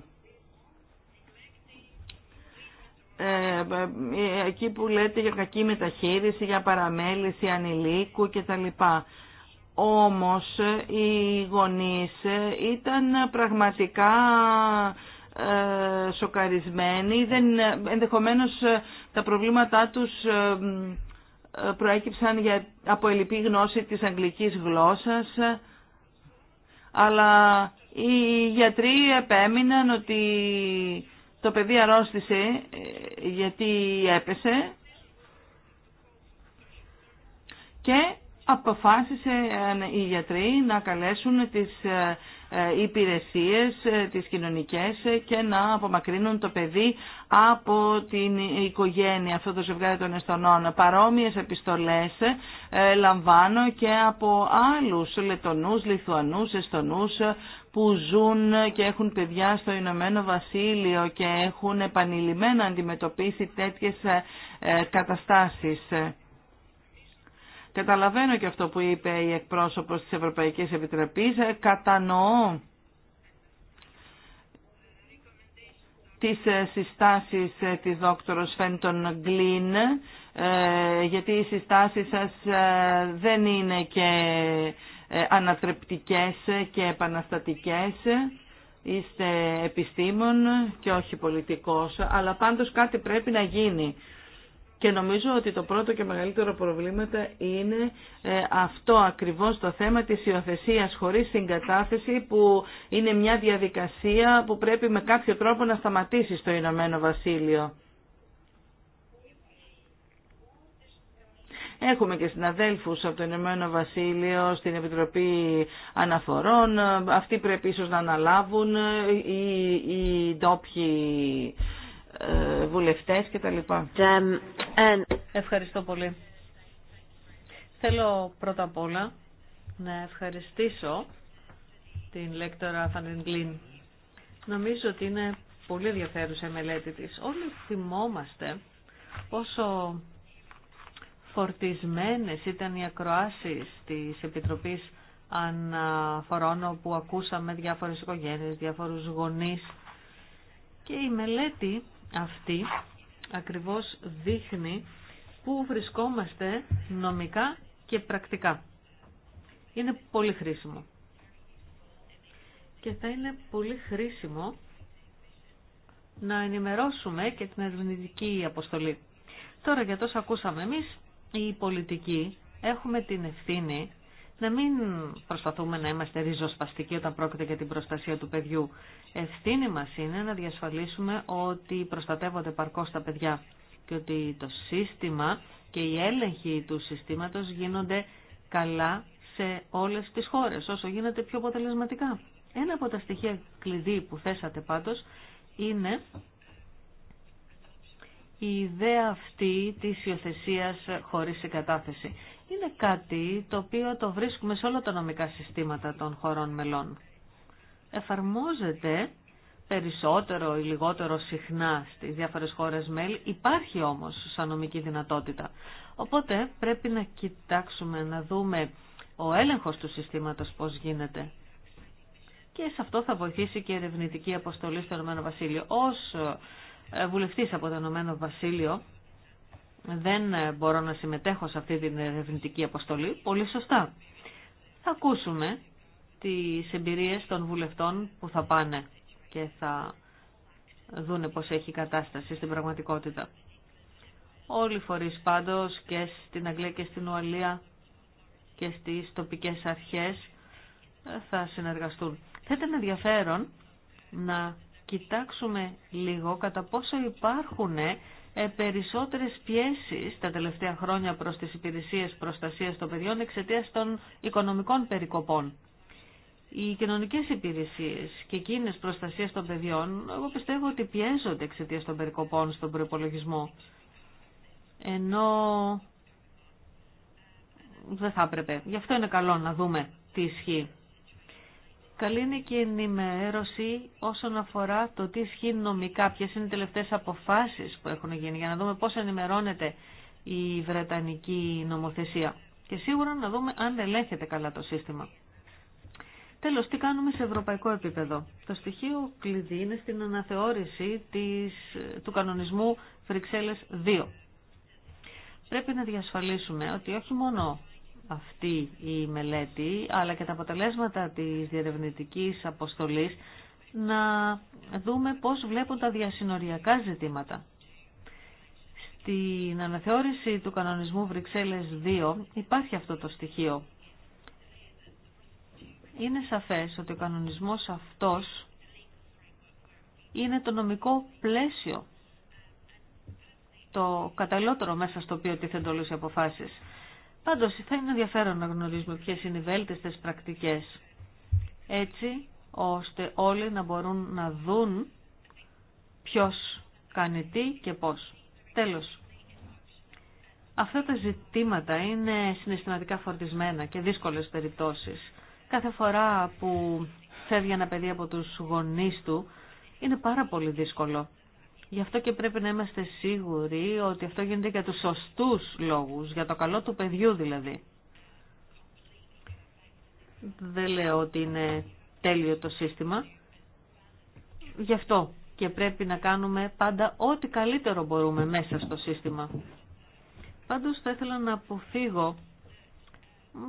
ε, εκεί που λέτε για κακή μεταχείριση, για παραμέληση ανηλίκου λοιπά. Όμως οι γονείς ήταν πραγματικά σοκαρισμένοι, δεν, ενδεχομένως τα προβλήματά τους προέκυψαν για, από ελληπή γνώση της αγγλικής γλώσσας αλλά οι γιατροί επέμειναν ότι το παιδί αρρώστησε ε, γιατί έπεσε και αποφάσισε ε, οι γιατροί να καλέσουν τις ε, ε, υπηρεσίες ε, τις κοινωνικές ε, και να απομακρύνουν το παιδί από την οικογένεια αυτό το ζευγάρι των Εστονών. Παρόμοιες επιστολές λαμβάνω και από άλλους Λετονούς, Λιθουανούς, Εστονούς που ζουν και έχουν παιδιά στο Ηνωμένο Βασίλειο και έχουν επανειλημμένα αντιμετωπίσει τέτοιες καταστάσεις. Καταλαβαίνω και αυτό που είπε η εκπρόσωπος της Ευρωπαϊκής Επιτροπής. Ε, κατανοώ τις ε, συστάσεις ε, της δόκτωρος Φέντον Γκλίν, γιατί οι συστάσεις σας δεν είναι και ανατρεπτικές και επαναστατικές. Είστε επιστήμον και όχι πολιτικός, αλλά πάντως κάτι πρέπει να γίνει. Και νομίζω ότι το πρώτο και μεγαλύτερο προβλήματα είναι ε, αυτό ακριβώς το θέμα της υιοθεσία χωρίς συγκατάθεση που είναι μια διαδικασία που πρέπει με κάποιο τρόπο να σταματήσει στο Ηνωμένο Βασίλειο. Έχουμε και συναδέλφους από το Ηνωμένο Βασίλειο στην Επιτροπή Αναφορών. Αυτοί πρέπει ίσως να αναλάβουν ε, οι, οι ντόπιοι ε, βουλευτές λοιπά. Ευχαριστώ πολύ. Θέλω πρώτα απ' όλα να ευχαριστήσω την λέκτορα Φανενγκλίν. Νομίζω ότι είναι πολύ ενδιαφέρουσα η μελέτη της. Όλοι θυμόμαστε πόσο φορτισμένες ήταν οι ακροάσεις της Επιτροπής Αναφορών που ακούσαμε διάφορες οικογένειες, διάφορους γονείς και η μελέτη αυτή ακριβώς δείχνει πού βρισκόμαστε νομικά και πρακτικά. Είναι πολύ χρήσιμο. Και θα είναι πολύ χρήσιμο να ενημερώσουμε και την ερευνητική αποστολή. Τώρα για τόσο ακούσαμε εμείς, οι πολιτικοί έχουμε την ευθύνη να μην προσπαθούμε να είμαστε ριζοσπαστικοί όταν πρόκειται για την προστασία του παιδιού. Ευθύνη μας είναι να διασφαλίσουμε ότι προστατεύονται παρκώς τα παιδιά και ότι το σύστημα και οι έλεγχοι του συστήματος γίνονται καλά σε όλες τις χώρες, όσο γίνεται πιο αποτελεσματικά. Ένα από τα στοιχεία κλειδί που θέσατε πάντως είναι η ιδέα αυτή της υιοθεσίας χωρίς συγκατάθεση είναι κάτι το οποίο το βρίσκουμε σε όλα τα νομικά συστήματα των χωρών μελών. Εφαρμόζεται περισσότερο ή λιγότερο συχνά στις διάφορες χώρες μέλη, υπάρχει όμως σαν νομική δυνατότητα. Οπότε πρέπει να κοιτάξουμε, να δούμε ο έλεγχος του συστήματος πώς γίνεται. Και σε αυτό θα βοηθήσει και η ερευνητική αποστολή στο Ηνωμένο Βασίλειο. Ως ε, βουλευτής από το Ηνωμένο Βασίλειο, δεν μπορώ να συμμετέχω σε αυτή την ερευνητική αποστολή, πολύ σωστά. Θα ακούσουμε τις εμπειρίες των βουλευτών που θα πάνε και θα δούνε πώς έχει η κατάσταση στην πραγματικότητα. Όλοι οι φορείς πάντως και στην Αγγλία και στην Ουαλία και στις τοπικές αρχές θα συνεργαστούν. Θα ήταν ενδιαφέρον να κοιτάξουμε λίγο κατά πόσο υπάρχουν ε, περισσότερες πιέσεις τα τελευταία χρόνια προς τις υπηρεσίες προστασίας των παιδιών εξαιτία των οικονομικών περικοπών. Οι κοινωνικές υπηρεσίες και εκείνες προστασίας των παιδιών, εγώ πιστεύω ότι πιέζονται εξαιτία των περικοπών στον προπολογισμό. Ενώ δεν θα έπρεπε. Γι' αυτό είναι καλό να δούμε τι ισχύει. Καλή είναι και η ενημέρωση όσον αφορά το τι ισχύει νομικά, ποιες είναι οι τελευταίες αποφάσεις που έχουν γίνει, για να δούμε πώς ενημερώνεται η Βρετανική νομοθεσία. Και σίγουρα να δούμε αν ελέγχεται καλά το σύστημα. Τέλος, τι κάνουμε σε ευρωπαϊκό επίπεδο. Το στοιχείο κλειδί είναι στην αναθεώρηση της, του κανονισμού Φρυξέλλες 2. Πρέπει να διασφαλίσουμε ότι όχι μόνο αυτή η μελέτη, αλλά και τα αποτελέσματα της διερευνητικής αποστολής, να δούμε πώς βλέπουν τα διασυνοριακά ζητήματα. Στην αναθεώρηση του κανονισμού Βρυξέλλες 2 υπάρχει αυτό το στοιχείο. Είναι σαφές ότι ο κανονισμός αυτός είναι το νομικό πλαίσιο, το καταλληλότερο μέσα στο οποίο τίθενται όλες οι αποφάσεις. Πάντως θα είναι ενδιαφέρον να γνωρίζουμε ποιες είναι οι βέλτιστες πρακτικές. Έτσι ώστε όλοι να μπορούν να δουν ποιος κάνει τι και πώς. Τέλος. Αυτά τα ζητήματα είναι συναισθηματικά φορτισμένα και δύσκολες περιπτώσεις. Κάθε φορά που φεύγει ένα παιδί από τους γονείς του είναι πάρα πολύ δύσκολο. Γι' αυτό και πρέπει να είμαστε σίγουροι ότι αυτό γίνεται για τους σωστούς λόγους, για το καλό του παιδιού δηλαδή. Δεν λέω ότι είναι τέλειο το σύστημα. Γι' αυτό και πρέπει να κάνουμε πάντα ό,τι καλύτερο μπορούμε μέσα στο σύστημα. Πάντως θα ήθελα να αποφύγω,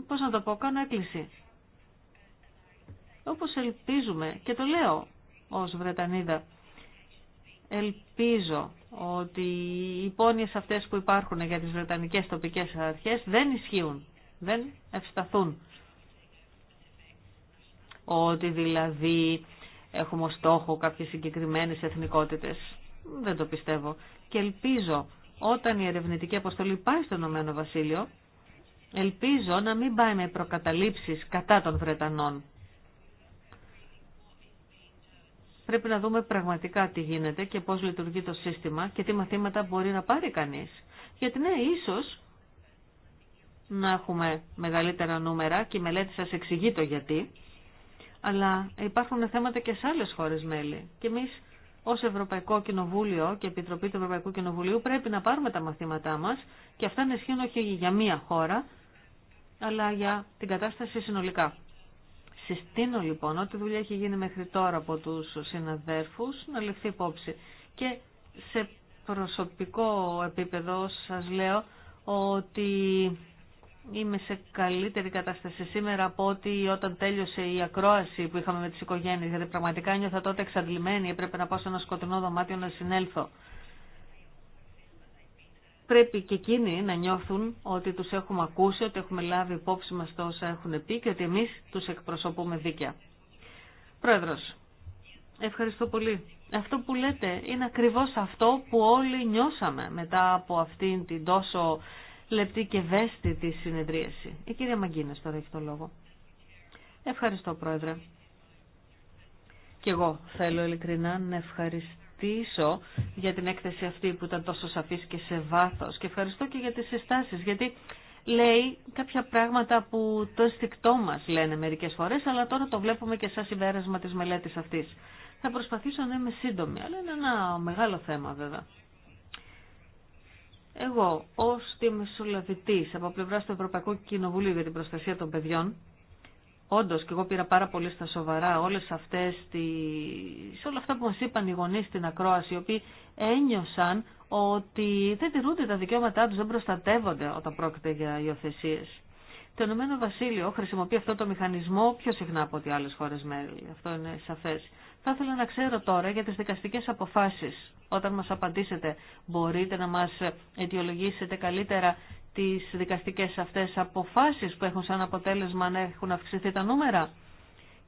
πώς να το πω, κάνω έκκληση. Όπως ελπίζουμε, και το λέω ως Βρετανίδα, Ελπίζω ότι οι υπόνοιες αυτές που υπάρχουν για τις Βρετανικές τοπικές αρχές δεν ισχύουν, δεν ευσταθούν. Ότι δηλαδή έχουμε στόχο κάποιες συγκεκριμένες εθνικότητες. Δεν το πιστεύω. Και ελπίζω όταν η ερευνητική αποστολή πάει στον Ηνωμένο Βασίλειο, ελπίζω να μην πάει με προκαταλήψεις κατά των Βρετανών. Πρέπει να δούμε πραγματικά τι γίνεται και πώς λειτουργεί το σύστημα και τι μαθήματα μπορεί να πάρει κανείς. Γιατί ναι, ίσως να έχουμε μεγαλύτερα νούμερα και η μελέτη σας εξηγεί το γιατί, αλλά υπάρχουν θέματα και σε άλλες χώρες μέλη. Και εμείς ως Ευρωπαϊκό Κοινοβούλιο και Επιτροπή του Ευρωπαϊκού Κοινοβουλίου πρέπει να πάρουμε τα μαθήματά μας και αυτά είναι ισχύουν όχι για μία χώρα, αλλά για την κατάσταση συνολικά. Συστήνω λοιπόν ότι δουλειά έχει γίνει μέχρι τώρα από τους συναδέρφους να ληφθεί υπόψη. Και σε προσωπικό επίπεδο σας λέω ότι είμαι σε καλύτερη κατάσταση σήμερα από ότι όταν τέλειωσε η ακρόαση που είχαμε με τις οικογένειες, γιατί πραγματικά νιώθα τότε εξαντλημένη, έπρεπε να πάω σε ένα σκοτεινό δωμάτιο να συνέλθω πρέπει και εκείνοι να νιώθουν ότι τους έχουμε ακούσει, ότι έχουμε λάβει υπόψη μας το όσα έχουν πει και ότι εμείς τους εκπροσωπούμε δίκαια. Πρόεδρος, ευχαριστώ πολύ. Αυτό που λέτε είναι ακριβώς αυτό που όλοι νιώσαμε μετά από αυτήν την τόσο λεπτή και βέστητη συνεδρίαση. Η κυρία Μαγκίνες τώρα έχει το λόγο. Ευχαριστώ, Πρόεδρε. Και εγώ θέλω ειλικρινά να ευχαριστήσω ευχαριστήσω για την έκθεση αυτή που ήταν τόσο σαφής και σε βάθος και ευχαριστώ και για τις συστάσεις γιατί λέει κάποια πράγματα που το αισθηκτό μας λένε μερικές φορές αλλά τώρα το βλέπουμε και σαν συμπέρασμα της μελέτης αυτής. Θα προσπαθήσω να είμαι σύντομη, αλλά είναι ένα μεγάλο θέμα βέβαια. Εγώ, ως τη μεσολαβητής από πλευρά του Ευρωπαϊκού Κοινοβουλίου για την Προστασία των Παιδιών, Όντω και εγώ πήρα πάρα πολύ στα σοβαρά όλε αυτέ τι. σε όλα αυτά που μα είπαν οι γονεί στην ακρόαση, οι οποίοι ένιωσαν ότι δεν τηρούνται τα δικαιώματά του δεν προστατεύονται όταν πρόκειται για υιοθεσίε. Το Ηνωμένο Βασίλειο χρησιμοποιεί αυτό το μηχανισμό πιο συχνά από ότι άλλε χώρε μέλη. Αυτό είναι σαφές. Θα ήθελα να ξέρω τώρα για τι δικαστικέ αποφάσει. Όταν μα απαντήσετε, μπορείτε να μα αιτιολογήσετε καλύτερα τις δικαστικές αυτές αποφάσεις που έχουν σαν αποτέλεσμα να έχουν αυξηθεί τα νούμερα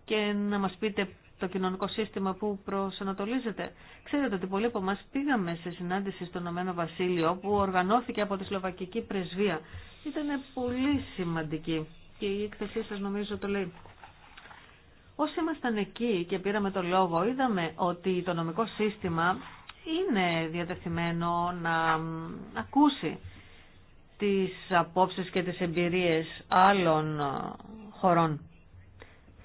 και να μας πείτε το κοινωνικό σύστημα που προσανατολίζεται. Ξέρετε ότι πολλοί από μας πήγαμε σε συνάντηση στο Ηνωμένο Βασίλειο που οργανώθηκε από τη Σλοβακική Πρεσβεία. Ήταν πολύ σημαντική και η έκθεσή σας νομίζω το λέει. Όσοι ήμασταν εκεί και πήραμε το λόγο, είδαμε ότι το νομικό σύστημα είναι διατεθειμένο να ακούσει τις απόψεις και τις εμπειρίες άλλων ε, χωρών.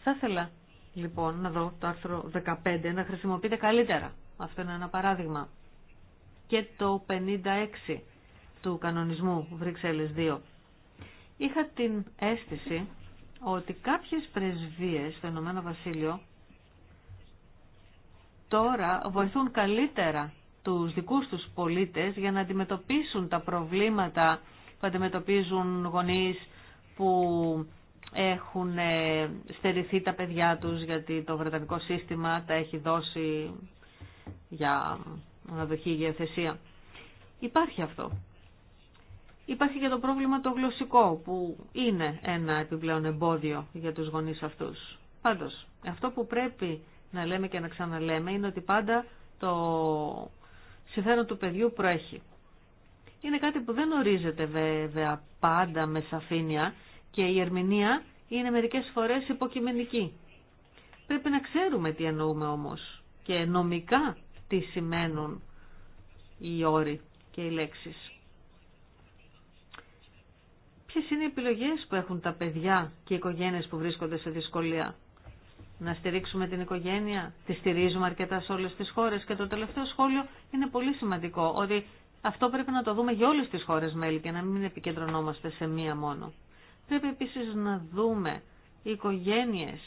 Θα ήθελα λοιπόν να δω το άρθρο 15 να χρησιμοποιείται καλύτερα. Αυτό είναι ένα παράδειγμα. Και το 56 του κανονισμού Βρυξέλλες 2. Είχα την αίσθηση ότι κάποιες πρεσβείες στο Ηνωμένο Βασίλειο τώρα βοηθούν καλύτερα τους δικούς τους πολίτες για να αντιμετωπίσουν τα προβλήματα που αντιμετωπίζουν γονείς που έχουν ε, στερηθεί τα παιδιά τους γιατί το βρετανικό σύστημα τα έχει δώσει για αναδοχή γεωθεσία. Υπάρχει αυτό. Υπάρχει και το πρόβλημα το γλωσσικό που είναι ένα επιπλέον εμπόδιο για τους γονείς αυτούς. Πάντως, αυτό που πρέπει να λέμε και να ξαναλέμε είναι ότι πάντα το συμφέρον του παιδιού προέχει είναι κάτι που δεν ορίζεται βέβαια πάντα με σαφήνεια και η ερμηνεία είναι μερικές φορές υποκειμενική. Πρέπει να ξέρουμε τι εννοούμε όμως και νομικά τι σημαίνουν οι όροι και οι λέξεις. Ποιες είναι οι επιλογές που έχουν τα παιδιά και οι οικογένειες που βρίσκονται σε δυσκολία. Να στηρίξουμε την οικογένεια, τη στηρίζουμε αρκετά σε όλες τις χώρες και το τελευταίο σχόλιο είναι πολύ σημαντικό, ότι αυτό πρέπει να το δούμε για όλες τις χώρες μέλη και να μην επικεντρωνόμαστε σε μία μόνο. Πρέπει επίσης να δούμε οι οικογένειες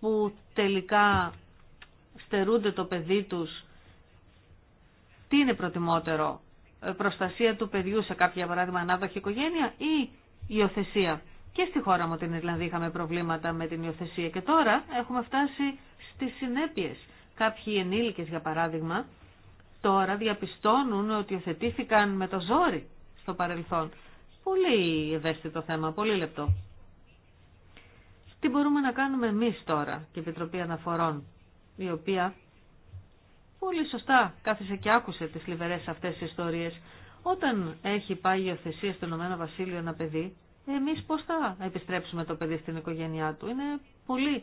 που τελικά στερούνται το παιδί τους, τι είναι προτιμότερο, ε, προστασία του παιδιού σε κάποια παράδειγμα ανάδοχη οικογένεια ή υιοθεσία. Και στη χώρα μου την Ιρλανδία είχαμε προβλήματα με την υιοθεσία και τώρα έχουμε φτάσει στις συνέπειες. Κάποιοι ενήλικες για παράδειγμα τώρα διαπιστώνουν ότι οθετήθηκαν με το ζόρι στο παρελθόν. Πολύ ευαίσθητο θέμα, πολύ λεπτό. Τι μπορούμε να κάνουμε εμείς τώρα και η Επιτροπή Αναφορών, η οποία πολύ σωστά κάθισε και άκουσε τις λιβερές αυτές τις ιστορίες. Όταν έχει πάει η οθεσία στον Ηνωμένο Βασίλειο ένα παιδί, εμείς πώς θα επιστρέψουμε το παιδί στην οικογένειά του. Είναι πολύ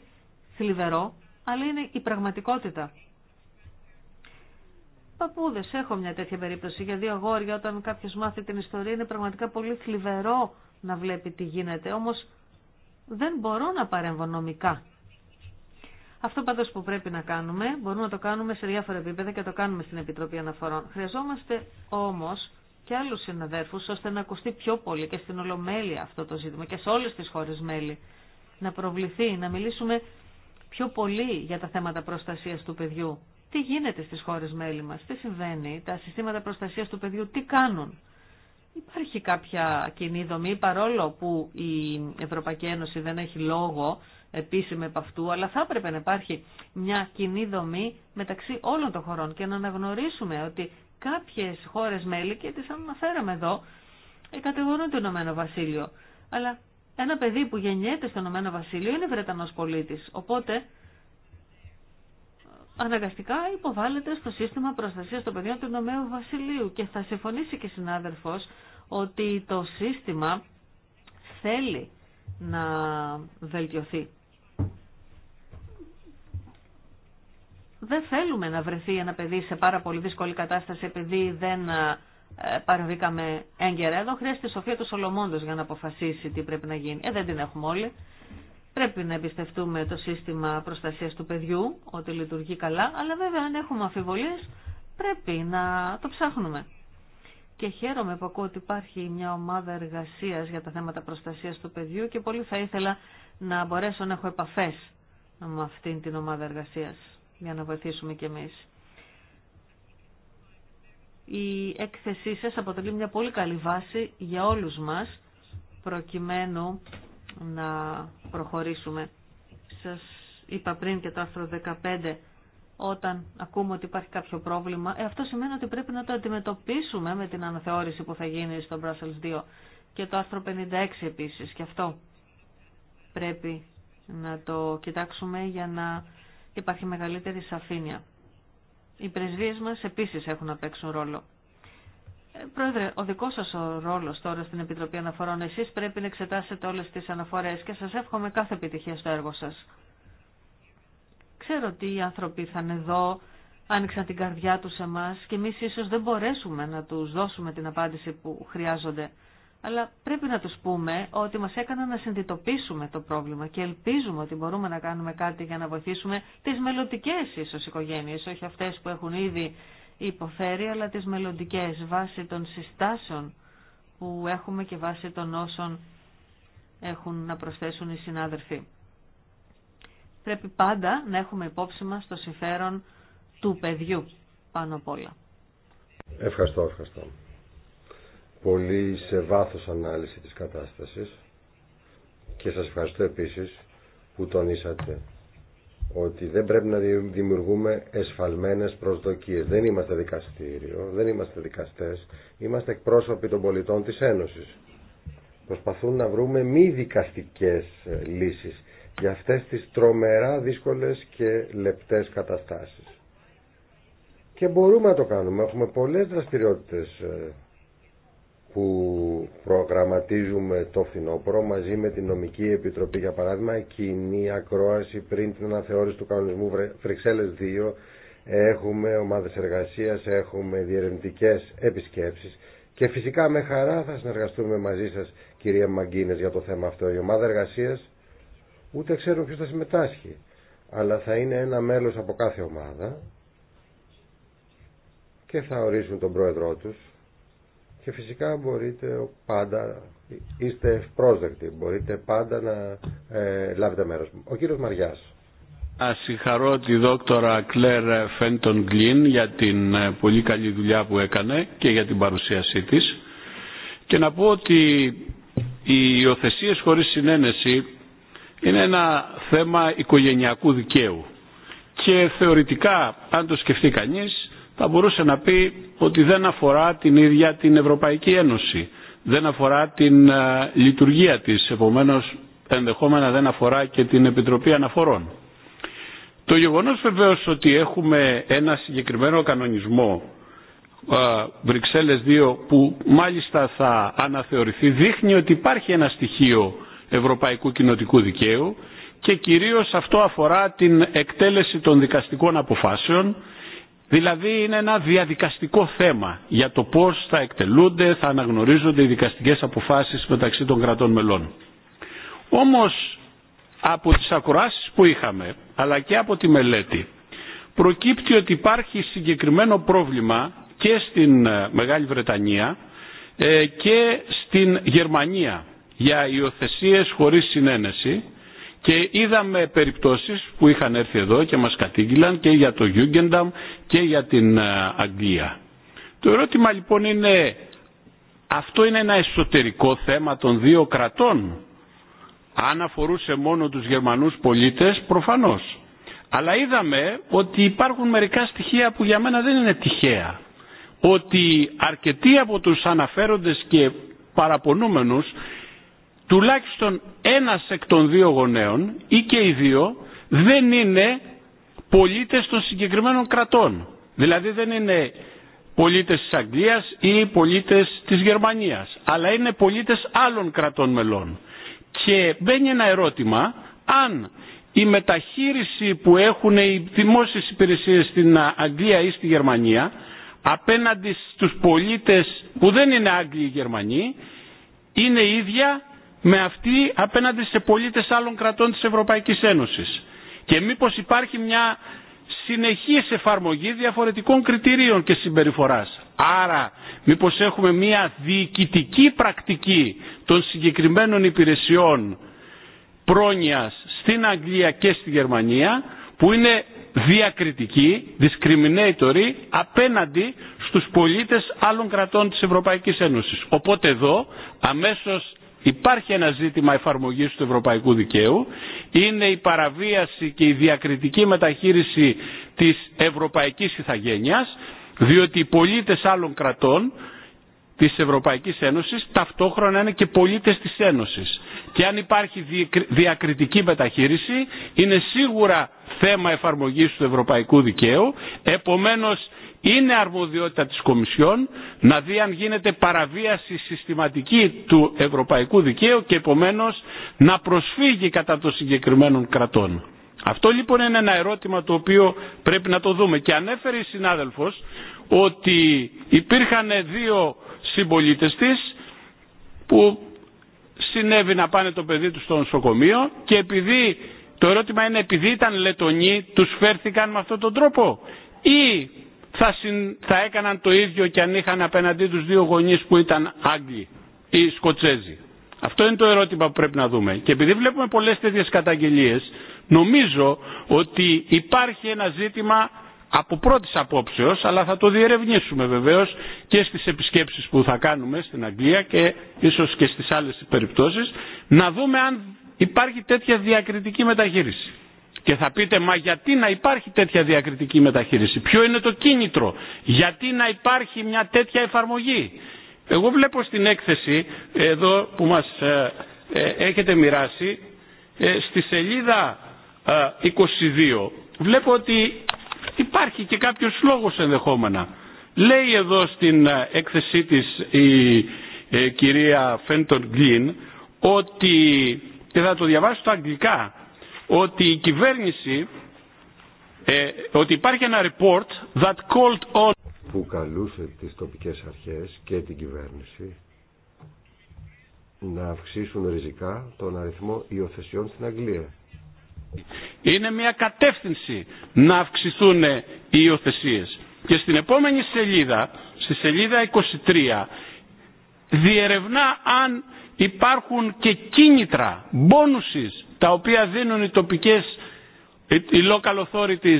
θλιβερό, αλλά είναι η πραγματικότητα παππούδε. Έχω μια τέτοια περίπτωση για δύο αγόρια όταν κάποιο μάθει την ιστορία είναι πραγματικά πολύ θλιβερό να βλέπει τι γίνεται. όμω δεν μπορώ να παρέμβω νομικά. Αυτό πάντως που πρέπει να κάνουμε, μπορούμε να το κάνουμε σε διάφορα επίπεδα και το κάνουμε στην Επιτροπή Αναφορών. Χρειαζόμαστε όμως και άλλους συναδέρφους ώστε να ακουστεί πιο πολύ και στην Ολομέλεια αυτό το ζήτημα και σε όλες τις χώρες μέλη. Να προβληθεί, να μιλήσουμε πιο πολύ για τα θέματα προστασίας του παιδιού τι γίνεται στις χώρες μέλη μας, τι συμβαίνει, τα συστήματα προστασίας του παιδιού τι κάνουν. Υπάρχει κάποια κοινή δομή παρόλο που η Ευρωπαϊκή Ένωση δεν έχει λόγο επίσημη επ' αυτού, αλλά θα έπρεπε να υπάρχει μια κοινή δομή μεταξύ όλων των χωρών και να αναγνωρίσουμε ότι κάποιες χώρες μέλη, και τις αναφέραμε εδώ, κατηγορούν το Ηνωμένο Βασίλειο. Αλλά ένα παιδί που γεννιέται στο Ηνωμένο Βασίλειο είναι Βρετανός πολίτης, οπότε αναγκαστικά υποβάλλεται στο σύστημα προστασία των παιδιών του Ηνωμένου Βασιλείου και θα συμφωνήσει και συνάδελφο ότι το σύστημα θέλει να βελτιωθεί. Δεν θέλουμε να βρεθεί ένα παιδί σε πάρα πολύ δύσκολη κατάσταση επειδή δεν ε, παραβήκαμε έγκαιρα. Εδώ χρειάζεται η σοφία του Σολομόντος για να αποφασίσει τι πρέπει να γίνει. Ε, δεν την έχουμε όλοι. Πρέπει να εμπιστευτούμε το σύστημα προστασίας του παιδιού, ότι λειτουργεί καλά, αλλά βέβαια αν έχουμε αφιβολίες πρέπει να το ψάχνουμε. Και χαίρομαι που ακούω ότι υπάρχει μια ομάδα εργασίας για τα θέματα προστασίας του παιδιού και πολύ θα ήθελα να μπορέσω να έχω επαφές με αυτήν την ομάδα εργασίας για να βοηθήσουμε κι εμείς. Η έκθεσή σας αποτελεί μια πολύ καλή βάση για όλους μας προκειμένου να προχωρήσουμε. Σας είπα πριν και το άρθρο 15 όταν ακούμε ότι υπάρχει κάποιο πρόβλημα, ε, αυτό σημαίνει ότι πρέπει να το αντιμετωπίσουμε με την αναθεώρηση που θα γίνει στο Brussels 2 και το άρθρο 56 επίσης και αυτό πρέπει να το κοιτάξουμε για να υπάρχει μεγαλύτερη σαφήνεια. Οι πρεσβείες μας επίσης έχουν να παίξουν ρόλο. Πρόεδρε, ο δικό σα ρόλο τώρα στην Επιτροπή Αναφορών, εσεί πρέπει να εξετάσετε όλε τι αναφορέ και σα εύχομαι κάθε επιτυχία στο έργο σα. Ξέρω ότι οι άνθρωποι ήρθαν εδώ, άνοιξαν την καρδιά του σε εμά και εμεί ίσω δεν μπορέσουμε να του δώσουμε την απάντηση που χρειάζονται. Αλλά πρέπει να του πούμε ότι μα έκαναν να συνειδητοποιήσουμε το πρόβλημα και ελπίζουμε ότι μπορούμε να κάνουμε κάτι για να βοηθήσουμε τι μελλοντικέ ίσω οικογένειε, όχι αυτέ που έχουν ήδη υποφέρει, αλλά τις μελλοντικέ βάσει των συστάσεων που έχουμε και βάσει των όσων έχουν να προσθέσουν οι συνάδελφοι. Πρέπει πάντα να έχουμε υπόψη μας το συμφέρον του παιδιού πάνω απ' όλα. Ευχαριστώ, ευχαριστώ. Πολύ σε βάθος ανάλυση της κατάστασης και σας ευχαριστώ επίσης που τονίσατε ότι δεν πρέπει να δημιουργούμε εσφαλμένες προσδοκίες. Δεν είμαστε δικαστήριο, δεν είμαστε δικαστές, είμαστε εκπρόσωποι των πολιτών της Ένωσης. Προσπαθούν να βρούμε μη δικαστικές ε, λύσεις για αυτές τις τρομερά δύσκολες και λεπτές καταστάσεις. Και μπορούμε να το κάνουμε. Έχουμε πολλές δραστηριότητες ε, που προγραμματίζουμε το φθινόπωρο μαζί με την Νομική Επιτροπή για παράδειγμα κοινή ακρόαση πριν την αναθεώρηση του κανονισμού Φρυξέλλες 2 έχουμε ομάδες εργασίας, έχουμε διερευνητικές επισκέψεις και φυσικά με χαρά θα συνεργαστούμε μαζί σας κυρία Μαγκίνες για το θέμα αυτό η ομάδα εργασίας ούτε ξέρουν ποιος θα συμμετάσχει αλλά θα είναι ένα μέλος από κάθε ομάδα και θα ορίσουν τον πρόεδρό τους και φυσικά μπορείτε πάντα, είστε ευπρόσδεκτοι, μπορείτε πάντα να ε, λάβετε μέρος. Ο κύριος Μαριάς. Α συγχαρώ τη δόκτωρα Κλέρ Φέντον Γκλίν για την ε, πολύ καλή δουλειά που έκανε και για την παρουσίασή της και να πω ότι οι υιοθεσίες χωρίς συνένεση είναι ένα θέμα οικογενειακού δικαίου και θεωρητικά αν το σκεφτεί κανείς θα μπορούσε να πει ότι δεν αφορά την ίδια την Ευρωπαϊκή Ένωση, δεν αφορά την ε, λειτουργία της, επομένως ενδεχόμενα δεν αφορά και την Επιτροπή Αναφορών. Το γεγονός βεβαίως ότι έχουμε ένα συγκεκριμένο κανονισμό ε, Βρυξέλλες 2 που μάλιστα θα αναθεωρηθεί δείχνει ότι υπάρχει ένα στοιχείο ευρωπαϊκού κοινοτικού δικαίου και κυρίως αυτό αφορά την εκτέλεση των δικαστικών αποφάσεων Δηλαδή είναι ένα διαδικαστικό θέμα για το πώς θα εκτελούνται, θα αναγνωρίζονται οι δικαστικές αποφάσεις μεταξύ των κρατών μελών. Όμως από τις ακροάσεις που είχαμε, αλλά και από τη μελέτη, προκύπτει ότι υπάρχει συγκεκριμένο πρόβλημα και στην ε, Μεγάλη Βρετανία ε, και στην Γερμανία για υιοθεσίες χωρίς συνένεση και είδαμε περιπτώσεις που είχαν έρθει εδώ και μας κατήγγυλαν και για το Γιούγκενταμ και για την ε, Αγγλία. Το ερώτημα λοιπόν είναι, αυτό είναι ένα εσωτερικό θέμα των δύο κρατών. Αν αφορούσε μόνο τους Γερμανούς πολίτες, προφανώς. Αλλά είδαμε ότι υπάρχουν μερικά στοιχεία που για μένα δεν είναι τυχαία. Ότι αρκετοί από τους αναφέροντες και παραπονούμενους τουλάχιστον ένας εκ των δύο γονέων ή και οι δύο δεν είναι πολίτες των συγκεκριμένων κρατών. Δηλαδή δεν είναι πολίτες της Αγγλίας ή πολίτες της Γερμανίας, αλλά είναι πολίτες άλλων κρατών μελών. Και μπαίνει ένα ερώτημα αν η μεταχείριση που έχουν οι δημόσιες υπηρεσίες στην Αγγλία ή στη Γερμανία απέναντι στους πολίτες που δεν είναι Άγγλοι ή Γερμανοί είναι ίδια με αυτή απέναντι σε πολίτες άλλων κρατών της Ευρωπαϊκής Ένωσης. Και μήπως υπάρχει μια συνεχής εφαρμογή διαφορετικών κριτηρίων και συμπεριφοράς. Άρα μήπως έχουμε μια διοικητική πρακτική των συγκεκριμένων υπηρεσιών πρόνοιας στην Αγγλία και στη Γερμανία που είναι διακριτική, discriminatory απέναντι στους πολίτες άλλων κρατών της Ευρωπαϊκής Ένωσης. Οπότε εδώ αμέσως Υπάρχει ένα ζήτημα εφαρμογής του ευρωπαϊκού δικαίου, είναι η παραβίαση και η διακριτική μεταχείριση της ευρωπαϊκής ηθαγένειας, διότι οι πολίτες άλλων κρατών της Ευρωπαϊκής Ένωσης ταυτόχρονα είναι και πολίτες της Ένωσης. Και αν υπάρχει διακριτική μεταχείριση είναι σίγουρα θέμα εφαρμογής του ευρωπαϊκού δικαίου, επομένως είναι αρμοδιότητα της Κομισιόν να δει αν γίνεται παραβίαση συστηματική του ευρωπαϊκού δικαίου και επομένως να προσφύγει κατά των συγκεκριμένων κρατών. Αυτό λοιπόν είναι ένα ερώτημα το οποίο πρέπει να το δούμε. Και ανέφερε η συνάδελφος ότι υπήρχαν δύο συμπολίτε της που συνέβη να πάνε το παιδί του στο νοσοκομείο και επειδή το ερώτημα είναι επειδή ήταν λετονοί τους φέρθηκαν με αυτόν τον τρόπο ή θα, θα έκαναν το ίδιο και αν είχαν απέναντί τους δύο γονείς που ήταν Άγγλοι ή Σκοτσέζοι. Αυτό είναι το ερώτημα που πρέπει να δούμε. Και επειδή βλέπουμε πολλές τέτοιες καταγγελίες, νομίζω ότι υπάρχει ένα ζήτημα από πρώτης απόψεως, αλλά θα το διερευνήσουμε βεβαίως και στις επισκέψεις που θα κάνουμε στην Αγγλία και ίσως και στις άλλες περιπτώσεις, να δούμε αν υπάρχει τέτοια διακριτική μεταχείριση. Και θα πείτε, μα γιατί να υπάρχει τέτοια διακριτική μεταχείριση. Ποιο είναι το κίνητρο. Γιατί να υπάρχει μια τέτοια εφαρμογή. Εγώ βλέπω στην έκθεση, εδώ που μας ε, ε, έχετε μοιράσει, ε, στη σελίδα 22, βλέπω ότι υπάρχει και κάποιος λόγος ενδεχόμενα. Λέει εδώ στην έκθεσή της η κυρία Φέντον Γκλίν ότι, και θα το διαβάσω στα αγγλικά, ότι η κυβέρνηση ε, ότι υπάρχει ένα report that called on που καλούσε τις τοπικές αρχές και την κυβέρνηση να αυξήσουν ριζικά τον αριθμό υιοθεσιών στην Αγγλία. Είναι μια κατεύθυνση να αυξηθούν οι υιοθεσίες. Και στην επόμενη σελίδα, στη σελίδα 23, διερευνά αν υπάρχουν και κίνητρα, bonuses τα οποία δίνουν οι τοπικές, οι local authorities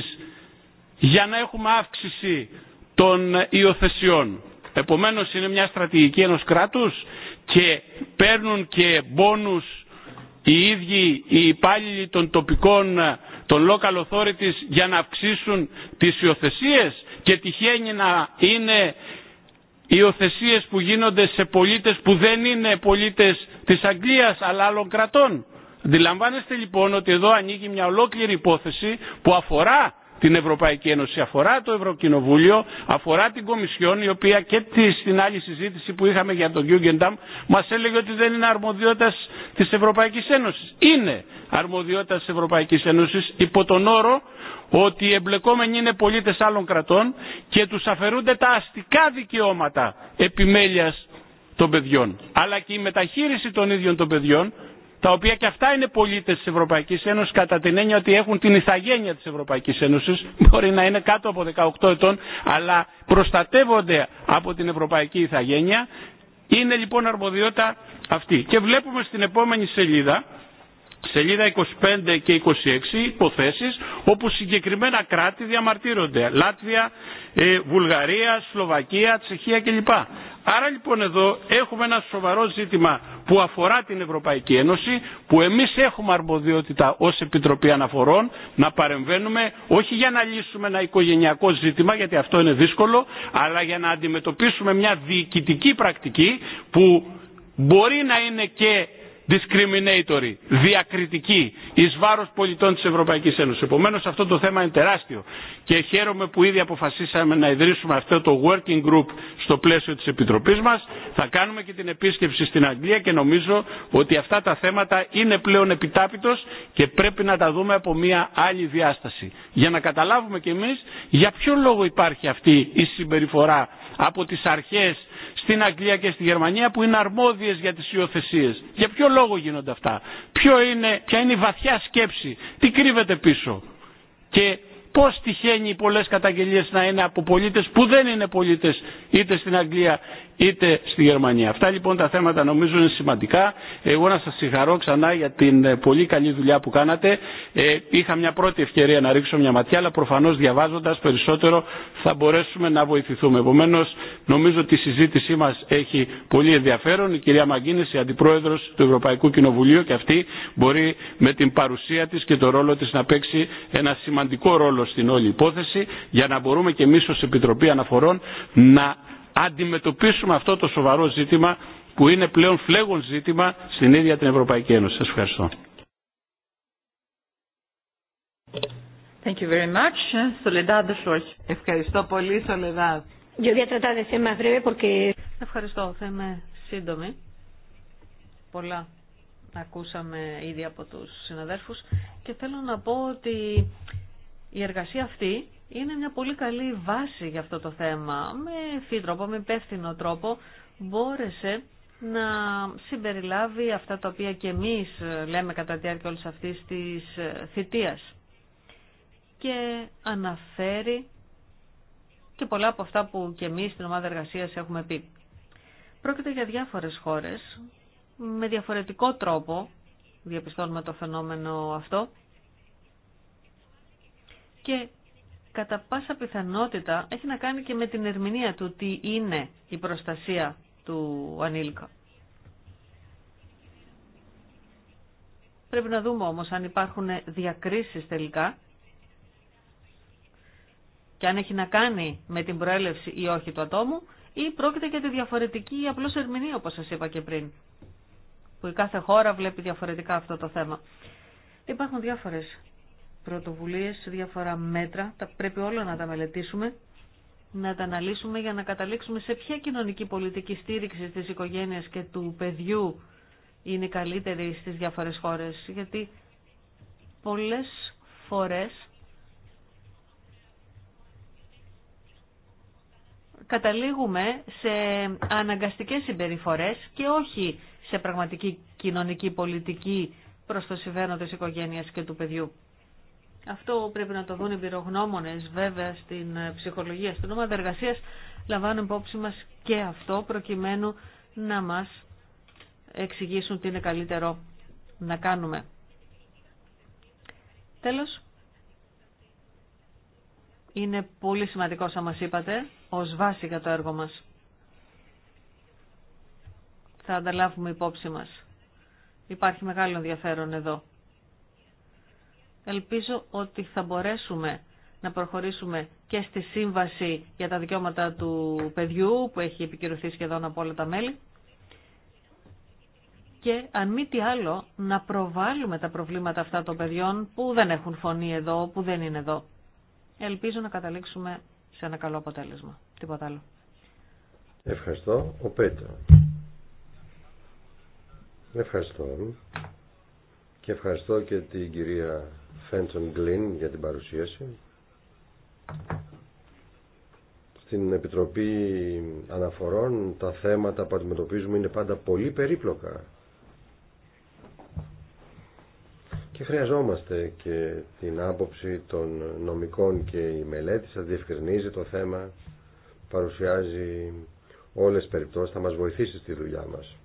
για να έχουμε αύξηση των υιοθεσιών. Επομένως είναι μια στρατηγική ενός κράτους και παίρνουν και μπόνους οι ίδιοι οι υπάλληλοι των τοπικών, των local authorities για να αυξήσουν τις υιοθεσίες και τυχαίνει να είναι υιοθεσίε που γίνονται σε πολίτες που δεν είναι πολίτες της Αγγλίας αλλά άλλων κρατών. Αντιλαμβάνεστε λοιπόν ότι εδώ ανοίγει μια ολόκληρη υπόθεση που αφορά την Ευρωπαϊκή Ένωση, αφορά το Ευρωκοινοβούλιο, αφορά την Κομισιόν, η οποία και στην άλλη συζήτηση που είχαμε για τον Γιούγκενταμ μα έλεγε ότι δεν είναι αρμοδιότητα τη Ευρωπαϊκή Ένωση. Είναι αρμοδιότητα τη Ευρωπαϊκή Ένωση υπό τον όρο ότι οι εμπλεκόμενοι είναι πολίτε άλλων κρατών και του αφαιρούνται τα αστικά δικαιώματα επιμέλεια των παιδιών. Αλλά και η μεταχείριση των ίδιων των παιδιών τα οποία και αυτά είναι πολίτες της Ευρωπαϊκής Ένωσης κατά την έννοια ότι έχουν την ηθαγένεια της Ευρωπαϊκής Ένωσης, μπορεί να είναι κάτω από 18 ετών, αλλά προστατεύονται από την Ευρωπαϊκή Ιθαγένεια, είναι λοιπόν αρμοδιότητα αυτή. Και βλέπουμε στην επόμενη σελίδα, σελίδα 25 και 26 υποθέσεις όπου συγκεκριμένα κράτη διαμαρτύρονται. Λάτβια, ε, Βουλγαρία, Σλοβακία, Τσεχία κλπ. Άρα λοιπόν εδώ έχουμε ένα σοβαρό ζήτημα που αφορά την Ευρωπαϊκή Ένωση, που εμείς έχουμε αρμοδιότητα ως Επιτροπή Αναφορών να παρεμβαίνουμε όχι για να λύσουμε ένα οικογενειακό ζήτημα, γιατί αυτό είναι δύσκολο, αλλά για να αντιμετωπίσουμε μια διοικητική πρακτική που μπορεί να είναι και discriminatory, διακριτική, εις βάρος πολιτών της Ευρωπαϊκής Ένωσης. Επομένως αυτό το θέμα είναι τεράστιο και χαίρομαι που ήδη αποφασίσαμε να ιδρύσουμε αυτό το working group στο πλαίσιο της Επιτροπής μας. Θα κάνουμε και την επίσκεψη στην Αγγλία και νομίζω ότι αυτά τα θέματα είναι πλέον επιτάπητος και πρέπει να τα δούμε από μια άλλη διάσταση. Για να καταλάβουμε κι εμείς για ποιο λόγο υπάρχει αυτή η συμπεριφορά από τις αρχές στην Αγγλία και στη Γερμανία που είναι αρμόδιες για τις υιοθεσίε. Για ποιο λόγο γίνονται αυτά. Ποιο είναι, ποια είναι η βαθιά σκέψη. Τι κρύβεται πίσω. Και Πώς τυχαίνει πολλές καταγγελίες να είναι από πολίτες που δεν είναι πολίτες είτε στην Αγγλία είτε στη Γερμανία. Αυτά λοιπόν τα θέματα νομίζω είναι σημαντικά. Εγώ να σας συγχαρώ ξανά για την ε, πολύ καλή δουλειά που κάνατε. Ε, είχα μια πρώτη ευκαιρία να ρίξω μια ματιά, αλλά προφανώς διαβάζοντας περισσότερο θα μπορέσουμε να βοηθηθούμε. Επομένω, νομίζω ότι η συζήτησή μας έχει πολύ ενδιαφέρον. Η κυρία Μαγκίνης, η Αντιπρόεδρος του Ευρωπαϊκού Κοινοβουλίου και αυτή μπορεί με την παρουσία της και το ρόλο της να παίξει ένα σημαντικό ρόλο στην όλη υπόθεση για να μπορούμε και εμείς ως Επιτροπή Αναφορών να αντιμετωπίσουμε αυτό το σοβαρό ζήτημα που είναι πλέον φλέγον ζήτημα στην ίδια την Ευρωπαϊκή Ένωση. Σας ευχαριστώ. Thank you very much. Soledad, Ευχαριστώ πολύ, Soledad. Ευχαριστώ. Θα είμαι σύντομη. Πολλά ακούσαμε ήδη από τους συναδέρφους και θέλω να πω ότι η εργασία αυτή είναι μια πολύ καλή βάση για αυτό το θέμα. Με ευθύ με υπεύθυνο τρόπο μπόρεσε να συμπεριλάβει αυτά τα οποία και εμείς ε, λέμε κατά τη διάρκεια όλης αυτής της ε, θητείας. Και αναφέρει και πολλά από αυτά που και εμείς στην ομάδα εργασίας έχουμε πει. Πρόκειται για διάφορες χώρες, με διαφορετικό τρόπο διαπιστώνουμε το φαινόμενο αυτό και κατά πάσα πιθανότητα έχει να κάνει και με την ερμηνεία του τι είναι η προστασία του ανήλικα. Πρέπει να δούμε όμως αν υπάρχουν διακρίσεις τελικά και αν έχει να κάνει με την προέλευση ή όχι του ατόμου ή πρόκειται για τη διαφορετική απλώς ερμηνεία όπως σας είπα και πριν που η κάθε χώρα βλέπει διαφορετικά αυτό το θέμα. Υπάρχουν διάφορες πρωτοβουλίες, σε διάφορα μέτρα. Τα πρέπει όλα να τα μελετήσουμε, να τα αναλύσουμε για να καταλήξουμε σε ποια κοινωνική πολιτική στήριξη της οικογένειας και του παιδιού είναι καλύτερη στις διάφορες χώρες. Γιατί πολλές φορές καταλήγουμε σε αναγκαστικές συμπεριφορές και όχι σε πραγματική κοινωνική πολιτική προς το συμβαίνον της οικογένειας και του παιδιού. Αυτό πρέπει να το δουν οι πυρογνώμονε, βέβαια στην ε, ψυχολογία, στην ομάδα εργασία, Λαμβάνουν υπόψη μα και αυτό προκειμένου να μας εξηγήσουν τι είναι καλύτερο να κάνουμε. Τέλος, είναι πολύ σημαντικό σαν μας είπατε, ως βάση για το έργο μας. Θα ανταλάβουμε υπόψη μας. Υπάρχει μεγάλο ενδιαφέρον εδώ ελπίζω ότι θα μπορέσουμε να προχωρήσουμε και στη σύμβαση για τα δικαιώματα του παιδιού που έχει επικυρωθεί σχεδόν από όλα τα μέλη και αν μη τι άλλο να προβάλλουμε τα προβλήματα αυτά των παιδιών που δεν έχουν φωνή εδώ, που δεν είναι εδώ. Ελπίζω να καταλήξουμε σε ένα καλό αποτέλεσμα. Τίποτα άλλο. Ευχαριστώ. Ο Πέτρο. Ευχαριστώ. Και ευχαριστώ και την κυρία Φέντσον Γκλίν για την παρουσίαση. Στην Επιτροπή Αναφορών τα θέματα που αντιμετωπίζουμε είναι πάντα πολύ περίπλοκα. Και χρειαζόμαστε και την άποψη των νομικών και η μελέτη σας διευκρινίζει το θέμα, παρουσιάζει όλες τις περιπτώσεις, θα μας βοηθήσει στη δουλειά μας.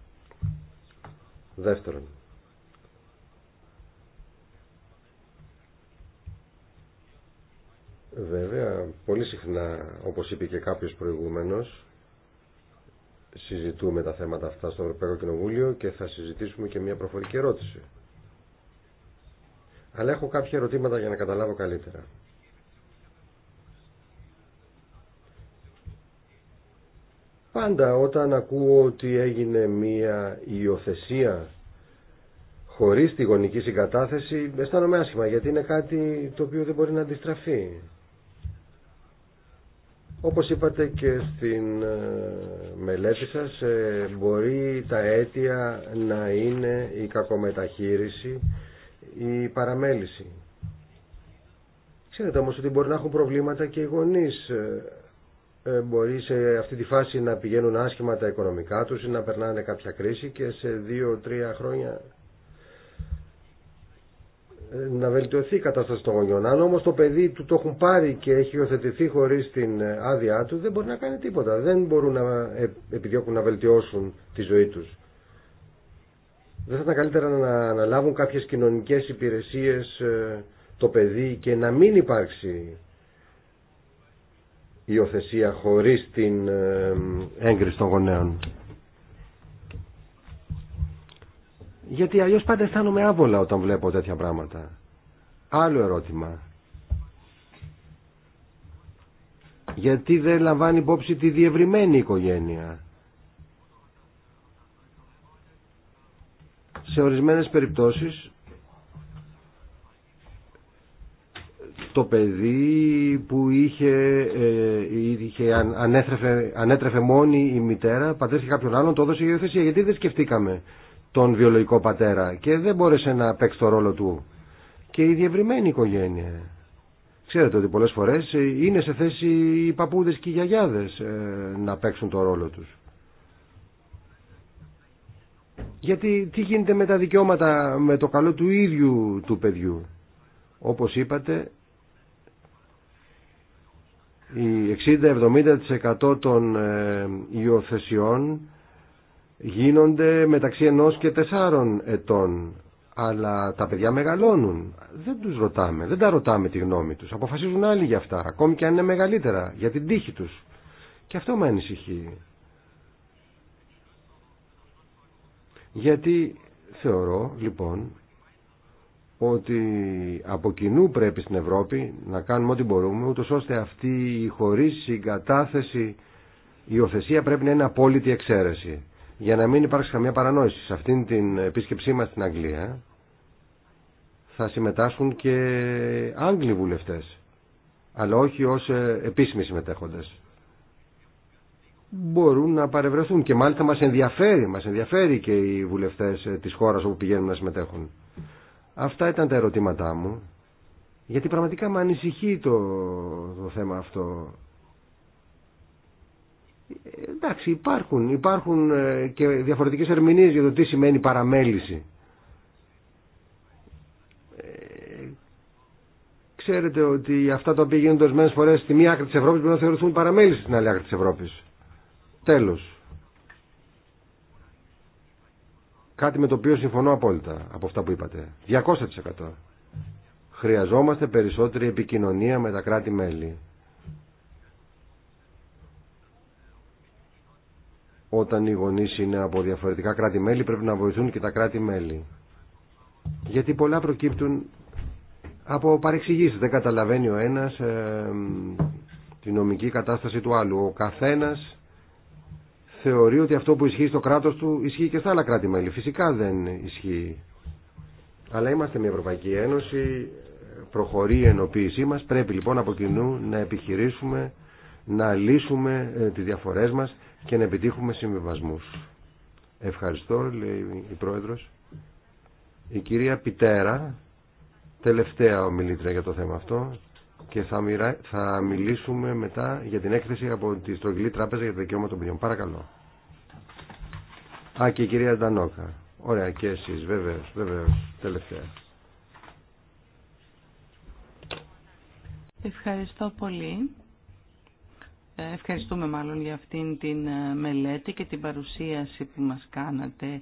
Δεύτερον, Βέβαια, πολύ συχνά, όπως είπε και κάποιος προηγούμενος, συζητούμε τα θέματα αυτά στο Ευρωπαϊκό Κοινοβούλιο και θα συζητήσουμε και μια προφορική ερώτηση. Αλλά έχω κάποια ερωτήματα για να καταλάβω καλύτερα. Πάντα όταν ακούω ότι έγινε μία υιοθεσία χωρίς τη γονική συγκατάθεση αισθάνομαι άσχημα γιατί είναι κάτι το οποίο δεν μπορεί να αντιστραφεί. Όπως είπατε και στην ε, μελέτη σας, ε, μπορεί τα αίτια να είναι η κακομεταχείριση, η παραμέληση. Ξέρετε όμως ότι μπορεί να έχουν προβλήματα και οι γονείς. Ε, μπορεί σε αυτή τη φάση να πηγαίνουν άσχημα τα οικονομικά τους ή να περνάνε κάποια κρίση και σε δύο-τρία χρόνια να βελτιωθεί η κατάσταση των γονιών. Αν όμως το παιδί του το έχουν πάρει και έχει υιοθετηθεί χωρίς την άδειά του, δεν μπορεί να κάνει τίποτα. Δεν μπορούν να ε, επιδιώκουν να βελτιώσουν τη ζωή τους. Δεν θα ήταν καλύτερα να αναλάβουν κάποιες κοινωνικές υπηρεσίες ε, το παιδί και να μην υπάρξει υιοθεσία χωρίς την ε, έγκριση των γονέων. Γιατί αλλιώς πάντα αισθάνομαι άβολα όταν βλέπω τέτοια πράγματα. Άλλο ερώτημα. Γιατί δεν λαμβάνει υπόψη τη διευρυμένη οικογένεια. Σε ορισμένες περιπτώσεις το παιδί που είχε, ε, είχε αν, ανέτρεφε, ανέτρεφε μόνη η μητέρα, πατέρθηκε κάποιον άλλον, το έδωσε η υιοθεσία. Γιατί δεν σκεφτήκαμε τον βιολογικό πατέρα και δεν μπόρεσε να παίξει το ρόλο του. Και η διευρυμένη οικογένεια. Ξέρετε ότι πολλές φορές ε, είναι σε θέση οι παππούδες και οι γιαγιάδες ε, να παίξουν το ρόλο τους. Γιατί τι γίνεται με τα δικαιώματα, με το καλό του ίδιου του παιδιού. Όπως είπατε, οι 60-70% των ε, υιοθεσιών γίνονται μεταξύ ενός και τεσσάρων ετών. Αλλά τα παιδιά μεγαλώνουν. Δεν τους ρωτάμε, δεν τα ρωτάμε τη γνώμη τους. Αποφασίζουν άλλοι για αυτά, ακόμη και αν είναι μεγαλύτερα, για την τύχη τους. Και αυτό με ανησυχεί. Γιατί θεωρώ, λοιπόν, ότι από κοινού πρέπει στην Ευρώπη να κάνουμε ό,τι μπορούμε, ούτως ώστε αυτή η χωρίς συγκατάθεση η υιοθεσία πρέπει να είναι απόλυτη εξαίρεση για να μην υπάρξει καμία παρανόηση. Σε αυτήν την επίσκεψή μας στην Αγγλία θα συμμετάσχουν και Άγγλοι βουλευτές, αλλά όχι ως ε, επίσημοι συμμετέχοντες. Μπορούν να παρευρεθούν και μάλιστα μας ενδιαφέρει, μας ενδιαφέρει και οι βουλευτές ε, της χώρας όπου πηγαίνουν να συμμετέχουν. Αυτά ήταν τα ερωτήματά μου, γιατί πραγματικά με ανησυχεί το, το θέμα αυτό εντάξει υπάρχουν, υπάρχουν ε, και διαφορετικές ερμηνείες για το τι σημαίνει παραμέληση. Ε, ξέρετε ότι αυτά τα οποία γίνονται ορισμένε φορέ στη μία άκρη τη Ευρώπη μπορεί να θεωρηθούν παραμέληση στην άλλη άκρη τη Ευρώπη. Τέλο. Κάτι με το οποίο συμφωνώ απόλυτα από αυτά που είπατε. 200%. Χρειαζόμαστε περισσότερη επικοινωνία με τα κράτη-μέλη. όταν οι γονείς είναι από διαφορετικά κράτη-μέλη πρέπει να βοηθούν και τα κράτη-μέλη. Γιατί πολλά προκύπτουν από παρεξηγήσεις. Δεν καταλαβαίνει ο ένας ε, τη νομική κατάσταση του άλλου. Ο καθένας θεωρεί ότι αυτό που ισχύει στο κράτος του ισχύει και στα άλλα κράτη-μέλη. Φυσικά δεν ισχύει. Αλλά είμαστε μια Ευρωπαϊκή Ένωση, προχωρεί η ενοποίησή μας. Πρέπει λοιπόν από κοινού να επιχειρήσουμε, να λύσουμε ε, τις διαφορές μας και να επιτύχουμε συμβιβασμού. Ευχαριστώ, λέει η πρόεδρο. Η κυρία Πιτέρα, τελευταία ομιλήτρια για το θέμα αυτό και θα, θα μιλήσουμε μετά για την έκθεση από τη Στρογγυλή Τράπεζα για το Δικαίωμα των παιδιών. Παρακαλώ. Α, και η κυρία Ντανόκα. Ωραία, και εσείς, βέβαια, βεβαίω, τελευταία. Ευχαριστώ πολύ. Ευχαριστούμε μάλλον για αυτήν την ε, μελέτη και την παρουσίαση που μας κάνατε.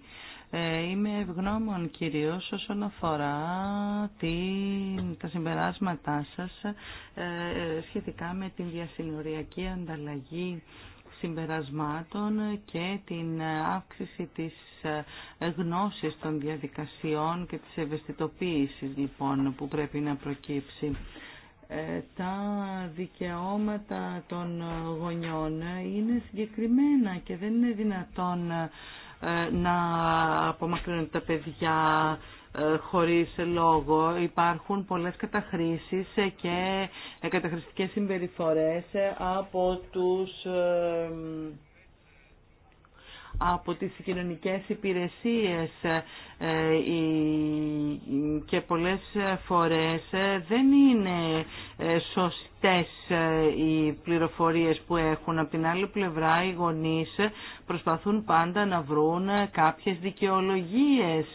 Ε, είμαι ευγνώμων κυρίως όσον αφορά την, τα συμπεράσματά σας ε, σχετικά με την διασυνοριακή ανταλλαγή συμπερασμάτων και την αύξηση της γνώσης των διαδικασιών και της ευαισθητοποίησης λοιπόν που πρέπει να προκύψει. Ε, τα δικαιώματα των γονιών είναι συγκεκριμένα και δεν είναι δυνατόν ε, να απομακρύνουν τα παιδιά ε, χωρίς λόγο. Υπάρχουν πολλές καταχρήσεις και καταχρηστικές συμπεριφορές από τους από τις κοινωνικές υπηρεσίες ε, ε, και πολλές φορές ε, δεν είναι σωστές οι πληροφορίες που έχουν. Από την άλλη πλευρά οι γονείς προσπαθούν πάντα να βρουν κάποιες δικαιολογίες,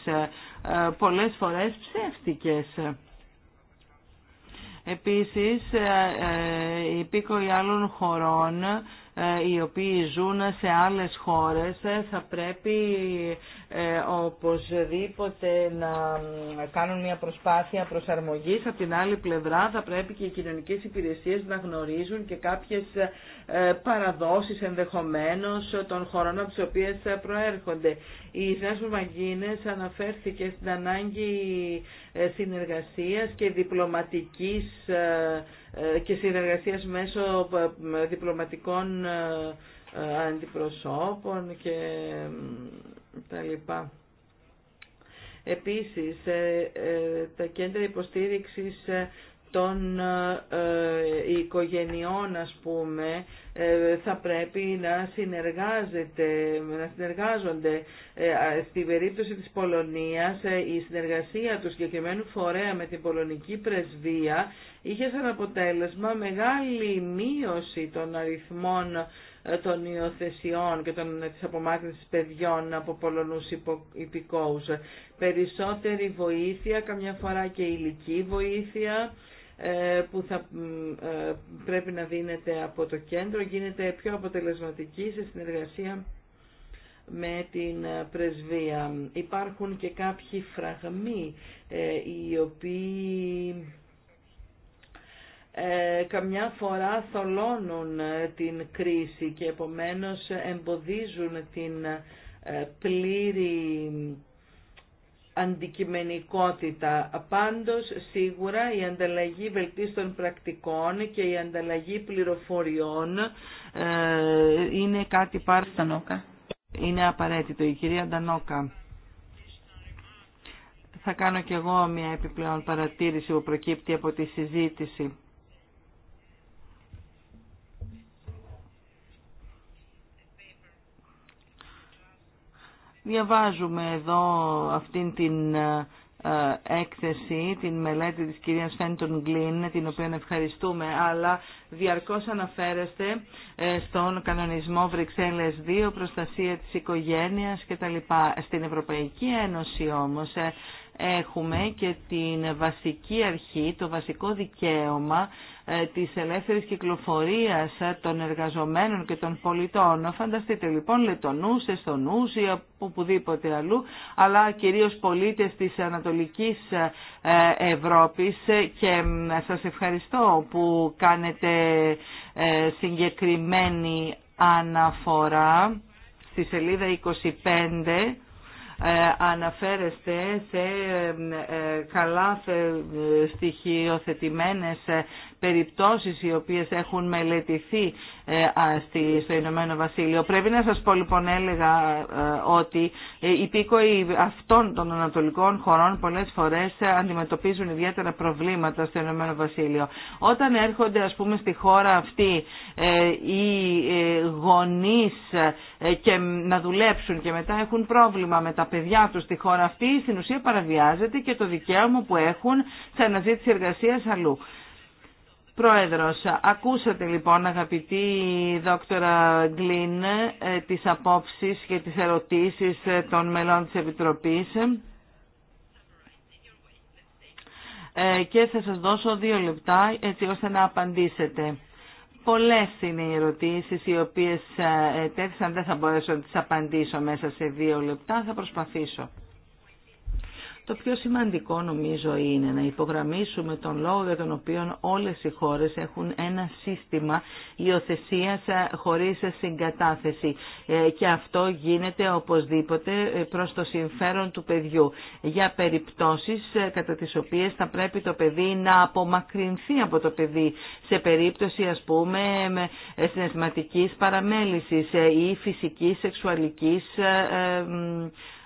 πολλές φορές ψεύτικες. Επίσης, οι πήκοοι άλλων χωρών ε, οι οποίοι ζουν σε άλλες χώρες ε, θα πρέπει ε, οπωσδήποτε να κάνουν μια προσπάθεια προσαρμογής. Από την άλλη πλευρά θα πρέπει και οι κοινωνικές υπηρεσίες να γνωρίζουν και κάποιες παραδόσεις ενδεχομένως των χωρών από τις οποίες προέρχονται. Η Ισράσου Μαγκίνες αναφέρθηκε στην ανάγκη ε, συνεργασίας και διπλωματικής ε, ε, και συνεργασίας μέσω διπλωματικών αντιπροσώπων και τα λοιπά. Επίσης, τα κέντρα υποστήριξης των ε, ε, οικογενειών ας πούμε ε, θα πρέπει να συνεργάζεται, να συνεργάζονται. Στην περίπτωση της Πολωνίας η συνεργασία του συγκεκριμένου φορέα με την πολωνική πρεσβεία είχε σαν αποτέλεσμα μεγάλη μείωση των αριθμών των υιοθεσιών και των, της απομάκρυνσης παιδιών από Πολωνούς υπηκόους. Περισσότερη βοήθεια, καμιά φορά και ηλική βοήθεια, ε, που θα ε, πρέπει να δίνεται από το κέντρο γίνεται πιο αποτελεσματική σε συνεργασία με την ε, πρεσβεία. Υπάρχουν και κάποιοι φραγμοί οι οποίοι καμιά φορά θολώνουν την κρίση και επομένως εμποδίζουν την πλήρη αντικειμενικότητα. Πάντως, σίγουρα η ανταλλαγή βελτίστων πρακτικών και η ανταλλαγή πληροφοριών ε, είναι κάτι πάρα... Είναι απαραίτητο. Η κυρία Ντανόκα. Θα κάνω κι εγώ μια επιπλέον παρατήρηση που προκύπτει από τη συζήτηση. Διαβάζουμε εδώ αυτήν την ε, ε, έκθεση, την μελέτη της κυρίας Φέντον Γκλίν, την οποία ευχαριστούμε, αλλά διαρκώς αναφέρεστε ε, στον κανονισμό Βρυξέλλες 2, προστασία της οικογένειας κτλ. Στην Ευρωπαϊκή Ένωση όμως έχουμε και την βασική αρχή, το βασικό δικαίωμα ε, της ελεύθερης κυκλοφορίας ε, των εργαζομένων και των πολιτών. Φανταστείτε λοιπόν Λετωνούς, Εστονούς ή οπουδήποτε αλλού, αλλά κυρίως πολίτες της Ανατολικής ε, Ευρώπης και σας ευχαριστώ που κάνετε συγκεκριμένη αναφορά στη σελίδα 25 ε, αναφέρεστε σε ε, ε, καλά στοιχειοθετημένες περιπτώσεις οι οποίες έχουν μελετηθεί ε, στο Ηνωμένο Βασίλειο. Πρέπει να σας πω λοιπόν έλεγα ε, ότι ε, οι πίκοοι αυτών των ανατολικών χωρών πολλές φορές αντιμετωπίζουν ιδιαίτερα προβλήματα στο Ηνωμένο Βασίλειο. Όταν έρχονται ας πούμε στη χώρα αυτή οι γονείς και να δουλέψουν και μετά έχουν πρόβλημα με τα παιδιά τους στη χώρα αυτή, στην ουσία παραβιάζεται και το δικαίωμα που έχουν σε αναζήτηση εργασίας αλλού. Πρόεδρος, ακούσατε λοιπόν αγαπητή δόκτωρα Γκλίν ε, τις απόψεις και τις ερωτήσεις ε, των μελών της Επιτροπής ε, και θα σας δώσω δύο λεπτά έτσι ώστε να απαντήσετε. Πολλές είναι οι ερωτήσεις οι οποίες τέθησαν, δεν θα μπορέσω να τις απαντήσω μέσα σε δύο λεπτά, θα προσπαθήσω. Το πιο σημαντικό νομίζω είναι να υπογραμμίσουμε τον λόγο για τον οποίο όλες οι χώρες έχουν ένα σύστημα υιοθεσία ε, χωρίς συγκατάθεση ε, και αυτό γίνεται οπωσδήποτε ε, προς το συμφέρον του παιδιού για περιπτώσεις κατά τις οποίες θα πρέπει το παιδί να απομακρυνθεί από το παιδί σε περίπτωση ας πούμε συναισθηματικής παραμέλησης ή φυσικής σεξουαλικής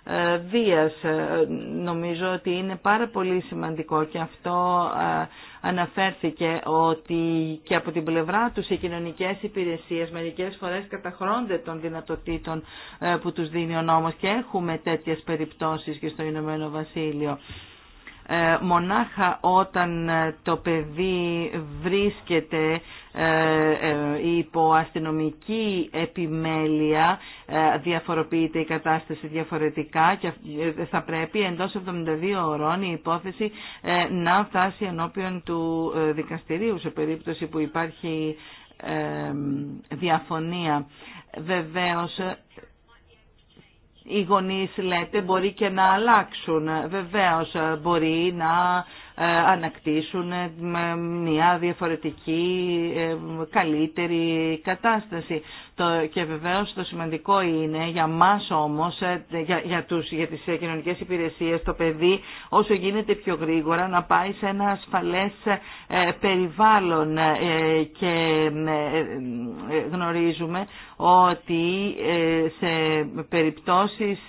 ε, βίας. Ε, νομίζω ότι είναι πάρα πολύ σημαντικό και αυτό ε, αναφέρθηκε ότι και από την πλευρά τους οι κοινωνικές υπηρεσίες μερικές φορές καταχρώνται των δυνατοτήτων που τους δίνει ο νόμος και έχουμε τέτοιες περιπτώσεις και στο Ηνωμένο Βασίλειο. Ε, μονάχα όταν ε, το παιδί βρίσκεται ε, υπό αστυνομική επιμέλεια διαφοροποιείται η κατάσταση διαφορετικά και θα πρέπει εντός 72 ώρων η υπόθεση να φτάσει ενώπιον του δικαστηρίου σε περίπτωση που υπάρχει διαφωνία. Βεβαίως οι γονείς λέτε μπορεί και να αλλάξουν. Βεβαίως μπορεί να ε, ανακτήσουν ε, μια διαφορετική, ε, καλύτερη κατάσταση. Και βεβαίως το σημαντικό είναι για μας όμως, για, για, τους, για τις κοινωνικές υπηρεσίες, το παιδί όσο γίνεται πιο γρήγορα να πάει σε ένα ασφαλές περιβάλλον και γνωρίζουμε ότι σε περιπτώσεις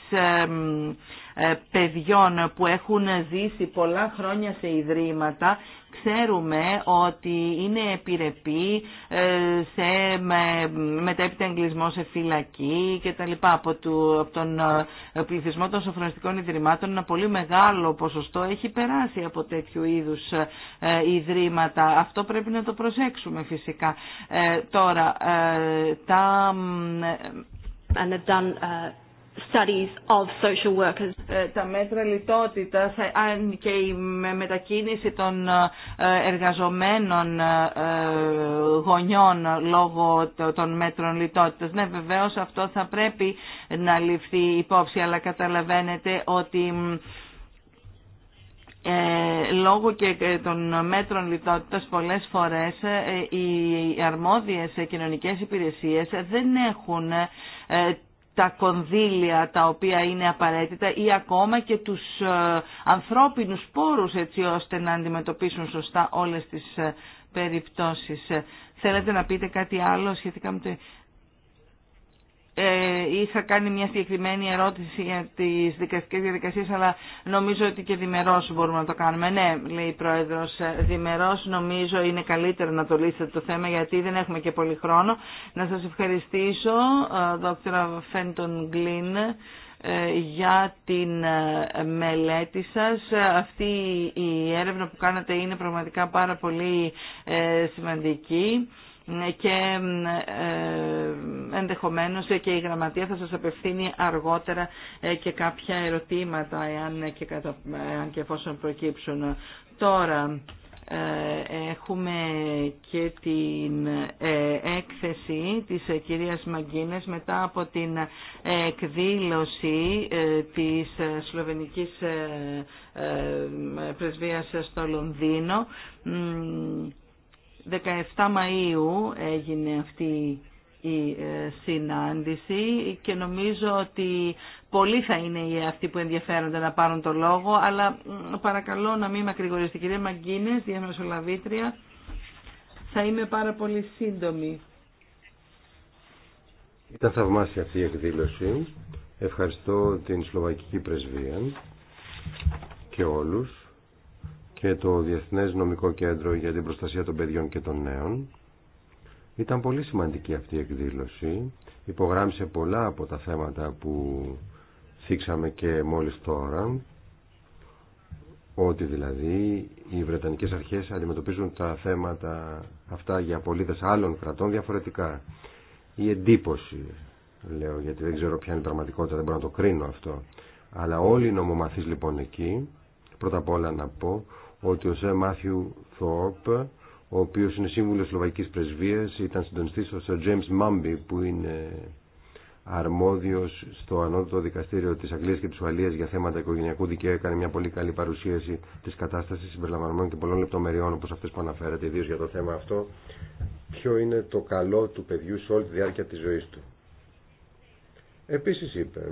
ε, παιδιών που έχουν ζήσει πολλά χρόνια σε ιδρύματα ξέρουμε ότι είναι επιρρεπή ε, σε με, μετέπειτα εγκλισμό σε φυλακή και τα λοιπά. Από, του, από τον ε, πληθυσμό των σοφρονιστικών ιδρυμάτων ένα πολύ μεγάλο ποσοστό έχει περάσει από τέτοιου είδους ιδρύματα. Αυτό πρέπει να το προσέξουμε φυσικά. τώρα, τα studies of social ε, Τα μέτρα λιτότητας ε, αν και η μετακίνηση των ε, εργαζομένων γονιών λόγω των μέτρων λιτότητας. Ναι, βεβαίως αυτό θα πρέπει να ληφθεί υπόψη, αλλά καταλαβαίνετε ότι λόγω και των μέτρων λιτότητας πολλές φορές οι αρμόδιες κοινωνικές υπηρεσίες δεν έχουν τα κονδύλια τα οποία είναι απαραίτητα ή ακόμα και τους ε, ανθρώπινους πόρους έτσι ώστε να αντιμετωπίσουν σωστά όλες τις ε, περιπτώσεις. Ε, θέλετε να πείτε κάτι άλλο σχετικά με το... Ε, είχα κάνει μια συγκεκριμένη ερώτηση για τις δικαστικές διαδικασίες, αλλά νομίζω ότι και διμερώς μπορούμε να το κάνουμε. Ναι, λέει η Πρόεδρος, ε, διμερώς νομίζω είναι καλύτερο να το λύσετε το θέμα, γιατί δεν έχουμε και πολύ χρόνο. Να σας ευχαριστήσω, ε, δόκτωρα Φέντον Γκλίν, για την μελέτη σας. Αυτή η έρευνα που κάνατε είναι πραγματικά πάρα πολύ σημαντική και ε, ενδεχομένως και η γραμματεία θα σας απευθύνει αργότερα ε, και κάποια ερωτήματα εάν και, κατα... εάν και εφόσον προκύψουν. Τώρα ε, έχουμε και την έκθεση της κυρίας Μαγκίνες μετά από την εκδήλωση της Σλοβενικής Πρεσβείας στο Λονδίνο 17 Μαΐου έγινε αυτή η ε, συνάντηση και νομίζω ότι πολλοί θα είναι οι αυτοί που ενδιαφέρονται να πάρουν το λόγο, αλλά παρακαλώ να μην μακρηγορήσετε. Κυρία Μαγκίνες, διαμεσολαβήτρια, θα είμαι πάρα πολύ σύντομη. Ήταν θαυμάσια αυτή η εκδήλωση. Ευχαριστώ την Σλοβακική Πρεσβεία και όλους και το Διεθνές Νομικό Κέντρο για την Προστασία των Παιδιών και των Νέων. Ήταν πολύ σημαντική αυτή η εκδήλωση. Υπογράμμισε πολλά από τα θέματα που θίξαμε και μόλις τώρα. Ότι δηλαδή οι Βρετανικές αρχές αντιμετωπίζουν τα θέματα αυτά για πολίτες άλλων κρατών διαφορετικά. Η εντύπωση, λέω, γιατί δεν ξέρω ποια είναι η πραγματικότητα, δεν μπορώ να το κρίνω αυτό. Αλλά όλοι οι νομομαθείς λοιπόν εκεί, πρώτα απ' όλα να πω ότι ο Ζε Μάθιου Θόρπ, ο οποίος είναι σύμβουλος Σλοβακικής Πρεσβείας, ήταν συντονιστής Σερ James Μάμπι, που είναι αρμόδιος στο ανώτατο δικαστήριο της Αγγλίας και της Ουαλίας για θέματα οικογενειακού δικαίου έκανε μια πολύ καλή παρουσίαση της κατάστασης συμπεριλαμβανομένων και πολλών λεπτομεριών όπως αυτές που αναφέρατε ιδίω για το θέμα αυτό ποιο είναι το καλό του παιδιού σε όλη τη διάρκεια της ζωής του. Επίσης είπε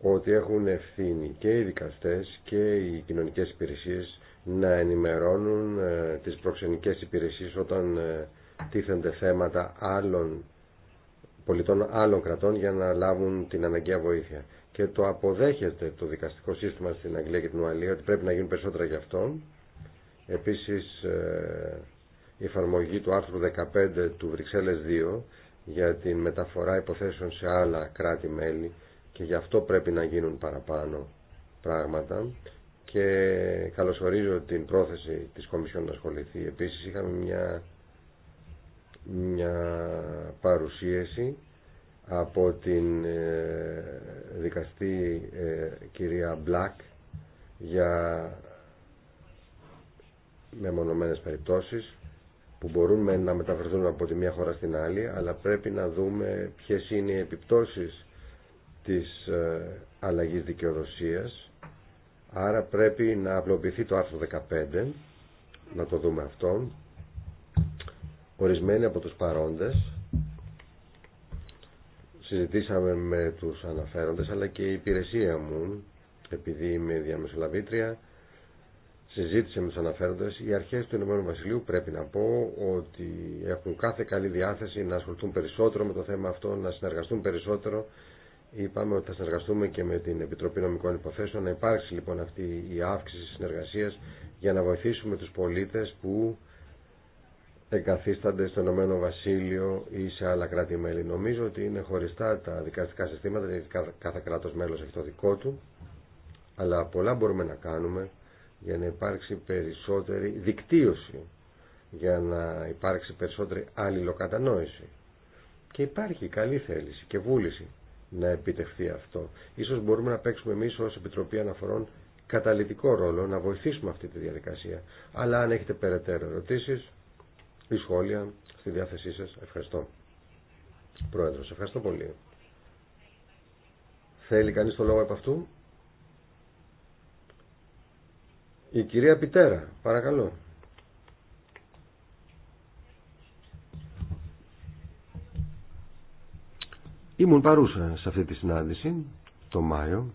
ότι έχουν ευθύνη και οι δικαστές και οι κοινωνικές υπηρεσίες να ενημερώνουν ε, τις προξενικές υπηρεσίες όταν ε, τίθενται θέματα άλλων πολιτών άλλων κρατών για να λάβουν την αναγκαία βοήθεια. Και το αποδέχεται το δικαστικό σύστημα στην Αγγλία και την Ουαλία ότι πρέπει να γίνουν περισσότερα γι' αυτό. Επίσης ε, η εφαρμογή του άρθρου 15 του Βρυξέλλες 2 για την μεταφορά υποθέσεων σε άλλα κράτη-μέλη και γι' αυτό πρέπει να γίνουν παραπάνω πράγματα και καλωσορίζω την πρόθεση της Κομισιόν να ασχοληθεί. Επίσης είχαμε μια, μια παρουσίαση από την ε, δικαστή ε, κυρία Μπλακ για μεμονωμένες περιπτώσεις που μπορούν να μεταφερθούν από τη μία χώρα στην άλλη αλλά πρέπει να δούμε ποιες είναι οι επιπτώσεις της ε, αλλαγής δικαιοδοσίας Άρα πρέπει να απλοποιηθεί το άρθρο 15, να το δούμε αυτό. Ορισμένοι από τους παρόντες συζητήσαμε με τους αναφέροντες αλλά και η υπηρεσία μου επειδή είμαι διαμεσολαβήτρια συζήτησε με τους αναφέροντες οι αρχές του Ηνωμένου Βασιλείου πρέπει να πω ότι έχουν κάθε καλή διάθεση να ασχοληθούν περισσότερο με το θέμα αυτό να συνεργαστούν περισσότερο Είπαμε ότι θα συνεργαστούμε και με την Επιτροπή Νομικών Υποθέσεων. Να υπάρξει λοιπόν αυτή η αύξηση συνεργασίας για να βοηθήσουμε τους πολίτες που εγκαθίστανται στο Ηνωμένο Βασίλειο ή σε άλλα κράτη-μέλη. Νομίζω ότι είναι χωριστά τα δικαστικά συστήματα, γιατί κάθε κράτος μέλος έχει το δικό του, αλλά πολλά μπορούμε να κάνουμε για να υπάρξει περισσότερη δικτύωση, για να υπάρξει περισσότερη αλληλοκατανόηση. Και υπάρχει καλή θέληση και βούληση να επιτευχθεί αυτό. Ίσως μπορούμε να παίξουμε εμείς ως Επιτροπή Αναφορών καταλητικό ρόλο, να βοηθήσουμε αυτή τη διαδικασία. Αλλά αν έχετε περαιτέρω ερωτήσεις ή σχόλια στη διάθεσή σας, ευχαριστώ. Πρόεδρος, ευχαριστώ πολύ. Θέλει κανείς το λόγο από αυτού. Η κυρία Πιτέρα, παρακαλώ. Ήμουν παρούσα σε αυτή τη συνάντηση το Μάιο.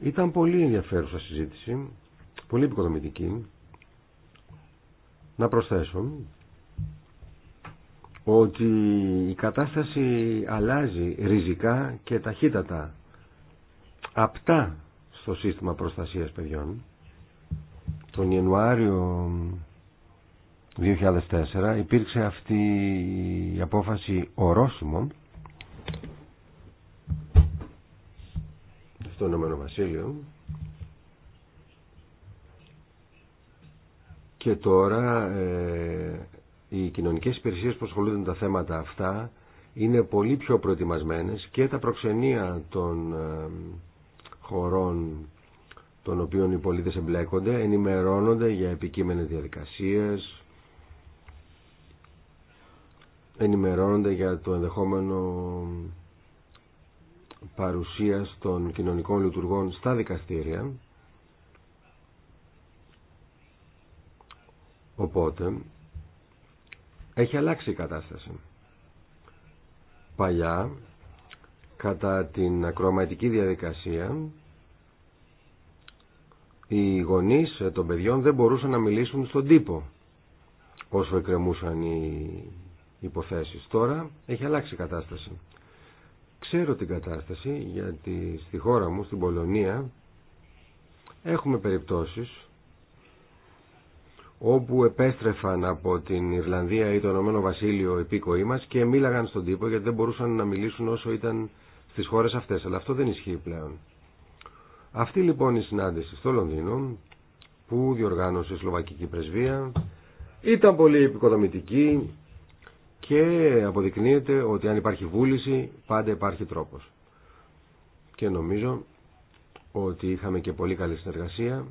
Ήταν πολύ ενδιαφέρουσα συζήτηση, πολύ επικοδομητική. Να προσθέσω ότι η κατάσταση αλλάζει ριζικά και ταχύτατα απτά στο σύστημα προστασίας παιδιών. Τον Ιανουάριο 2004 υπήρξε αυτή η απόφαση ορόσημων. στο Ηνωμένο Βασίλειο και τώρα ε, οι κοινωνικές υπηρεσίε που ασχολούνται με τα θέματα αυτά είναι πολύ πιο προετοιμασμένες και τα προξενία των ε, χωρών των οποίων οι πολίτες εμπλέκονται ενημερώνονται για επικείμενες διαδικασίες ενημερώνονται για το ενδεχόμενο παρουσίας των κοινωνικών λειτουργών στα δικαστήρια. Οπότε, έχει αλλάξει η κατάσταση. Παλιά, κατά την ακροαματική διαδικασία, οι γονείς των παιδιών δεν μπορούσαν να μιλήσουν στον τύπο όσο εκκρεμούσαν οι υποθέσεις. Τώρα έχει αλλάξει η κατάσταση. Ξέρω την κατάσταση γιατί στη χώρα μου, στην Πολωνία, έχουμε περιπτώσεις όπου επέστρεφαν από την Ιρλανδία ή το Ηνωμένο Βασίλειο επίκοοι μας και μίλαγαν στον τύπο γιατί δεν μπορούσαν να μιλήσουν όσο ήταν στις χώρες αυτές. Αλλά αυτό δεν ισχύει πλέον. Αυτή λοιπόν η συνάντηση στο Λονδίνο που διοργάνωσε η Σλοβακική Πρεσβεία ήταν πολύ επικοδομητική, και αποδεικνύεται ότι αν υπάρχει βούληση πάντα υπάρχει τρόπος. Και νομίζω ότι είχαμε και πολύ καλή συνεργασία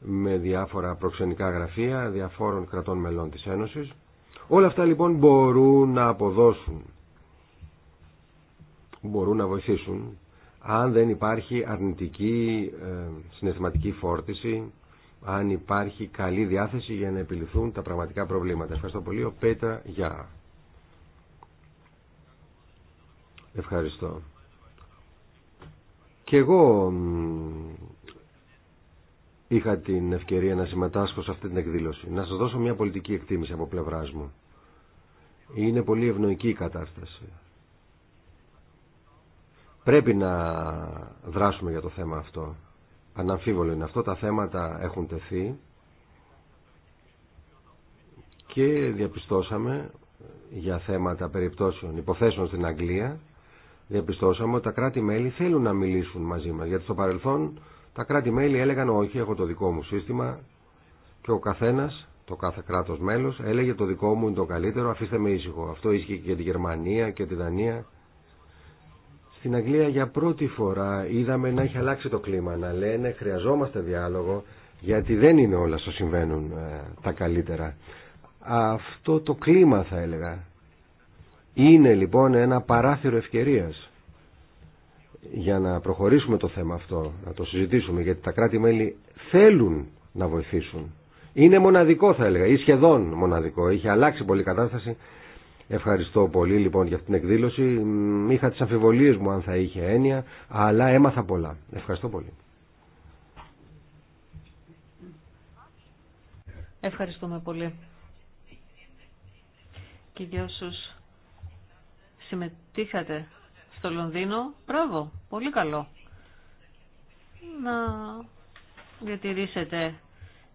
με διάφορα προξενικά γραφεία διαφόρων κρατών μελών της Ένωσης. Όλα αυτά λοιπόν μπορούν να αποδώσουν, μπορούν να βοηθήσουν αν δεν υπάρχει αρνητική ε, συναισθηματική φόρτιση, αν υπάρχει καλή διάθεση για να επιληθούν τα πραγματικά προβλήματα. Ευχαριστώ πολύ. Ο Πέτρα Γιά. Ευχαριστώ. Και εγώ είχα την ευκαιρία να συμμετάσχω σε αυτή την εκδήλωση. Να σας δώσω μια πολιτική εκτίμηση από πλευράς μου. Είναι πολύ ευνοϊκή η κατάσταση. Πρέπει να δράσουμε για το θέμα αυτό. Αναμφίβολο είναι αυτό. Τα θέματα έχουν τεθεί και διαπιστώσαμε για θέματα περιπτώσεων υποθέσεων στην Αγγλία διαπιστώσαμε ότι τα κράτη-μέλη θέλουν να μιλήσουν μαζί μας. Γιατί στο παρελθόν τα κράτη-μέλη έλεγαν όχι, έχω το δικό μου σύστημα και ο καθένας, το κάθε κράτος μέλος, έλεγε το δικό μου είναι το καλύτερο, αφήστε με ήσυχο. Αυτό ίσχυε και για τη Γερμανία και τη Δανία. Στην Αγγλία για πρώτη φορά είδαμε να έχει αλλάξει το κλίμα, να λένε χρειαζόμαστε διάλογο, γιατί δεν είναι όλα στο συμβαίνουν ε, τα καλύτερα. Αυτό το κλίμα θα έλεγα είναι λοιπόν ένα παράθυρο ευκαιρίας για να προχωρήσουμε το θέμα αυτό, να το συζητήσουμε, γιατί τα κράτη-μέλη θέλουν να βοηθήσουν. Είναι μοναδικό θα έλεγα, ή σχεδόν μοναδικό, είχε αλλάξει πολύ η κατάσταση. Ευχαριστώ πολύ λοιπόν για αυτήν την εκδήλωση. Είχα τις αμφιβολίες μου αν θα είχε έννοια, αλλά έμαθα πολλά. Ευχαριστώ πολύ. Ευχαριστούμε πολύ. Και συμμετείχατε στο Λονδίνο. Μπράβο, πολύ καλό. Να διατηρήσετε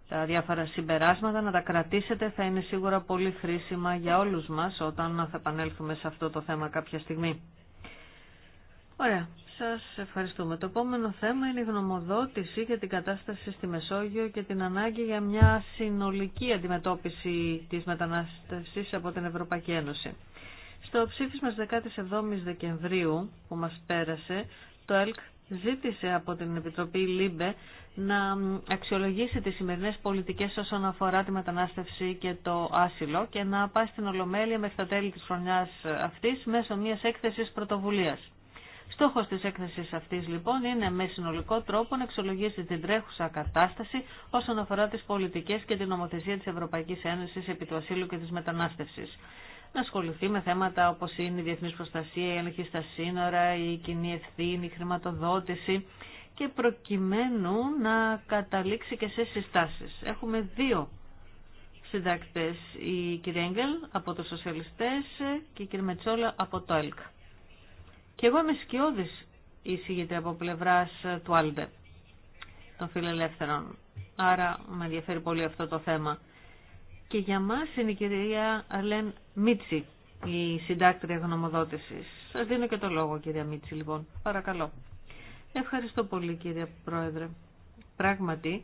τα διάφορα συμπεράσματα, να τα κρατήσετε, θα είναι σίγουρα πολύ χρήσιμα για όλους μας όταν θα επανέλθουμε σε αυτό το θέμα κάποια στιγμή. Ωραία, σας ευχαριστούμε. Το επόμενο θέμα είναι η γνωμοδότηση για την κατάσταση στη Μεσόγειο και την ανάγκη για μια συνολική αντιμετώπιση της μετανάστευσης από την Ευρωπαϊκή Ένωση. Στο ψήφισμα της 17ης Δεκεμβρίου που μας πέρασε, το ΕΛΚ ζήτησε από την Επιτροπή ΛΥΜΠΕ να αξιολογήσει τις σημερινές πολιτικές όσον αφορά τη μετανάστευση και το άσυλο και να πάει στην Ολομέλεια μέχρι τα τέλη της χρονιάς αυτής μέσω μιας έκθεσης πρωτοβουλίας. Στόχος της έκθεσης αυτής λοιπόν είναι με συνολικό τρόπο να αξιολογήσει την τρέχουσα κατάσταση όσον αφορά τις πολιτικές και την νομοθεσία της Ευρωπαϊκής Ένωσης επί του ασύλου και της μετανάστευσης να ασχοληθεί με θέματα όπως είναι η διεθνής προστασία, η έλεγχη στα σύνορα, η κοινή ευθύνη, η χρηματοδότηση και προκειμένου να καταλήξει και σε συστάσεις. Έχουμε δύο συντάκτες, η κυρία Έγγελ από του Σοσιαλιστές και η κυρία Μετσόλα από το ΕΛΚ. Και εγώ είμαι σκιώδης εισηγείται, από πλευράς του Άλντε, των φιλελεύθερων. Άρα με ενδιαφέρει πολύ αυτό το θέμα. Και για μας είναι η κυρία Αλέν Μίτσι, η συντάκτρια γνωμοδότηση. Σα δίνω και το λόγο κυρία Μίτσι, λοιπόν. Παρακαλώ. Ευχαριστώ πολύ κύριε Πρόεδρε. Πράγματι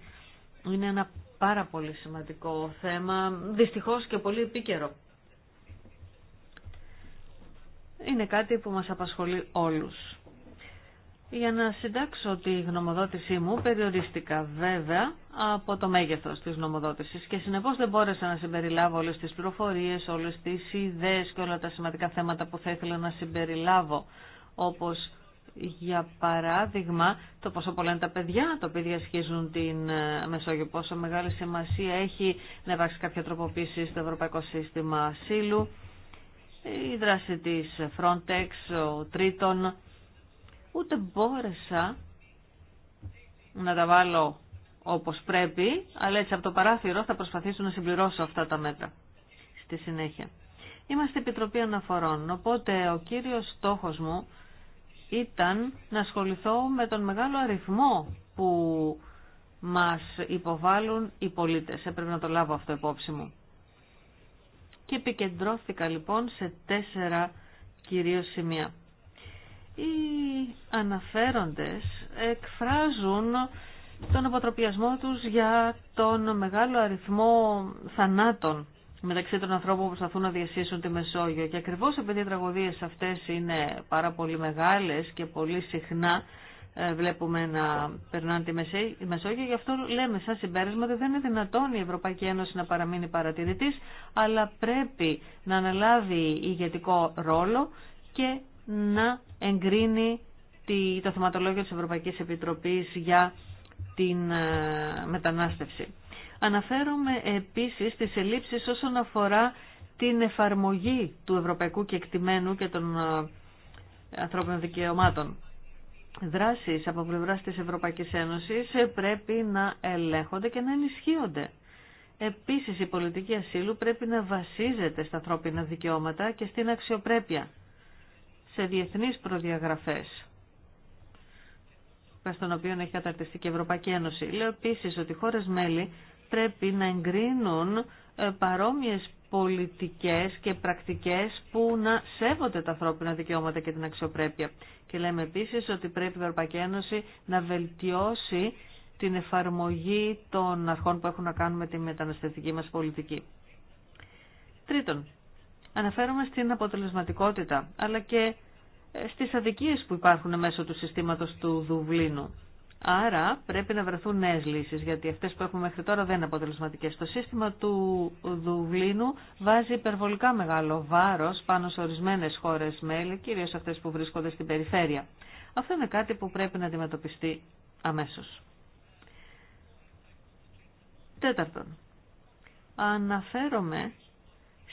είναι ένα πάρα πολύ σημαντικό θέμα, δυστυχώς και πολύ επίκαιρο. Είναι κάτι που μας απασχολεί όλους για να συντάξω τη γνωμοδότησή μου περιοριστικά βέβαια από το μέγεθος της γνωμοδότησης και συνεπώς δεν μπόρεσα να συμπεριλάβω όλες τις πληροφορίες, όλες τις ιδέες και όλα τα σημαντικά θέματα που θα ήθελα να συμπεριλάβω όπως για παράδειγμα το πόσο πολλά είναι τα παιδιά το οποίο διασχίζουν την ε, Μεσόγειο, πόσο μεγάλη σημασία έχει να υπάρξει κάποια τροποποίηση στο Ευρωπαϊκό Σύστημα Ασύλου, η δράση της Frontex, ο Τρίτον, ούτε μπόρεσα να τα βάλω όπως πρέπει, αλλά έτσι από το παράθυρο θα προσπαθήσω να συμπληρώσω αυτά τα μέτρα στη συνέχεια. Είμαστε Επιτροπή Αναφορών, οπότε ο κύριος στόχος μου ήταν να ασχοληθώ με τον μεγάλο αριθμό που μας υποβάλλουν οι πολίτες. Έπρεπε να το λάβω αυτό υπόψη μου. Και επικεντρώθηκα λοιπόν σε τέσσερα κυρίως σημεία οι αναφέροντες εκφράζουν τον αποτροπιασμό τους για τον μεγάλο αριθμό θανάτων μεταξύ των ανθρώπων που προσπαθούν να διασύσουν τη Μεσόγειο. Και ακριβώς επειδή οι τραγωδίες αυτές είναι πάρα πολύ μεγάλες και πολύ συχνά ε, βλέπουμε να περνάνε τη Μεσόγειο, γι' αυτό λέμε σαν συμπέρασμα ότι δεν είναι δυνατόν η Ευρωπαϊκή Ένωση να παραμείνει παρατηρητής, αλλά πρέπει να αναλάβει ηγετικό ρόλο και να εγκρίνει το θεματολόγιο της Ευρωπαϊκής Επιτροπής για την ε, μετανάστευση. Αναφέρομαι επίσης τις ελλείψεις όσον αφορά την εφαρμογή του ευρωπαϊκού κεκτημένου και των ε, ανθρώπινων δικαιωμάτων. Δράσεις από πλευρά της Ευρωπαϊκής Ένωσης πρέπει να ελέγχονται και να ενισχύονται. Επίσης η πολιτική ασύλου πρέπει να βασίζεται στα ανθρώπινα δικαιώματα και στην αξιοπρέπεια σε διεθνείς προδιαγραφές στον οποίο έχει καταρτιστεί και η Ευρωπαϊκή Ένωση. Λέω επίσης ότι οι χώρες μέλη πρέπει να εγκρίνουν ε, παρόμοιες πολιτικές και πρακτικές που να σέβονται τα ανθρώπινα δικαιώματα και την αξιοπρέπεια. Και λέμε επίσης ότι πρέπει η Ευρωπαϊκή Ένωση να βελτιώσει την εφαρμογή των αρχών που έχουν να κάνουν με τη μεταναστευτική μας πολιτική. Τρίτον, Αναφέρομαι στην αποτελεσματικότητα, αλλά και ε, στις αδικίες που υπάρχουν μέσω του συστήματος του Δουβλίνου. Άρα πρέπει να βρεθούν νέες λύσεις, γιατί αυτές που έχουμε μέχρι τώρα δεν είναι αποτελεσματικές. Το σύστημα του Δουβλίνου βάζει υπερβολικά μεγάλο βάρος πάνω σε ορισμένες χώρες μέλη, κυρίως αυτές που βρίσκονται στην περιφέρεια. Αυτό είναι κάτι που πρέπει να αντιμετωπιστεί αμέσως. Τέταρτον, αναφέρομαι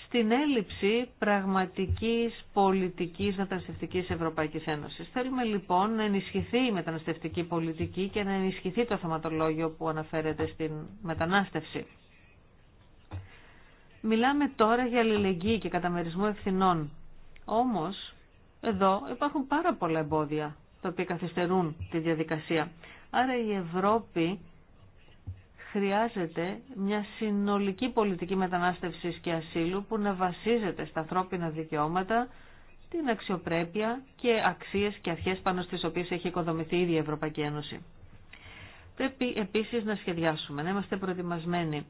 στην έλλειψη πραγματικής πολιτικής μεταναστευτικής Ευρωπαϊκής Ένωσης. Θέλουμε λοιπόν να ενισχυθεί η μεταναστευτική πολιτική και να ενισχυθεί το θεματολόγιο που αναφέρεται στην μετανάστευση. Μιλάμε τώρα για αλληλεγγύη και καταμερισμό ευθυνών. Όμως, εδώ υπάρχουν πάρα πολλά εμπόδια τα οποία καθυστερούν τη διαδικασία. Άρα η Ευρώπη χρειάζεται μια συνολική πολιτική μετανάστευσης και ασύλου που να βασίζεται στα ανθρώπινα δικαιώματα, την αξιοπρέπεια και αξίες και αρχές πάνω στις οποίες έχει οικοδομηθεί η ίδια η Ευρωπαϊκή Ένωση. Πρέπει επίσης να σχεδιάσουμε, να είμαστε προετοιμασμένοι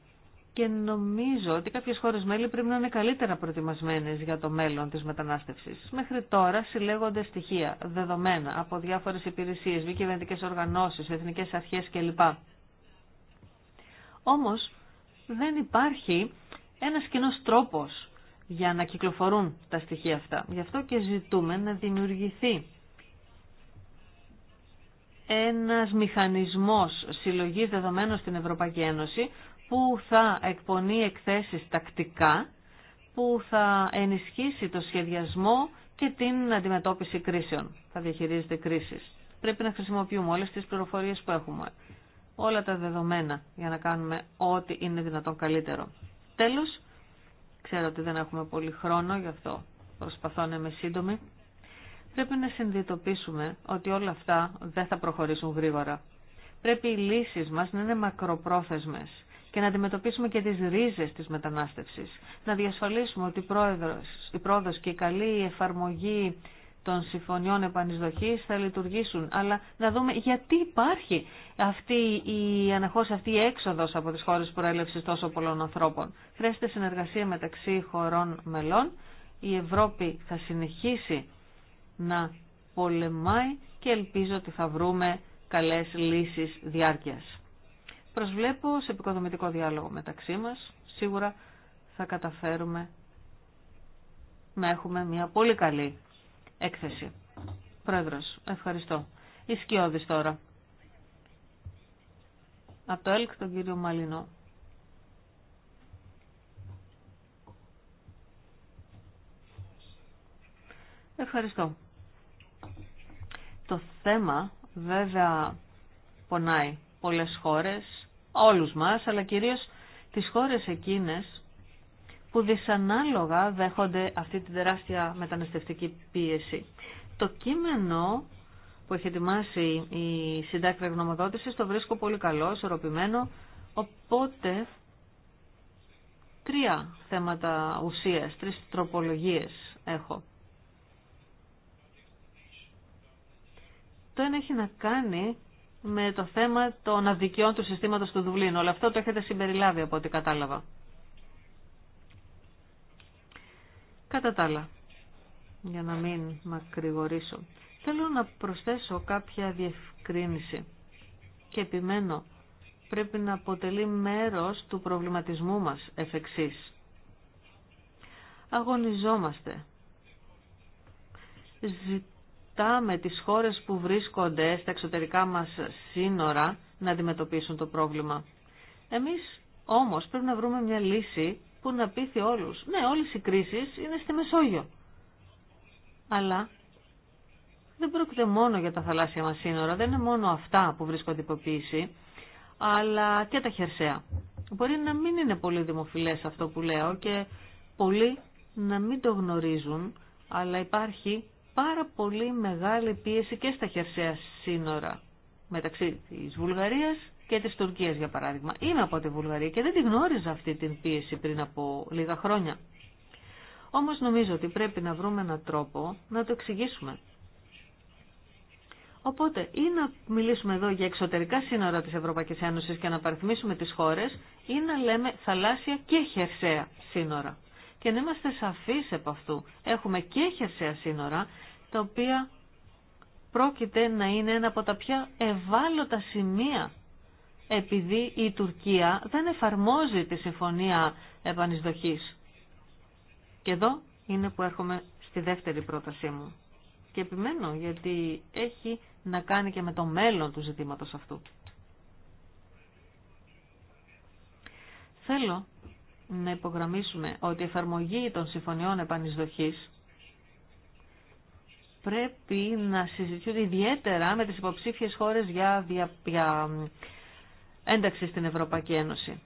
και νομίζω ότι κάποιες χώρες μέλη πρέπει να είναι καλύτερα προετοιμασμένες για το μέλλον της μετανάστευσης. Μέχρι τώρα συλλέγονται στοιχεία, δεδομένα από διάφορες υπηρεσίες, μη οργανώσεις, εθνικές αρχές κλπ. Όμως δεν υπάρχει ένας κοινό τρόπος για να κυκλοφορούν τα στοιχεία αυτά. Γι' αυτό και ζητούμε να δημιουργηθεί ένας μηχανισμός συλλογής δεδομένων στην Ευρωπαϊκή Ένωση που θα εκπονεί εκθέσεις τακτικά, που θα ενισχύσει το σχεδιασμό και την αντιμετώπιση κρίσεων. Θα διαχειρίζεται κρίσεις. Πρέπει να χρησιμοποιούμε όλες τις πληροφορίες που έχουμε όλα τα δεδομένα για να κάνουμε ό,τι είναι δυνατόν καλύτερο. Τέλος, ξέρω ότι δεν έχουμε πολύ χρόνο, γι' αυτό προσπαθώ να είμαι σύντομη. Πρέπει να συνειδητοποιήσουμε ότι όλα αυτά δεν θα προχωρήσουν γρήγορα. Πρέπει οι λύσεις μας να είναι μακροπρόθεσμες και να αντιμετωπίσουμε και τις ρίζες της μετανάστευσης. Να διασφαλίσουμε ότι η πρόοδος και η καλή εφαρμογή των συμφωνιών επανεισδοχής θα λειτουργήσουν. Αλλά να δούμε γιατί υπάρχει αυτή η αναχώς αυτή η έξοδος από τις χώρες προέλευσης τόσο πολλών ανθρώπων. Χρειάζεται συνεργασία μεταξύ χωρών μελών. Η Ευρώπη θα συνεχίσει να πολεμάει και ελπίζω ότι θα βρούμε καλές λύσεις διάρκειας. Προσβλέπω σε επικοδομητικό διάλογο μεταξύ μας. Σίγουρα θα καταφέρουμε να έχουμε μια πολύ καλή έκθεση. Πρόεδρος, ευχαριστώ. Η τώρα. Από το ΕΛΚ τον κύριο Μαλινό. Ευχαριστώ. Το θέμα βέβαια πονάει πολλές χώρες, όλους μας, αλλά κυρίως τις χώρες εκείνες που δυσανάλογα δέχονται αυτή τη τεράστια μεταναστευτική πίεση. Το κείμενο που έχει ετοιμάσει η συντάκτρια γνωμοδότηση το βρίσκω πολύ καλό, ισορροπημένο, οπότε τρία θέματα ουσίας, τρεις τροπολογίες έχω. Το ένα έχει να κάνει με το θέμα των αδικιών του συστήματος του Δουβλίνου. Όλο αυτό το έχετε συμπεριλάβει από ό,τι κατάλαβα. Κατά τα άλλα, για να μην μακρηγορήσω, θέλω να προσθέσω κάποια διευκρίνηση και επιμένω πρέπει να αποτελεί μέρος του προβληματισμού μας εφ' εξής. Αγωνιζόμαστε. Ζητάμε τις χώρες που βρίσκονται στα εξωτερικά μας σύνορα να αντιμετωπίσουν το πρόβλημα. Εμείς όμως πρέπει να βρούμε μια λύση που να πείθει όλους. Ναι, όλες οι κρίσεις είναι στη Μεσόγειο. Αλλά δεν πρόκειται μόνο για τα θαλάσσια μας σύνορα, δεν είναι μόνο αυτά που βρίσκονται υποποίηση, αλλά και τα χερσαία. Μπορεί να μην είναι πολύ δημοφιλές αυτό που λέω και πολλοί να μην το γνωρίζουν, αλλά υπάρχει πάρα πολύ μεγάλη πίεση και στα χερσαία σύνορα μεταξύ της Βουλγαρίας και της Τουρκίας για παράδειγμα. Είμαι από τη Βουλγαρία και δεν τη γνώριζα αυτή την πίεση πριν από λίγα χρόνια. Όμως νομίζω ότι πρέπει να βρούμε έναν τρόπο να το εξηγήσουμε. Οπότε ή να μιλήσουμε εδώ για εξωτερικά σύνορα της Ευρωπαϊκής Ένωσης και να παριθμίσουμε τις χώρες ή να λέμε θαλάσσια και χερσαία σύνορα. Και να είμαστε σαφείς από αυτού. Έχουμε και χερσαία σύνορα τα οποία πρόκειται να είναι ένα από τα πιο ευάλωτα σημεία επειδή η Τουρκία δεν εφαρμόζει τη συμφωνία επανεισδοχής. Και εδώ είναι που έρχομαι στη δεύτερη πρότασή μου. Και επιμένω γιατί έχει να κάνει και με το μέλλον του ζητήματος αυτού. Θέλω να υπογραμμίσουμε ότι η εφαρμογή των συμφωνιών επανεισδοχής πρέπει να συζητιούνται ιδιαίτερα με τις υποψήφιες χώρες για, για, για ένταξη στην Ευρωπαϊκή Ένωση.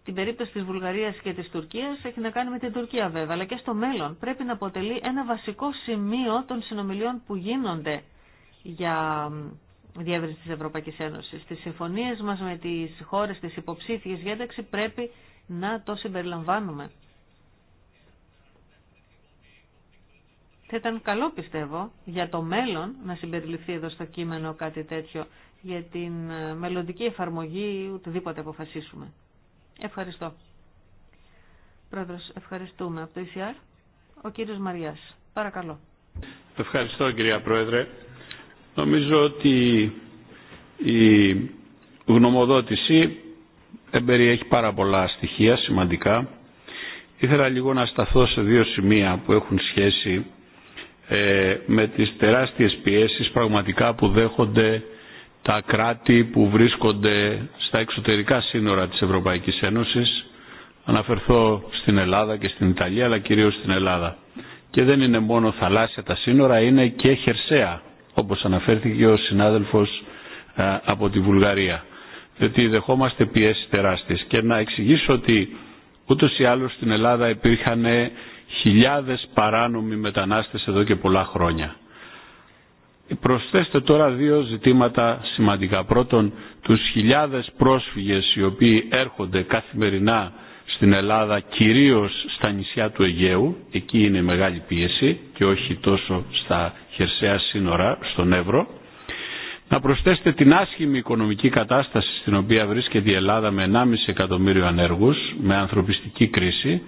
Στην περίπτωση της Βουλγαρίας και της Τουρκίας έχει να κάνει με την Τουρκία βέβαια, αλλά και στο μέλλον πρέπει να αποτελεί ένα βασικό σημείο των συνομιλιών που γίνονται για διεύρυνση της Ευρωπαϊκής Ένωσης. Στις συμφωνίες μας με τις χώρες της υποψήφιες για ένταξη πρέπει να το συμπεριλαμβάνουμε. Θα ήταν καλό πιστεύω για το μέλλον να συμπεριληφθεί εδώ στο κείμενο κάτι τέτοιο για την ε, μελλοντική εφαρμογή οτιδήποτε αποφασίσουμε. Ευχαριστώ. Πρόεδρος, ευχαριστούμε. Από το ECR, ο κύριος Μαριάς. Παρακαλώ. Ευχαριστώ κυρία Πρόεδρε. Νομίζω ότι η γνωμοδότηση περιέχει πάρα πολλά στοιχεία σημαντικά. Ήθελα λίγο να σταθώ σε δύο σημεία που έχουν σχέση ε, με τις τεράστιες πιέσεις πραγματικά που δέχονται τα κράτη που βρίσκονται στα εξωτερικά σύνορα της Ευρωπαϊκής Ένωσης. Αναφερθώ στην Ελλάδα και στην Ιταλία, αλλά κυρίως στην Ελλάδα. Και δεν είναι μόνο θαλάσσια τα σύνορα, είναι και χερσαία, όπως αναφέρθηκε ο συνάδελφος ε, από τη Βουλγαρία. Διότι δεχόμαστε πιέσεις τεράστιες. Και να εξηγήσω ότι ούτως ή άλλως στην Ελλάδα υπήρχαν χιλιάδες παράνομοι μετανάστες εδώ και πολλά χρόνια. Προσθέστε τώρα δύο ζητήματα σημαντικά. Πρώτον, τους χιλιάδες πρόσφυγες οι οποίοι έρχονται καθημερινά στην Ελλάδα, κυρίως στα νησιά του Αιγαίου, εκεί είναι μεγάλη πίεση και όχι τόσο στα χερσαία σύνορα, στον Εύρο. Να προσθέσετε την άσχημη οικονομική κατάσταση στην οποία βρίσκεται η Ελλάδα με 1,5 εκατομμύριο ανέργους, με ανθρωπιστική κρίση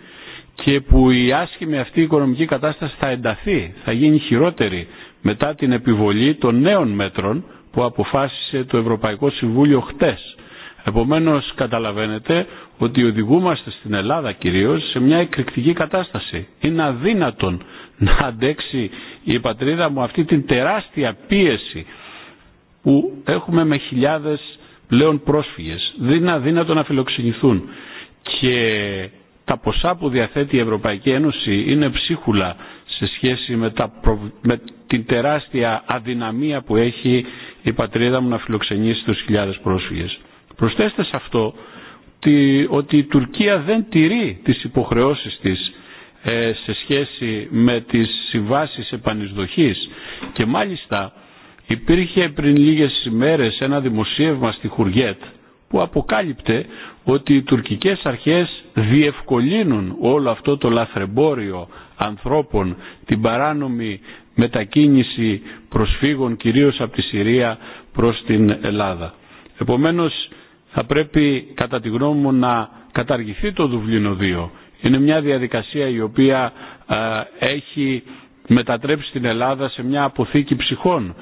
και που η άσχημη αυτή οικονομική κατάσταση θα ενταθεί, θα γίνει χειρότερη μετά την επιβολή των νέων μέτρων που αποφάσισε το Ευρωπαϊκό Συμβούλιο χτες. Επομένως καταλαβαίνετε ότι οδηγούμαστε στην Ελλάδα κυρίως σε μια εκρηκτική κατάσταση. Είναι αδύνατον να αντέξει η πατρίδα μου αυτή την τεράστια πίεση που έχουμε με χιλιάδες πλέον πρόσφυγες. Δεν είναι αδύνατο να φιλοξενηθούν. Και τα ποσά που διαθέτει η Ευρωπαϊκή Ένωση είναι ψίχουλα σε σχέση με, τα με την τεράστια αδυναμία που έχει η πατρίδα μου να φιλοξενήσει τους χιλιάδες πρόσφυγες. Προσθέστε σε αυτό ότι, η Τουρκία δεν τηρεί τις υποχρεώσεις της ε, σε σχέση με τις συμβάσεις επανεισδοχής και μάλιστα υπήρχε πριν λίγες μέρες ένα δημοσίευμα στη Χουριέτ που αποκάλυπτε ότι οι τουρκικές αρχές διευκολύνουν όλο αυτό το λαθρεμπόριο ανθρώπων, την παράνομη μετακίνηση προσφύγων κυρίως από τη Συρία προς την Ελλάδα. Επομένως θα πρέπει κατά τη γνώμη μου να καταργηθεί το Δουβλίνο 2. Είναι μια διαδικασία η οποία έχει μετατρέψει την Ελλάδα σε μια αποθήκη ψυχών.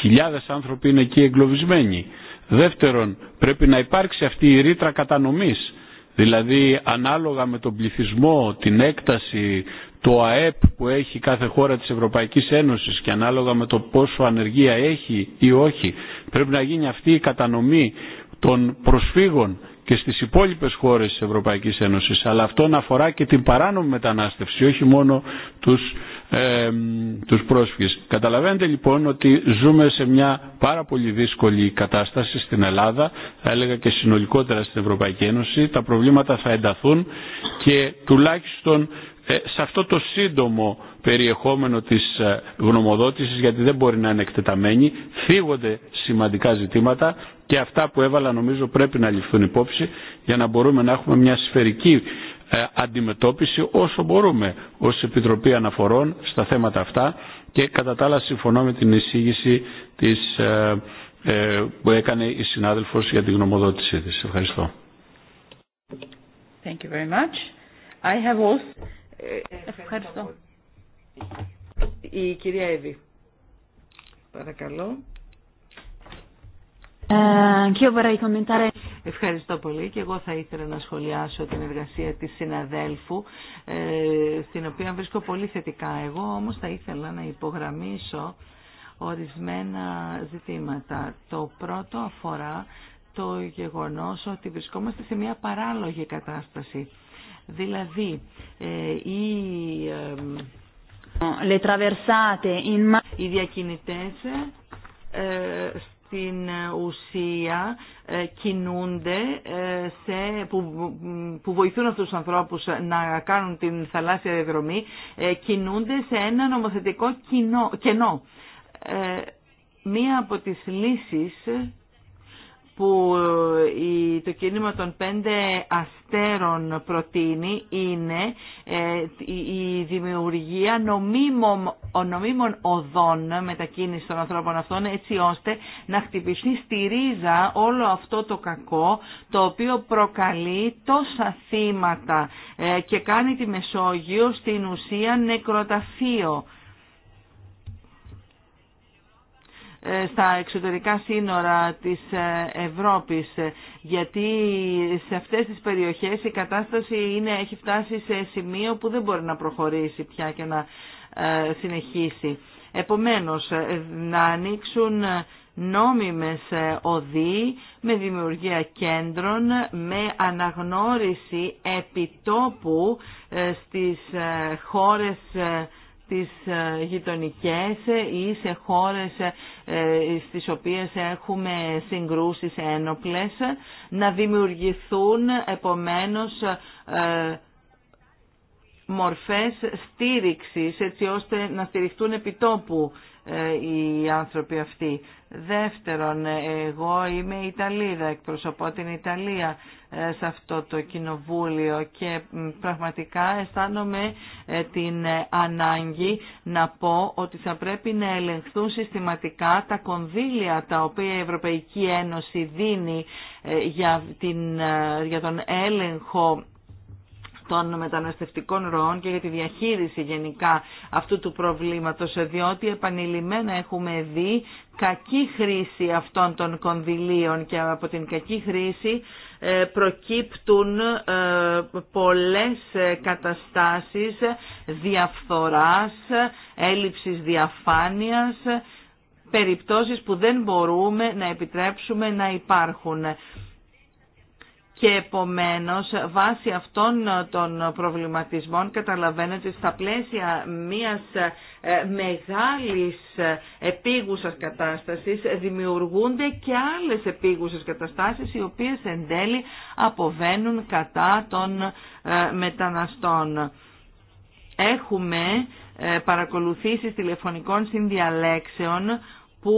Χιλιάδες άνθρωποι είναι εκεί εγκλωβισμένοι. Δεύτερον, πρέπει να υπάρξει αυτή η ρήτρα κατανομής. Δηλαδή ανάλογα με τον πληθυσμό, την έκταση, το ΑΕΠ που έχει κάθε χώρα της Ευρωπαϊκής Ένωσης και ανάλογα με το πόσο ανεργία έχει ή όχι πρέπει να γίνει αυτή η κατανομή των προσφύγων και στις υπόλοιπες χώρες της Ευρωπαϊκής Ένωσης αλλά αυτό να αφορά και την παράνομη μετανάστευση όχι μόνο τους, ε, τους πρόσφυγες. Καταλαβαίνετε λοιπόν ότι ζούμε σε μια πάρα πολύ δύσκολη κατάσταση στην Ελλάδα θα έλεγα και συνολικότερα στην Ευρωπαϊκή Ένωση τα προβλήματα θα ενταθούν και τουλάχιστον ε, σε αυτό το σύντομο περιεχόμενο της ε, γνωμοδότησης, γιατί δεν μπορεί να είναι εκτεταμένη, φύγονται σημαντικά ζητήματα και αυτά που έβαλα νομίζω πρέπει να ληφθούν υπόψη για να μπορούμε να έχουμε μια σφαιρική ε, αντιμετώπιση όσο μπορούμε ως Επιτροπή Αναφορών στα θέματα αυτά και κατά τα άλλα συμφωνώ με την εισήγηση της, που έκανε η συνάδελφος για την γνωμοδότησή της. Ευχαριστώ. Ευχαριστώ. Η κυρία Εύη. Παρακαλώ. Ευχαριστώ πολύ και εγώ θα ήθελα να σχολιάσω την εργασία της συναδέλφου ε, στην οποία βρίσκω πολύ θετικά. Εγώ όμως θα ήθελα να υπογραμμίσω ορισμένα ζητήματα. Το πρώτο αφορά το γεγονός ότι βρισκόμαστε σε μια παράλογη κατάσταση. Δηλαδή, ε, οι, οι διακινητές ε, στην ουσία ε, κινούνται σε, που, βοηθούν αυτούς τους ανθρώπους να κάνουν την θαλάσσια διαδρομή κινούνται σε ένα νομοθετικό κοινό, κενό. Μία από τις λύσεις που ε, το κίνημα των πέντε αστέρων προτείνει είναι ε, η δημιουργία νομίμων, νομίμων οδών μετακίνηση των ανθρώπων αυτών έτσι ώστε να χτυπηθεί στη ρίζα όλο αυτό το κακό το οποίο προκαλεί τόσα θύματα ε, και κάνει τη Μεσόγειο στην ουσία νεκροταφείο. Ε, στα εξωτερικά σύνορα της ε, Ευρώπης ε, γιατί σε αυτές τις περιοχές η κατάσταση είναι, έχει φτάσει σε σημείο που δεν μπορεί να προχωρήσει πια και να συνεχίσει. Επομένως, να ανοίξουν νόμιμες οδοί με δημιουργία κέντρων, με αναγνώριση επιτόπου στις χώρες στις ε, γειτονικές ή σε χώρες ε, στις οποίες έχουμε συγκρούσεις ένοπλες, να δημιουργηθούν επομένως ε, μορφές στήριξης έτσι ώστε να στηριχτούν επιτόπου ε, οι άνθρωποι αυτοί. Δεύτερον, ε, εγώ είμαι Ιταλίδα, εκπροσωπώ την Ιταλία ε, σε αυτό το κοινοβούλιο και πραγματικά αισθάνομαι την ανάγκη να πω ότι θα πρέπει να ελεγχθούν συστηματικά τα κονδύλια τα οποία η Ευρωπαϊκή Ένωση δίνει για, την, για τον έλεγχο των μεταναστευτικών ροών και για τη διαχείριση γενικά αυτού του προβλήματος, διότι επανειλημμένα έχουμε δει κακή χρήση αυτών των κονδυλίων και από την κακή χρήση ε, προκύπτουν ε, πολλές ε, καταστάσεις διαφθοράς, έλλειψης διαφάνειας, περιπτώσεις που δεν μπορούμε να επιτρέψουμε να υπάρχουν και επομένως βάσει αυτών των προβληματισμών καταλαβαίνετε ότι στα πλαίσια μιας ε, μεγάλης ε, επίγουσας κατάστασης δημιουργούνται και άλλες επίγουσες καταστάσεις οι οποίες εν τέλει αποβαίνουν κατά των ε, μεταναστών. Έχουμε παρακολουθήσεις τηλεφωνικών συνδιαλέξεων που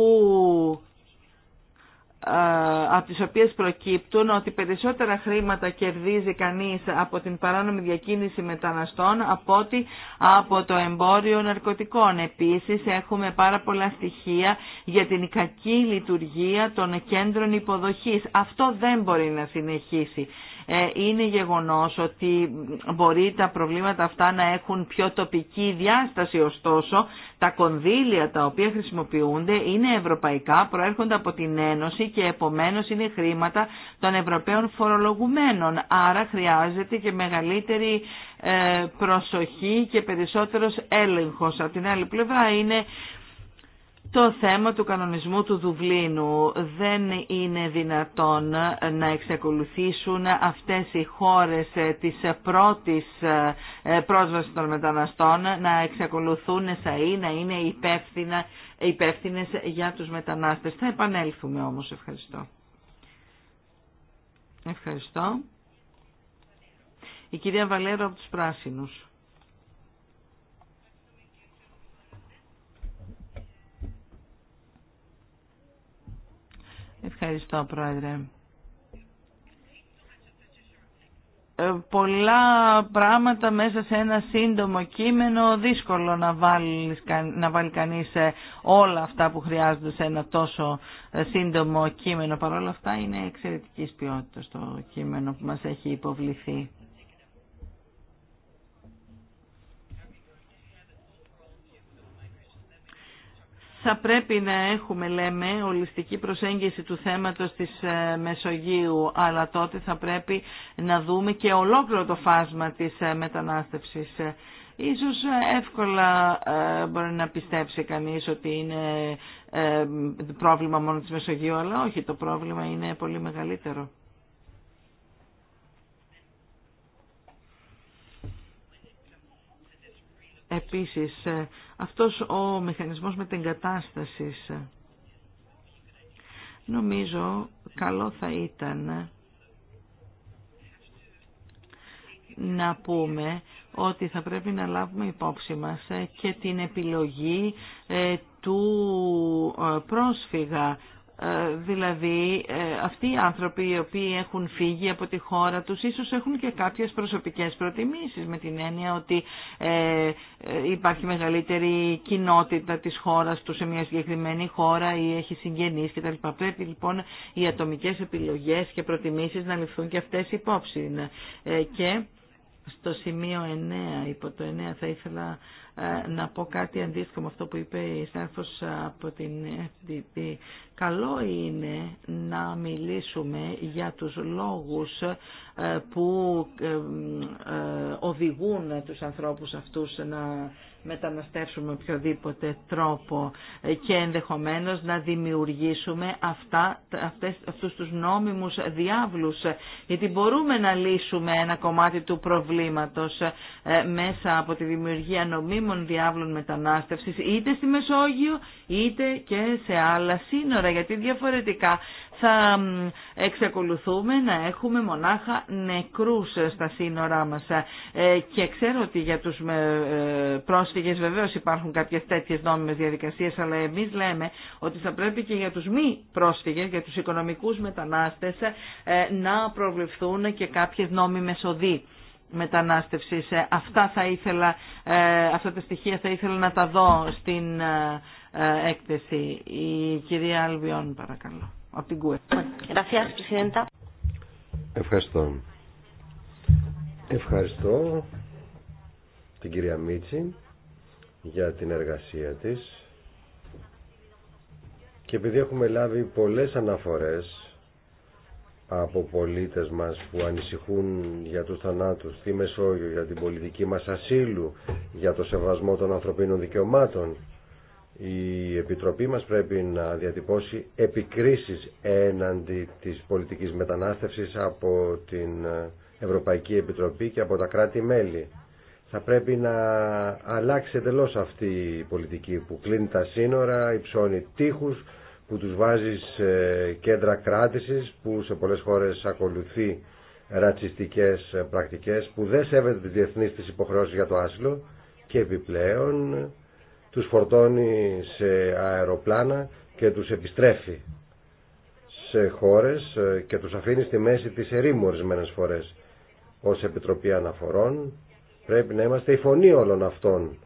από τις οποίες προκύπτουν ότι περισσότερα χρήματα κερδίζει κανείς από την παράνομη διακίνηση μεταναστών από ότι από το εμπόριο ναρκωτικών. Επίσης έχουμε πάρα πολλά στοιχεία για την κακή λειτουργία των κέντρων υποδοχής. Αυτό δεν μπορεί να συνεχίσει. Ε, είναι γεγονός ότι μπορεί τα προβλήματα αυτά να έχουν πιο τοπική διάσταση, ωστόσο τα κονδύλια τα οποία χρησιμοποιούνται είναι ευρωπαϊκά, προέρχονται από την Ένωση και επομένως είναι χρήματα των Ευρωπαίων φορολογουμένων. Άρα χρειάζεται και μεγαλύτερη ε, προσοχή και περισσότερος έλεγχος. Από την άλλη πλευρά είναι το θέμα του κανονισμού του Δουβλίνου δεν είναι δυνατόν να εξακολουθήσουν αυτές οι χώρες της πρώτης ε, πρόσβασης των μεταναστών να εξακολουθούν σαΐ, να είναι υπεύθυνα, υπεύθυνες για τους μετανάστες. Θα επανέλθουμε όμως. Ευχαριστώ. Ευχαριστώ. Η κυρία Βαλέρο από τους Πράσινους. Ευχαριστώ, Πρόεδρε. Ε, πολλά πράγματα μέσα σε ένα σύντομο κείμενο, δύσκολο να βάλει, να βάλει ε, όλα αυτά που χρειάζονται σε ένα τόσο ε, σύντομο κείμενο. Παρ' όλα αυτά είναι εξαιρετικής ποιότητας το κείμενο που μας έχει υποβληθεί. θα πρέπει να έχουμε, λέμε, ολιστική προσέγγιση του θέματος της ε, Μεσογείου, αλλά τότε θα πρέπει να δούμε και ολόκληρο το φάσμα της ε, μετανάστευσης. Ε, ίσως εύκολα μπορεί να πιστέψει κανείς ότι είναι πρόβλημα μόνο της Μεσογείου, αλλά όχι, το πρόβλημα είναι πολύ μεγαλύτερο. Επίσης, αυτός ο μηχανισμός μετεγκατάστασης. Νομίζω καλό θα ήταν να πούμε ότι θα πρέπει να λάβουμε υπόψη μας ε, και την επιλογή ε, του ε, πρόσφυγα ε, δηλαδή ε, αυτοί οι άνθρωποι οι οποίοι έχουν φύγει από τη χώρα τους ίσως έχουν και κάποιες προσωπικές προτιμήσεις με την έννοια ότι ε, υπάρχει μεγαλύτερη κοινότητα της χώρας του σε μια συγκεκριμένη χώρα ή έχει συγγενείς κτλ. Πρέπει λοιπόν οι ατομικές επιλογές και προτιμήσεις να ληφθούν και αυτές υπόψη. και στο σημείο 9, υπό το 9 θα ήθελα ε, να πω κάτι αντίστοιχο με αυτό που είπε η από την FDD. Καλό είναι να μιλήσουμε για τους λόγους ε, που ε, οδηγούν τους ανθρώπους αυτούς να μεταναστεύσουμε οποιοδήποτε τρόπο και ενδεχομένως να δημιουργήσουμε αυτά, αυτές, αυτούς τους νόμιμους διάβλους. Γιατί μπορούμε να λύσουμε ένα κομμάτι του προβλήματος ε, μέσα από τη δημιουργία νομίμων διάβλων μετανάστευσης είτε στη Μεσόγειο είτε και σε άλλα σύνορα γιατί διαφορετικά θα εξακολουθούμε να έχουμε μονάχα νεκρούς στα σύνορά μας. Ε, και ξέρω ότι για τους ε, πρόσφυγες βεβαίως υπάρχουν κάποιες τέτοιες νόμιμες διαδικασίες, αλλά εμείς λέμε ότι θα πρέπει και για τους μη πρόσφυγες, για τους οικονομικούς μετανάστες, ε, να προβληφθούν και κάποιες νόμιμες οδοί μετανάστευσης. Αυτά θα ήθελα, αυτά τα στοιχεία θα ήθελα να τα δω στην έκθεση. Η κυρία Αλβιών παρακαλώ. Ευχαριστώ. Ευχαριστώ την κυρία Μίτση για την εργασία της και επειδή έχουμε λάβει πολλές αναφορές από πολίτες μας που ανησυχούν για τους θανάτους στη Μεσόγειο, για την πολιτική μας ασύλου, για το σεβασμό των ανθρωπίνων δικαιωμάτων η Επιτροπή μας πρέπει να διατυπώσει επικρίσεις έναντι της πολιτικής μετανάστευσης από την Ευρωπαϊκή Επιτροπή και από τα κράτη-μέλη. Θα πρέπει να αλλάξει εντελώ αυτή η πολιτική που κλείνει τα σύνορα, υψώνει τείχους, που τους βάζει σε κέντρα κράτησης, που σε πολλές χώρες ακολουθεί ρατσιστικές πρακτικές, που δεν σέβεται τις διεθνείς της υποχρεώσεις για το άσυλο και επιπλέον τους φορτώνει σε αεροπλάνα και τους επιστρέφει σε χώρες ε, και τους αφήνει στη μέση της ερήμου ορισμένες φορές. Ως Επιτροπή Αναφορών πρέπει να είμαστε η φωνή όλων αυτών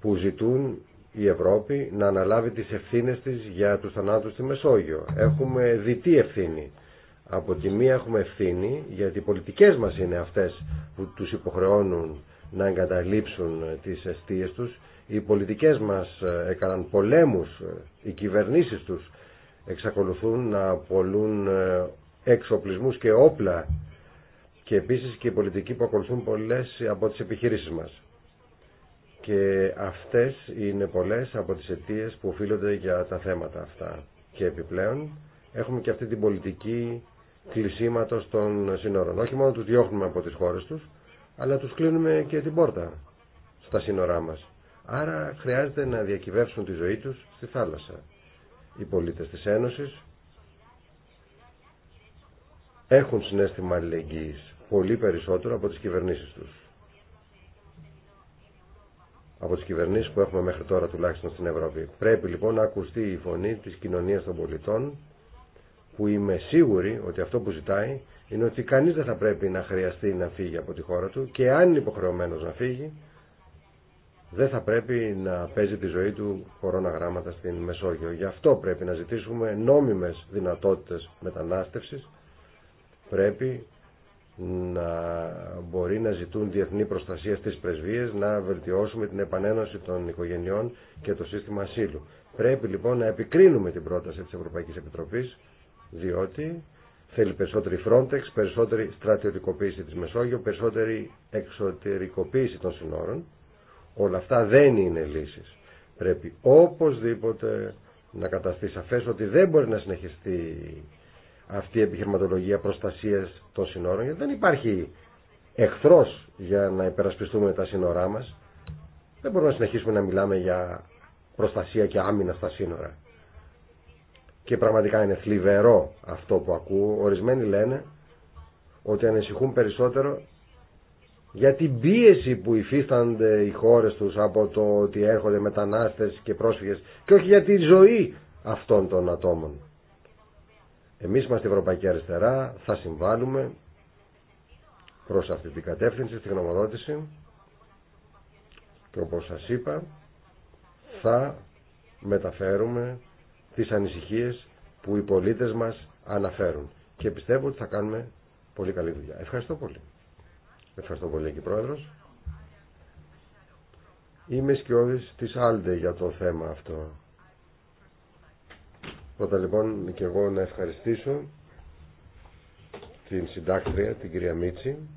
που ζητούν η Ευρώπη να αναλάβει τις ευθύνες της για τους θανάτους στη Μεσόγειο. Έχουμε διτή ευθύνη. Από τη μία έχουμε ευθύνη γιατί οι πολιτικές μας είναι αυτές που τους υποχρεώνουν να εγκαταλείψουν τις αιστείες τους. Οι πολιτικές μας ε, έκαναν πολέμους, ε, οι κυβερνήσεις τους εξακολουθούν να απολούν ε, εξοπλισμούς και όπλα και επίσης και οι πολιτικοί που ακολουθούν πολλές από τις επιχειρήσεις μας. Και αυτές είναι πολλές από τις αιτίε που οφείλονται για τα θέματα αυτά. Και επιπλέον έχουμε και αυτή την πολιτική κλεισίματος των σύνορων. Όχι μόνο τους διώχνουμε από τις χώρες τους, αλλά τους κλείνουμε και την πόρτα στα σύνορά μας. Άρα χρειάζεται να διακυβεύσουν τη ζωή τους στη θάλασσα. Οι πολίτες της Ένωσης έχουν συνέστημα αλληλεγγύης πολύ περισσότερο από τις κυβερνήσεις τους. Από τις κυβερνήσεις που έχουμε μέχρι τώρα τουλάχιστον στην Ευρώπη. Πρέπει λοιπόν να ακουστεί η φωνή της κοινωνίας των πολιτών που είμαι σίγουρη ότι αυτό που ζητάει είναι ότι κανείς δεν θα πρέπει να χρειαστεί να φύγει από τη χώρα του και αν είναι υποχρεωμένος να φύγει δεν θα πρέπει να παίζει τη ζωή του κορώνα γράμματα στην Μεσόγειο. Γι' αυτό πρέπει να ζητήσουμε νόμιμες δυνατότητες μετανάστευσης. Πρέπει να μπορεί να ζητούν διεθνή προστασία στις πρεσβείες, να βελτιώσουμε την επανένωση των οικογενειών και το σύστημα ασύλου. Πρέπει λοιπόν να επικρίνουμε την πρόταση της Ευρωπαϊκής Επιτροπής, διότι Θέλει περισσότερη Frontex, περισσότερη στρατιωτικοποίηση της Μεσόγειο, περισσότερη εξωτερικοποίηση των συνόρων. Όλα αυτά δεν είναι λύσεις. Πρέπει οπωσδήποτε να καταστεί σαφές ότι δεν μπορεί να συνεχιστεί αυτή η επιχειρηματολογία προστασίας των συνόρων, γιατί δεν υπάρχει εχθρός για να υπερασπιστούμε τα σύνορά μας. Δεν μπορούμε να συνεχίσουμε να μιλάμε για προστασία και άμυνα στα σύνορα και πραγματικά είναι θλιβερό αυτό που ακούω, ορισμένοι λένε ότι ανησυχούν περισσότερο για την πίεση που υφίστανται οι χώρες τους από το ότι έρχονται μετανάστες και πρόσφυγες και όχι για τη ζωή αυτών των ατόμων. Εμείς είμαστε Ευρωπαϊκή Αριστερά, θα συμβάλλουμε προς αυτή την κατεύθυνση, στη γνωμοδότηση και όπως σας είπα θα μεταφέρουμε τις ανησυχίες που οι πολίτες μας αναφέρουν. Και πιστεύω ότι θα κάνουμε πολύ καλή δουλειά. Ευχαριστώ πολύ. Ευχαριστώ πολύ και πρόεδρος. Είμαι σκιώδης της Άλντε για το θέμα αυτό. Πρώτα λοιπόν και εγώ να ευχαριστήσω την συντάκτρια, την κυρία Μίτση.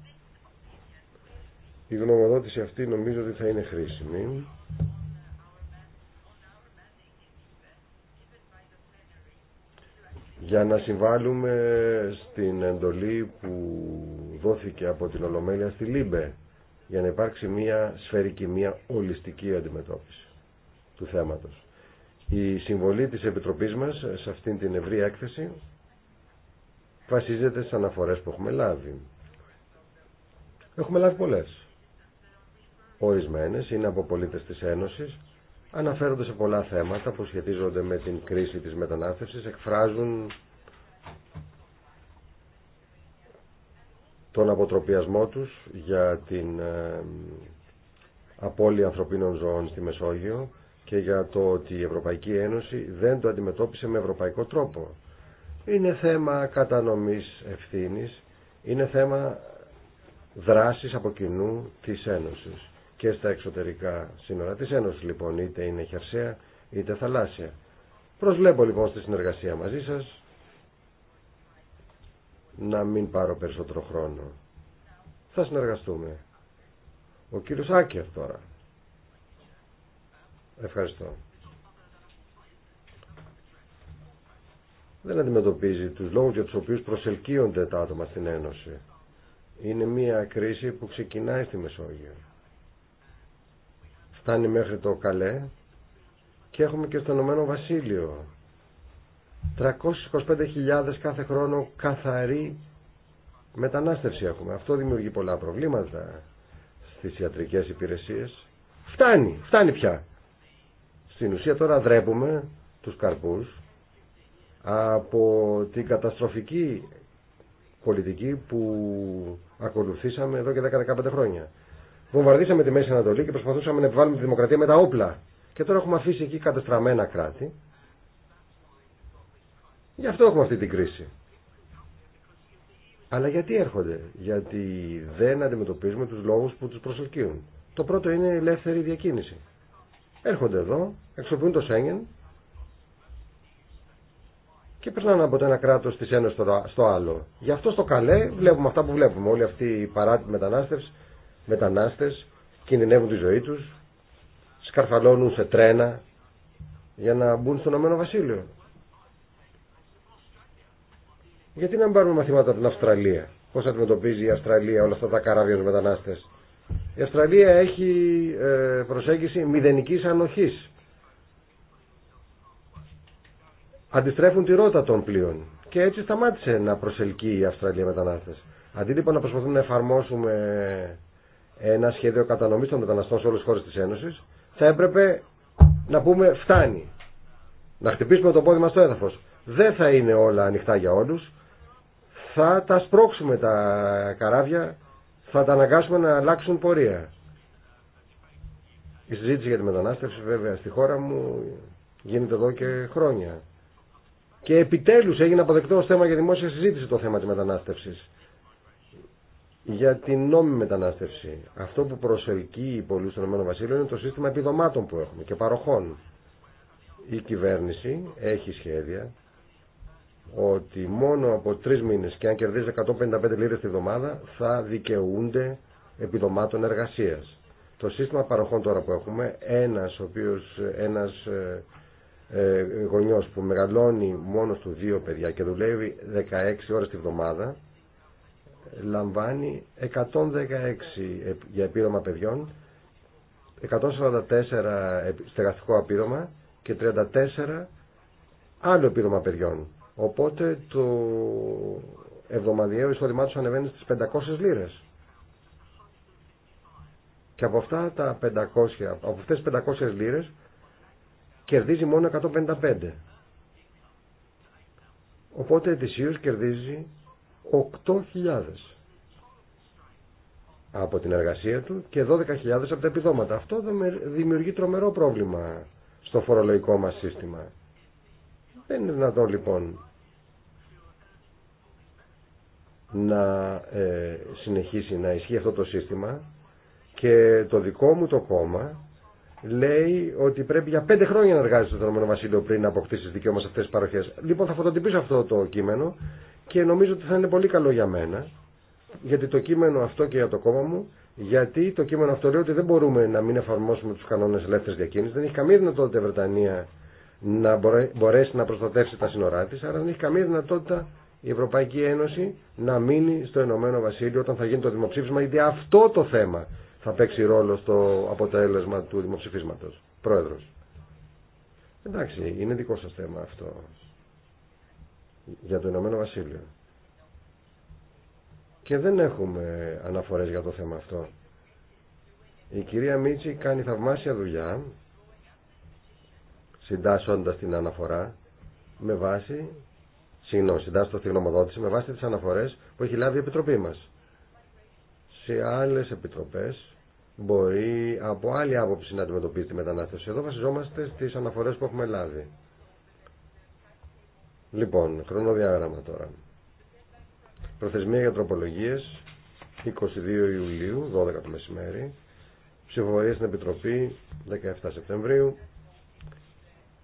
Η γνωμοδότηση αυτή νομίζω ότι θα είναι χρήσιμη για να συμβάλλουμε στην εντολή που δόθηκε από την Ολομέλεια στη Λίμπε για να υπάρξει μια σφαιρική, μια ολιστική αντιμετώπιση του θέματος. Η συμβολή της Επιτροπής μας σε αυτήν την ευρή έκθεση βασίζεται στις αναφορές που έχουμε λάβει. Έχουμε λάβει πολλές. Ορισμένες είναι από πολίτες της Ένωσης αναφέρονται σε πολλά θέματα που σχετίζονται με την κρίση της μετανάστευσης, εκφράζουν τον αποτροπιασμό τους για την ε, απώλεια ανθρωπίνων ζώων στη Μεσόγειο και για το ότι η Ευρωπαϊκή Ένωση δεν το αντιμετώπισε με ευρωπαϊκό τρόπο. Είναι θέμα κατανομής ευθύνης, είναι θέμα δράσης από κοινού της Ένωσης και στα εξωτερικά σύνορα της Ένωσης λοιπόν είτε είναι χερσαία είτε θαλάσσια. Προσβλέπω λοιπόν στη συνεργασία μαζί σας να μην πάρω περισσότερο χρόνο. Θα συνεργαστούμε. Ο κύριος Άκερ τώρα. Ευχαριστώ. Δεν αντιμετωπίζει τους λόγους για τους οποίους προσελκύονται τα άτομα στην Ένωση. Είναι μια κρίση που ξεκινάει στη Μεσόγειο φτάνει μέχρι το Καλέ και έχουμε και στο Ηνωμένο Βασίλειο 325.000 κάθε χρόνο καθαρή μετανάστευση έχουμε. Αυτό δημιουργεί πολλά προβλήματα στις ιατρικές υπηρεσίες. Φτάνει, φτάνει πια. Στην ουσία τώρα δρέπουμε τους καρπούς από την καταστροφική πολιτική που ακολουθήσαμε εδώ και 10-15 χρόνια. Βομβαρδίσαμε τη Μέση Ανατολή και προσπαθούσαμε να επιβάλλουμε τη δημοκρατία με τα όπλα. Και τώρα έχουμε αφήσει εκεί κατεστραμμένα κράτη. Γι' αυτό έχουμε αυτή την κρίση. Αλλά γιατί έρχονται. Γιατί δεν αντιμετωπίζουμε τους λόγους που τους προσελκύουν. Το πρώτο είναι η ελεύθερη διακίνηση. Έρχονται εδώ, εξοπλούν το Σέγγεν και περνάνε από το ένα κράτος της Ένωσης στο άλλο. Γι' αυτό στο καλέ βλέπουμε αυτά που βλέπουμε. Όλη αυτή η παράτητη μετανάστευση μετανάστες κινδυνεύουν τη ζωή τους, σκαρφαλώνουν σε τρένα για να μπουν στον Αμένο Βασίλειο. Γιατί να μην πάρουμε μαθήματα από την Αυστραλία, πώς αντιμετωπίζει η Αυστραλία όλα αυτά τα καράβια του μετανάστες. Η Αυστραλία έχει ε, προσέγγιση μηδενικής ανοχής. Αντιστρέφουν τη ρότα των πλοίων και έτσι σταμάτησε να προσελκύει η Αυστραλία μετανάστες. Αντί λοιπόν να προσπαθούμε να εφαρμόσουμε ένα σχέδιο κατανομής των μεταναστών σε όλες τις χώρε της Ένωσης, θα έπρεπε να πούμε φτάνει. Να χτυπήσουμε το πόδι μας στο έδαφο. Δεν θα είναι όλα ανοιχτά για όλους. Θα τα σπρώξουμε τα καράβια, θα τα αναγκάσουμε να αλλάξουν πορεία. Η συζήτηση για τη μετανάστευση βέβαια στη χώρα μου γίνεται εδώ και χρόνια. Και επιτέλους έγινε αποδεκτό ως θέμα για δημόσια συζήτηση το θέμα της μετανάστευσης για την νόμιμη μετανάστευση. Αυτό που προσελκύει πολύ στον ΕΒ Βασίλειο είναι το σύστημα επιδομάτων που έχουμε και παροχών. Η κυβέρνηση έχει σχέδια ότι μόνο από τρει μήνε και αν κερδίζει 155 λίρε τη βδομάδα θα δικαιούνται επιδομάτων εργασία. Το σύστημα παροχών τώρα που έχουμε, ένα ένας ε, ε, γονιός που μεγαλώνει μόνο του δύο παιδιά και δουλεύει 16 ώρες τη βδομάδα, λαμβάνει 116 για επίδομα παιδιών, 144 στεγαστικό απείρωμα και 34 άλλο επίδομα παιδιών. Οπότε το εβδομαδιαίο εισόδημά τους ανεβαίνει στις 500 λίρες. Και από, αυτά τα 500, από αυτές τις 500 λίρες κερδίζει μόνο 155. Οπότε ετησίως κερδίζει 8.000 από την εργασία του και 12.000 από τα επιδόματα. Αυτό δημιουργεί τρομερό πρόβλημα στο φορολογικό μας σύστημα. Δεν είναι δυνατόν λοιπόν να ε, συνεχίσει να ισχύει αυτό το σύστημα και το δικό μου το κόμμα λέει ότι πρέπει για πέντε χρόνια να εργάζεται το Ηνωμένο Βασίλειο πριν να αποκτήσει δικαίωμα σε αυτέ τι παροχέ. Λοιπόν, θα φωτοτυπήσω αυτό το κείμενο και νομίζω ότι θα είναι πολύ καλό για μένα, γιατί το κείμενο αυτό και για το κόμμα μου, γιατί το κείμενο αυτό λέει ότι δεν μπορούμε να μην εφαρμόσουμε του κανόνε ελεύθερη διακίνηση. Δεν έχει καμία δυνατότητα η Βρετανία να μπορέσει να προστατεύσει τα σύνορά τη, αλλά δεν έχει καμία δυνατότητα η Ευρωπαϊκή Ένωση να μείνει στο Ηνωμένο Βασίλειο όταν θα γίνει το δημοψήφισμα, γιατί αυτό το θέμα θα παίξει ρόλο στο αποτέλεσμα του δημοψηφίσματο Πρόεδρο. Εντάξει, είναι δικό σα θέμα αυτό για το Ηνωμένο Βασίλειο. Και δεν έχουμε αναφορές για το θέμα αυτό. Η κυρία Μίτσι κάνει θαυμάσια δουλειά, συντάσσοντας την αναφορά, με βάση, συγγνώμη, συντάσσοντας τη με βάση τις αναφορές που έχει λάβει η Επιτροπή μας. Σε άλλες επιτροπές μπορεί από άλλη άποψη να αντιμετωπίσει τη μετανάστευση. Εδώ βασιζόμαστε στις αναφορές που έχουμε λάβει. Λοιπόν, χρονοδιάγραμμα τώρα. Προθεσμία για τροπολογίε 22 Ιουλίου, 12 το μεσημέρι. Ψηφοφορία στην Επιτροπή 17 Σεπτεμβρίου.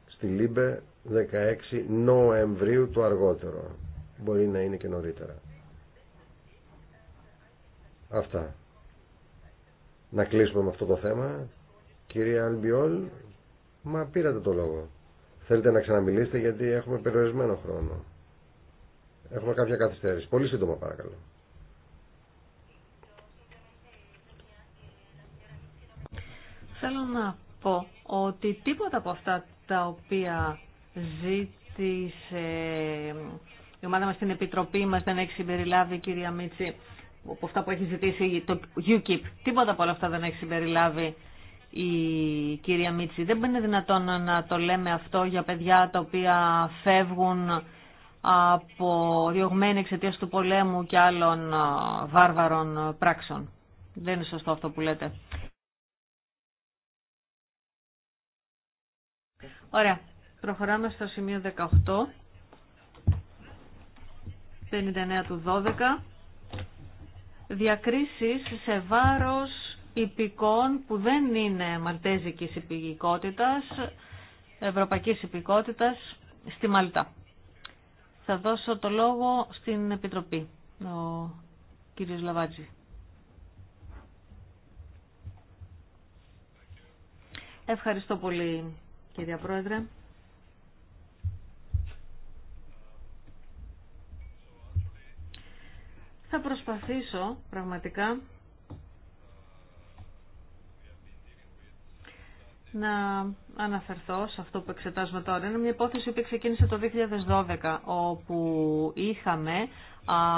Στη Λίμπε 16 Νοεμβρίου το αργότερο. Μπορεί να είναι και νωρίτερα. Αυτά. Να κλείσουμε με αυτό το θέμα. Κυρία Αλμπιόλ, μα πήρατε το λόγο. Θέλετε να ξαναμιλήσετε γιατί έχουμε περιορισμένο χρόνο. Έχουμε κάποια καθυστέρηση. Πολύ σύντομα παρακαλώ. Θέλω να πω ότι τίποτα από αυτά τα οποία ζήτησε η ομάδα μας στην Επιτροπή μας δεν έχει συμπεριλάβει η κυρία Μίτση από αυτά που έχει ζητήσει το UKIP. Τίποτα από όλα αυτά δεν έχει συμπεριλάβει η κυρία Μίτση. Δεν είναι δυνατόν να το λέμε αυτό για παιδιά τα οποία φεύγουν από ριωγμένη εξαιτία του πολέμου και άλλων βάρβαρων πράξεων. Δεν είναι σωστό αυτό που λέτε. Ωραία. Προχωράμε στο σημείο 18. 59 του 12. Διακρίσεις σε βάρος υπηκών που δεν είναι μαλτέζικης υπηκότητας, ευρωπαϊκής υπηκότητας στη Μαλτά. Θα δώσω το λόγο στην Επιτροπή, ο κύριος Λαβάτζη. Ευχαριστώ πολύ κυρία Πρόεδρε. Θα προσπαθήσω πραγματικά να αναφερθώ σε αυτό που εξετάζουμε τώρα. Είναι μια υπόθεση που ξεκίνησε το 2012, όπου είχαμε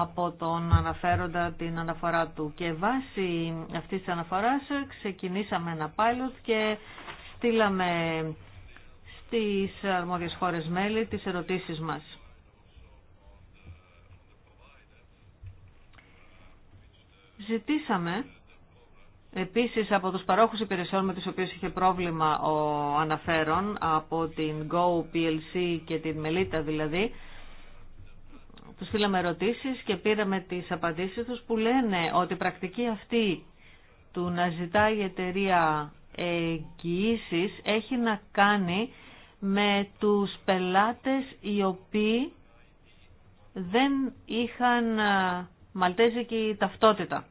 από τον αναφέροντα την αναφορά του. Και βάσει αυτής της αναφοράς ξεκινήσαμε ένα pilot και στείλαμε στις αρμόδιες χώρες μέλη τις ερωτήσεις μας. Ζητήσαμε Επίσης από τους παρόχους υπηρεσιών με τους οποίους είχε πρόβλημα ο αναφέρον από την Go PLC και την Μελίτα δηλαδή τους στείλαμε ερωτήσει και πήραμε τις απαντήσεις τους που λένε ότι η πρακτική αυτή του να ζητάει η εταιρεία εγγυήσεις έχει να κάνει με τους πελάτες οι οποίοι δεν είχαν ε, μαλτέζικη ταυτότητα.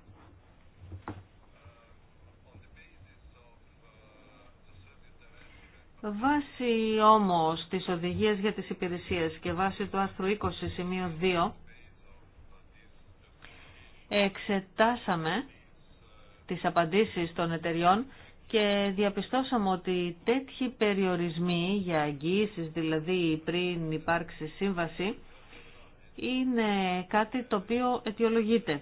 Βάσει όμως τις οδηγίες για τις υπηρεσίες και βάσει του άρθρου 20 σημείο 2 εξετάσαμε τις απαντήσεις των εταιριών και διαπιστώσαμε ότι τέτοιοι περιορισμοί για αγγίσεις, δηλαδή πριν υπάρξει σύμβαση, είναι κάτι το οποίο αιτιολογείται.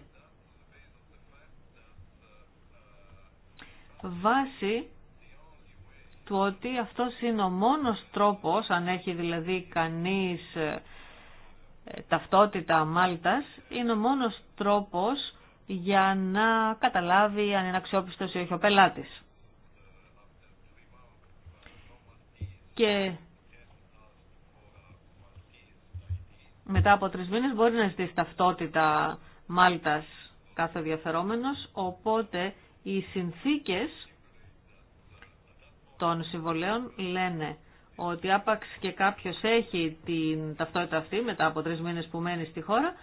Βάσει του ότι αυτό είναι ο μόνος τρόπος, αν έχει δηλαδή κανείς ε, ταυτότητα Μάλτας, είναι ο μόνος τρόπος για να καταλάβει αν είναι αξιόπιστος ή όχι ο πελάτης. Και μετά από τρεις μήνες μπορεί να ζητήσει ταυτότητα Μάλτας κάθε διαφερόμενος, οπότε οι συνθήκες των συμβολέων λένε ότι άπαξ και κάποιος έχει την ταυτότητα αυτή μετά από τρεις μήνες που μένει στη χώρα,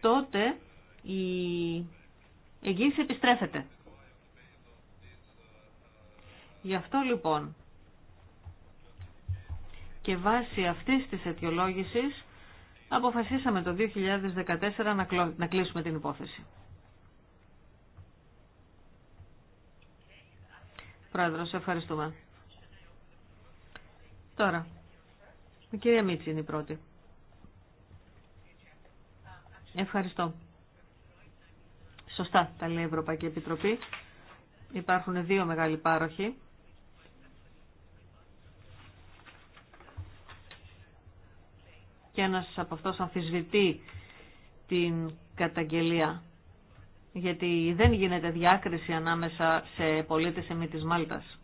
τότε η εγγύηση επιστρέφεται. Γι' αυτό λοιπόν και βάσει αυτής της αιτιολόγησης αποφασίσαμε το 2014 να κλείσουμε την υπόθεση. Πρόεδρος, ευχαριστούμε. Τώρα, η κυρία Μίτση είναι η πρώτη. Ευχαριστώ. Σωστά τα λέει η Ευρωπαϊκή Επιτροπή. Υπάρχουν δύο μεγάλοι πάροχοι. Και ένας από αυτούς αμφισβητεί την καταγγελία. Γιατί δεν γίνεται διάκριση ανάμεσα σε πολίτες εμείς της Μάλτας.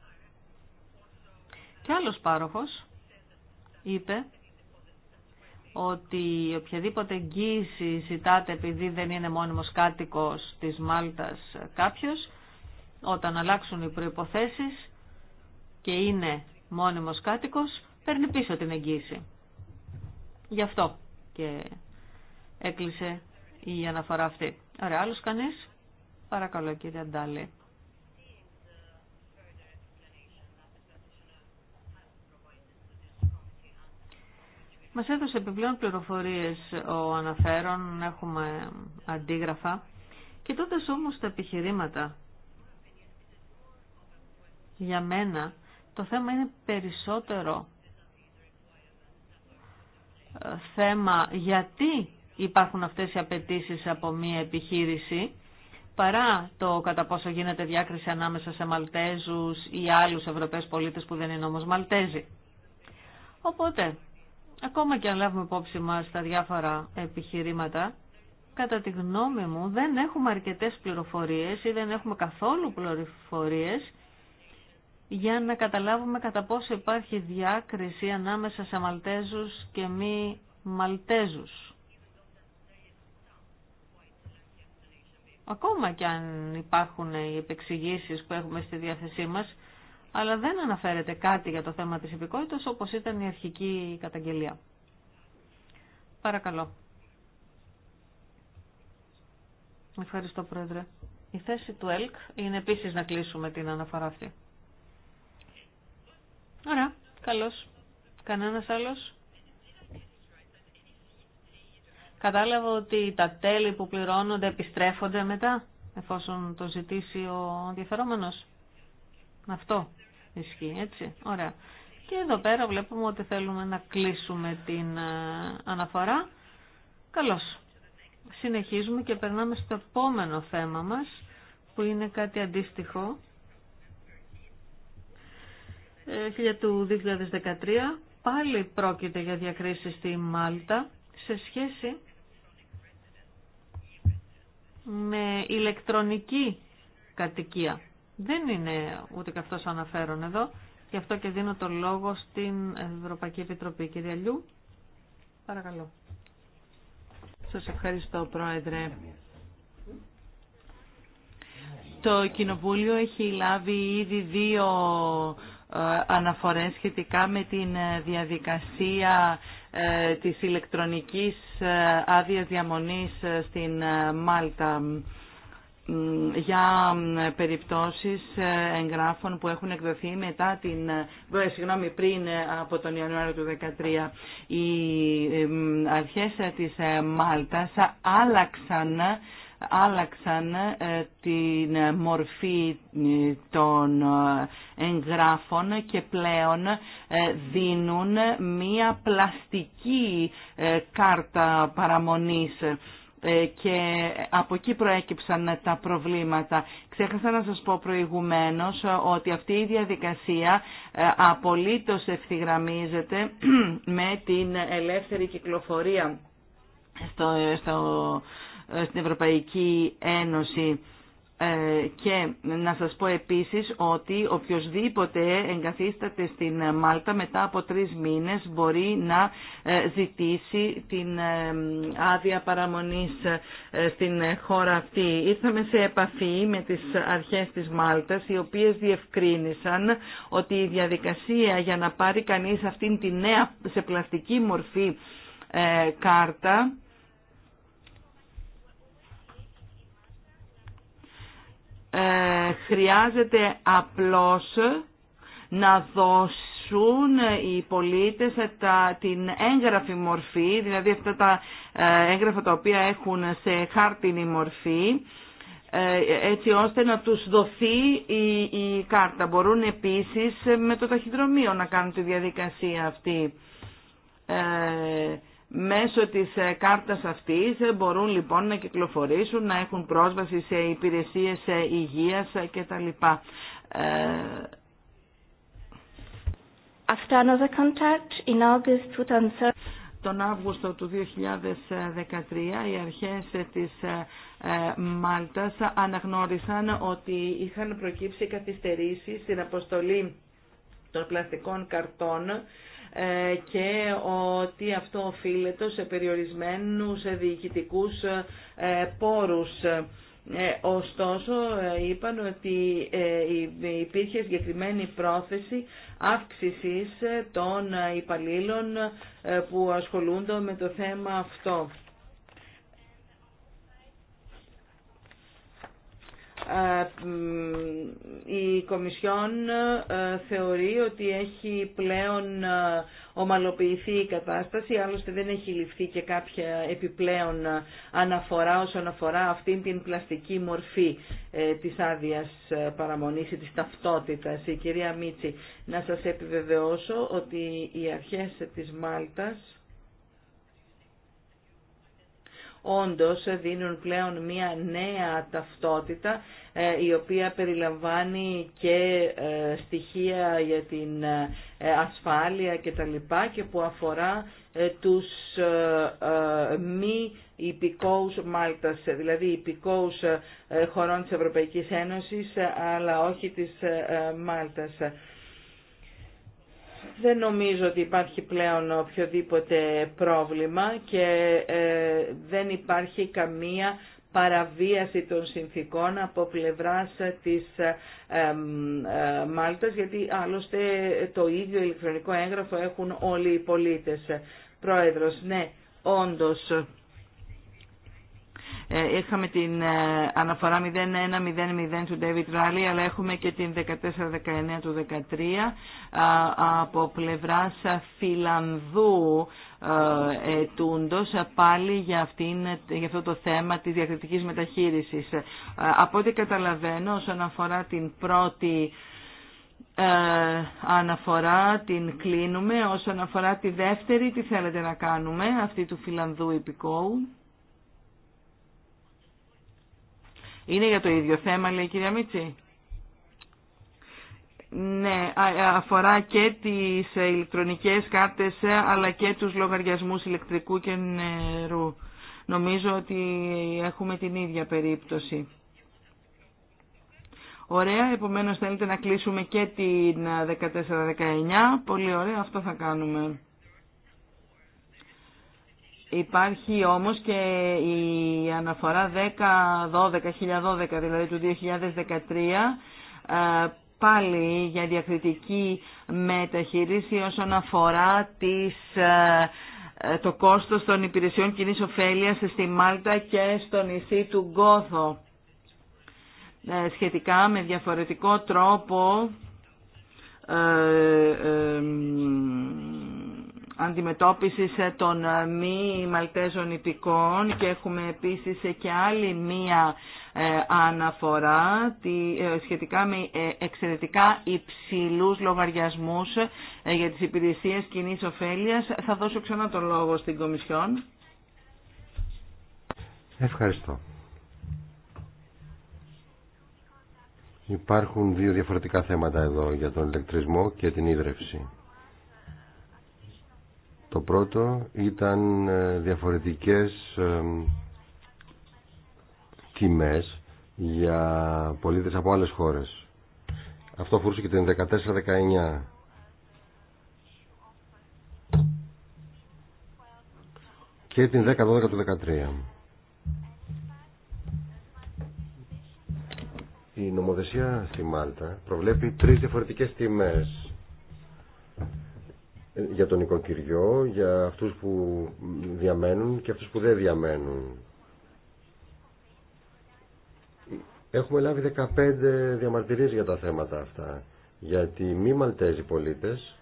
Και άλλος πάροχος είπε ότι οποιαδήποτε εγγύηση ζητάτε επειδή δεν είναι μόνιμος κάτοικος της Μάλτας κάποιος, όταν αλλάξουν οι προϋποθέσεις και είναι μόνιμος κάτοικος, παίρνει πίσω την εγγύηση. Γι' αυτό και έκλεισε η αναφορά αυτή. Ωραία, άλλος κανείς. Παρακαλώ κύριε Αντάλη. Μας έδωσε επιπλέον πληροφορίες ο αναφέρον, έχουμε αντίγραφα. και τότε όμως τα επιχειρήματα, για μένα το θέμα είναι περισσότερο ε, θέμα γιατί υπάρχουν αυτές οι απαιτήσει από μία επιχείρηση παρά το κατά πόσο γίνεται διάκριση ανάμεσα σε Μαλτέζους ή άλλους Ευρωπαίους πολίτες που δεν είναι όμως Μαλτέζοι. Οπότε, Ακόμα και αν λάβουμε υπόψη μας τα διάφορα επιχειρήματα, κατά τη γνώμη μου δεν έχουμε αρκετές πληροφορίες ή δεν έχουμε καθόλου πληροφορίες για να καταλάβουμε κατά πόσο υπάρχει διάκριση ανάμεσα σε Μαλτέζους και μη Μαλτέζους. Ακόμα και αν υπάρχουν οι επεξηγήσεις που έχουμε στη διάθεσή μας, αλλά δεν αναφέρεται κάτι για το θέμα της υπηκότητας όπως ήταν η αρχική καταγγελία. Παρακαλώ. Ευχαριστώ Πρόεδρε. Η θέση του ΕΛΚ είναι επίσης να κλείσουμε την αναφορά αυτή. Ωραία, καλώς. Κανένας άλλος. Κατάλαβα ότι τα τέλη που πληρώνονται επιστρέφονται μετά, εφόσον το ζητήσει ο ενδιαφερόμενος. Αυτό ισχύει, έτσι. Ωραία. Και εδώ πέρα βλέπουμε ότι θέλουμε να κλείσουμε την ε, αναφορά. Καλώς. Συνεχίζουμε και περνάμε στο επόμενο θέμα μας, που είναι κάτι αντίστοιχο. Φίλια ε, του 2013, πάλι πρόκειται για διακρίσεις στη Μάλτα, σε σχέση με ηλεκτρονική κατοικία. Δεν είναι ούτε και αυτός αναφέρον εδώ, γι' αυτό και δίνω το λόγο στην Ευρωπαϊκή Επιτροπή. Κυρία Λιού, παρακαλώ. Σας ευχαριστώ, Πρόεδρε. Το Κοινοβούλιο έχει λάβει ήδη δύο ε, αναφορές σχετικά με την ε, διαδικασία ε, της ηλεκτρονικής άδειας διαμονής στην Μάλτα για περιπτώσεις ε, εγγράφων που έχουν εκδοθεί μετά την, ε, συγγνώμη, πριν ε, από τον Ιανουάριο του 2013. Οι αρχές της Μάλτας άλλαξαν άλλαξαν την μορφή των εγγράφων και πλέον δίνουν μία πλαστική κάρτα παραμονής ε, και από εκεί προέκυψαν τα προβλήματα. Ξέχασα να σας πω προηγουμένως ότι αυτή η διαδικασία ε, απολύτως ευθυγραμμίζεται με την ελεύθερη κυκλοφορία στο, ε, στην Ευρωπαϊκή Ένωση. Ε, και να σας πω επίσης ότι οποιοδήποτε εγκαθίσταται στην Μάλτα μετά από τρεις μήνες μπορεί να ε, ζητήσει την ε, άδεια παραμονής στην χώρα αυτή. Ήρθαμε σε επαφή με τις αρχές της Μάλτας οι οποίες διευκρίνησαν ότι η διαδικασία για να πάρει κανείς αυτήν τη νέα σε πλαστική μορφή κάρτα Ε, χρειάζεται απλώς να δώσουν οι πολίτες τα, την έγγραφη μορφή, δηλαδή αυτά τα ε, έγγραφα τα οποία έχουν σε χάρτινη μορφή, ε, έτσι ώστε να τους δοθεί η, η κάρτα. Μπορούν επίσης με το ταχυδρομείο να κάνουν τη διαδικασία αυτή. Μέσω της ε, κάρτας αυτής μπορούν λοιπόν να κυκλοφορήσουν, να έχουν πρόσβαση σε υπηρεσίες υγείας κτλ. Ε, After another contact in August 2013, τον Αύγουστο του 2013 οι αρχές της ε, Μάλτας αναγνώρισαν ότι είχαν προκύψει καθυστερήσεις στην αποστολή των πλαστικών καρτών ε, και ότι αυτό οφείλεται σε περιορισμένους διοικητικούς ε, πόρους. Ε, ωστόσο είπαν ότι υπήρχε συγκεκριμένη πρόθεση αύξησης των υπαλλήλων που ασχολούνται με το θέμα αυτό. Ε, η Κομισιόν ε, θεωρεί ότι έχει πλέον ε, ομαλοποιηθεί η κατάσταση, άλλωστε δεν έχει ληφθεί και κάποια επιπλέον αναφορά όσον αφορά αυτήν την πλαστική μορφή της άδεια παραμονής ή της ταυτότητας. Η κυρία κυρια Μίτσι, να σας επιβεβαιώσω ότι οι αρχές της Μάλτας όντως δίνουν πλέον μία νέα ταυτότητα ε, η οποία περιλαμβάνει και ε, στοιχεία για την ε, ασφάλεια και τα λοιπά και που αφορά τους μη υπηκόους Μάλτας, δηλαδή υπηκόους χωρών της Ευρωπαϊκής Ένωσης αλλά όχι της Μάλτας. Δεν νομίζω ότι υπάρχει πλέον οποιοδήποτε πρόβλημα και ε, δεν υπάρχει καμία παραβίαση των συνθήκων από πλευράς της ε, ε, Μάλτας, γιατί άλλωστε το ίδιο ηλεκτρονικό έγγραφο έχουν όλοι οι πολίτες. Πρόεδρος, ναι, όντως ε, είχαμε την ε, αναφορά 0100 του David Rally, αλλά έχουμε και την 1419 του 13 ε, από πλευράς Φιλανδού ετούντος πάλι για, αυτήν, για αυτό το θέμα της διακριτικής μεταχείρισης. Από ό,τι καταλαβαίνω όσον αφορά την πρώτη αναφορά, την κλείνουμε. Όσον αφορά τη δεύτερη, τι θέλετε να κάνουμε, αυτή του Φιλανδού υπηκόου. Είναι για το ίδιο θέμα, λέει η κυρία Μίτση. Ναι, ε, αφορά και τις ηλεκτρονικές κάρτες ε, αλλά και τους λογαριασμούς ηλεκτρικού και νερού. Νομίζω ότι έχουμε την ίδια περίπτωση. Ωραία, επομένως θέλετε να κλείσουμε και την 14-19. Ε, Πολύ ωραία, αυτό θα κάνουμε. Υπάρχει όμως και η αναφορά 10-12-2012, δηλαδή του 2013, ε, πάλι για διακριτική μεταχείριση όσον αφορά τις, ε, ε, το κόστος των υπηρεσιών κοινής ωφέλειας στη Μάλτα και στο νησί του Γκόθο. Σχετικά με διαφορετικό τρόπο αντιμετώπισης ε, των ε, μη μαλτέζων υπηκών και έχουμε επίσης ε, και άλλη μία αναφορά σχετικά με εξαιρετικά υψηλούς λογαριασμούς για τις υπηρεσίες κοινής ωφέλειας. Θα δώσω ξανά τον λόγο στην Κομισιόν. Ευχαριστώ. Υπάρχουν δύο διαφορετικά θέματα εδώ για τον ηλεκτρισμό και την ίδρυυση. Το πρώτο ήταν ε, διαφορετικές ε, τιμές για πολίτες από άλλες χώρες. Αυτό αφορούσε και την 14-19. Και την 10-12 του 13. Η νομοθεσία στη Μάλτα προβλέπει τρεις διαφορετικές τιμές για τον οικοκυριό, για αυτούς που διαμένουν και αυτούς που δεν διαμένουν. Έχουμε λάβει 15 διαμαρτυρίες για τα θέματα αυτά, γιατί μη Μαλτέζοι πολίτες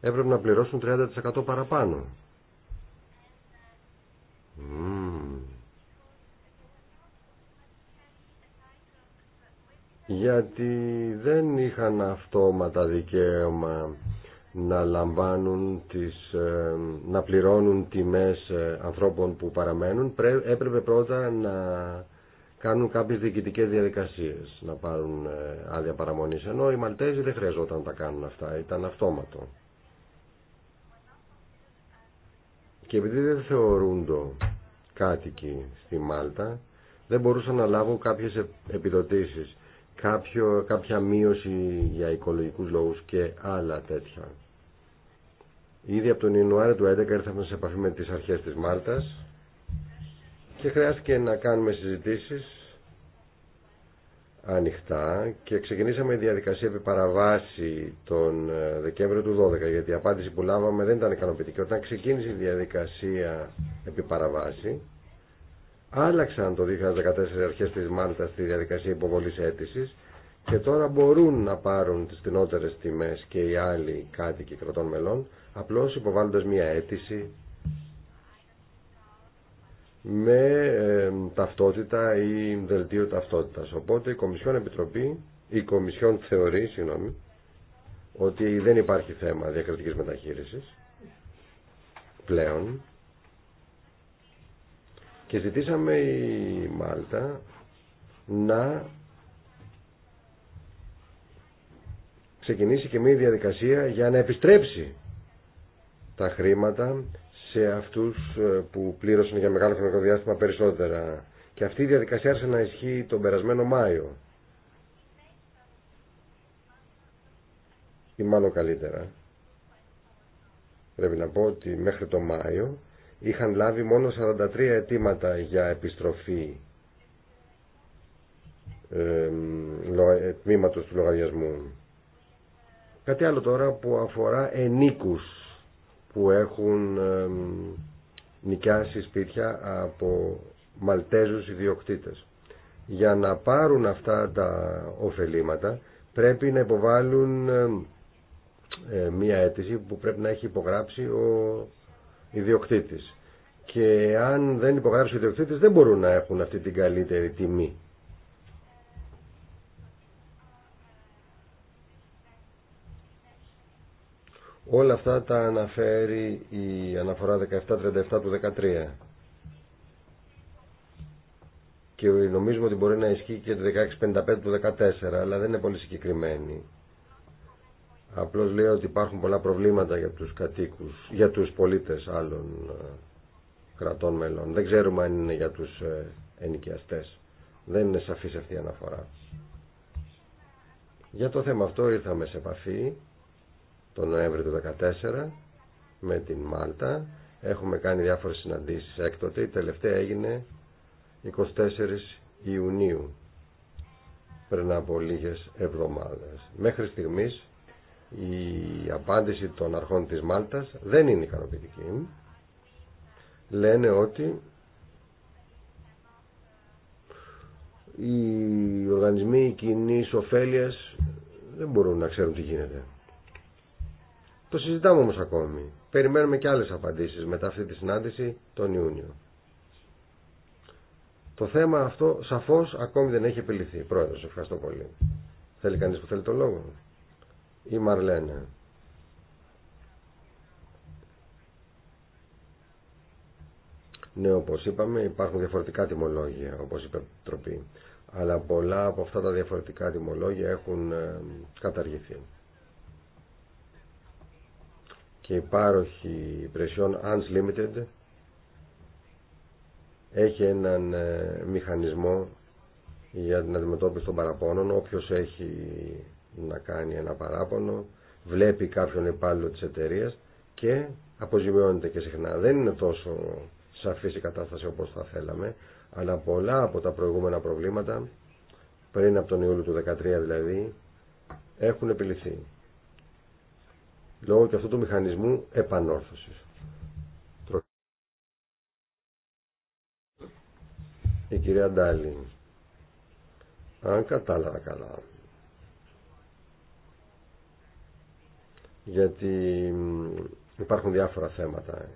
έπρεπε να πληρώσουν 30% παραπάνω. γιατί δεν είχαν αυτόματα δικαίωμα να λαμβάνουν τις, ε, να πληρώνουν τιμές ε, ανθρώπων που παραμένουν έπρεπε πρώτα να κάνουν κάποιες διοικητικές διαδικασίες να πάρουν ε, άδεια παραμονής ενώ οι Μαλτέζοι δεν χρειαζόταν να τα κάνουν αυτά ήταν αυτόματο και επειδή δεν θεωρούν το κάτοικοι στη Μάλτα δεν μπορούσαν να λάβουν κάποιες επιδοτήσεις κάποιο, κάποια μείωση για οικολογικούς λόγους και άλλα τέτοια. Ήδη από τον Ιανουάριο του 2011 ήρθαμε σε επαφή με τις αρχές της Μάλτας και χρειάστηκε να κάνουμε συζητήσεις ανοιχτά και ξεκινήσαμε η διαδικασία επί παραβάση τον ε, Δεκέμβριο του 2012 γιατί η απάντηση που λάβαμε δεν ήταν ικανοποιητική. Όταν ξεκίνησε η διαδικασία επί παραβάση άλλαξαν το 2014 οι αρχές της Μάλτας στη διαδικασία υποβολής αίτησης και τώρα μπορούν να πάρουν τις φθηνότερες τιμές και οι άλλοι κάτοικοι κρατών μελών απλώς υποβάλλοντας μια αίτηση με ταυτότητα ή δελτίο ταυτότητας. Οπότε η Κομισιόν Επιτροπή, η Κομισιόν θεωρεί, συγγνώμη, ότι δεν υπάρχει θέμα διακριτικής μεταχείρισης πλέον και ζητήσαμε η Μάλτα να ξεκινήσει και μία διαδικασία για να επιστρέψει τα χρήματα σε αυτούς ε, που πλήρωσαν για μεγάλο χρονικό διάστημα περισσότερα. Και αυτή η διαδικασία άρχισε να ισχύει τον περασμένο Μάιο. Ή μάλλον καλύτερα. Πρέπει να πω ότι μέχρι το Μάιο είχαν λάβει μόνο 43 αιτήματα για επιστροφή ε, τμήματος του λογαριασμού. Κάτι άλλο τώρα που αφορά ενίκους που έχουν ε, νοικιάσει σπίτια από Μαλτέζους ιδιοκτήτες. Για να πάρουν αυτά τα ωφελήματα πρέπει να υποβάλουν ε, μία αίτηση που πρέπει να έχει υπογράψει ο ιδιοκτήτη. Και αν δεν υπογράψει ο ιδιοκτήτη, δεν μπορούν να έχουν αυτή την καλύτερη τιμή. Όλα αυτά τα αναφέρει η αναφορά 1737 του 13. Και νομίζουμε ότι μπορεί να ισχύει και το 1655 του 14, αλλά δεν είναι πολύ συγκεκριμένη. Απλώς λέω ότι υπάρχουν πολλά προβλήματα για τους κατοίκους, για τους πολίτες άλλων ε, κρατών μελών. Δεν ξέρουμε αν είναι για τους ε, ενοικιαστές. Δεν είναι σαφής αυτή η αναφορά. Για το θέμα αυτό ήρθαμε σε επαφή τον Νοέμβριο του 2014 με την Μάλτα. Έχουμε κάνει διάφορες συναντήσεις έκτοτε. Η τελευταία έγινε 24 Ιουνίου πριν από λίγες εβδομάδες. Μέχρι στιγμής η απάντηση των αρχών της Μάλτας δεν είναι ικανοποιητική. Λένε ότι οι οργανισμοί κοινή ωφέλεια δεν μπορούν να ξέρουν τι γίνεται. Το συζητάμε όμως ακόμη. Περιμένουμε και άλλες απαντήσεις μετά αυτή τη συνάντηση τον Ιούνιο. Το θέμα αυτό σαφώς ακόμη δεν έχει επιληθεί. Πρόεδρος, ευχαριστώ πολύ. Θέλει κανείς που θέλει τον λόγο η μαρλενα Ναι, όπως είπαμε υπάρχουν διαφορετικά τιμολόγια, όπως είπε η επιτροπη Αλλά πολλά από αυτά τα διαφορετικά τιμολόγια έχουν ε, καταργηθεί. Και η πάροχη υπηρεσιών Unlimited Limited έχει έναν ε, μηχανισμό για την αντιμετώπιση των παραπώνων. Όποιος έχει να κάνει ένα παράπονο, βλέπει κάποιον υπάλληλο της εταιρεία και αποζημιώνεται και συχνά. Δεν είναι τόσο σαφής η κατάσταση όπως θα θέλαμε, αλλά πολλά από τα προηγούμενα προβλήματα, πριν από τον Ιούλιο του 2013 δηλαδή, έχουν επιληθεί. Λόγω και αυτού του μηχανισμού επανόρθωσης. Η κυρία Ντάλη, αν κατάλαβα καλά, γιατί υπάρχουν διάφορα θέματα.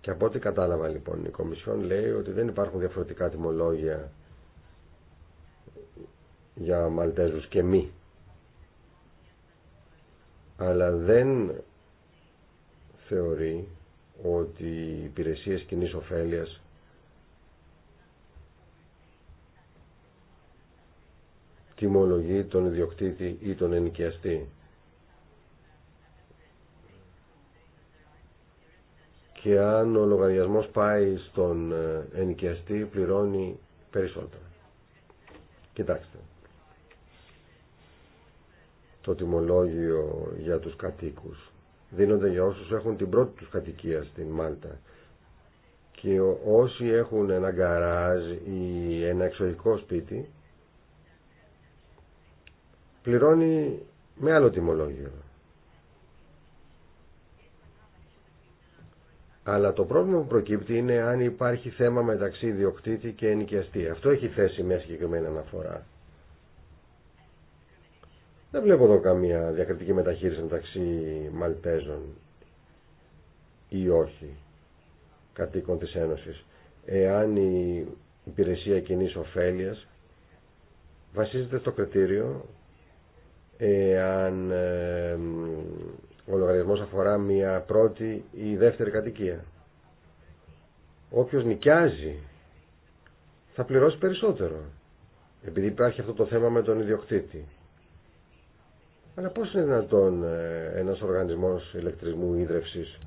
Και από ό,τι κατάλαβα λοιπόν η Κομισιόν λέει ότι δεν υπάρχουν διαφορετικά τιμολόγια για Μαλτέζους και μη. Αλλά δεν θεωρεί ότι οι υπηρεσίες κοινή ωφέλεια τιμολογεί τον ιδιοκτήτη ή τον ενοικιαστή. και αν ο λογαριασμός πάει στον ε, ενοικιαστή πληρώνει περισσότερα. Κοιτάξτε. Το τιμολόγιο για τους κατοίκους δίνονται για όσους έχουν την πρώτη τους κατοικία στην Μάλτα και όσοι έχουν ένα γκαράζ ή ένα εξωτικό σπίτι πληρώνει με άλλο τιμολόγιο Αλλά το πρόβλημα που προκύπτει είναι αν υπάρχει θέμα μεταξύ ιδιοκτήτη και ενοικιαστή. Αυτό έχει θέσει μια συγκεκριμένη αναφορά. Δεν βλέπω εδώ καμία διακριτική μεταχείριση μεταξύ Μαλτέζων ή όχι κατοίκων της Ένωσης. Εάν η υπηρεσία κοινή ωφέλεια βασίζεται στο κριτήριο εάν ο λογαριασμός αφορά μια πρώτη ή δεύτερη κατοικία. Όποιος νοικιάζει θα πληρώσει περισσότερο. Επειδή υπάρχει αυτό το θέμα με τον ιδιοκτήτη. Αλλά πώς είναι δυνατόν ε, ένας οργανισμός ηλεκτρισμού ίδρυυσης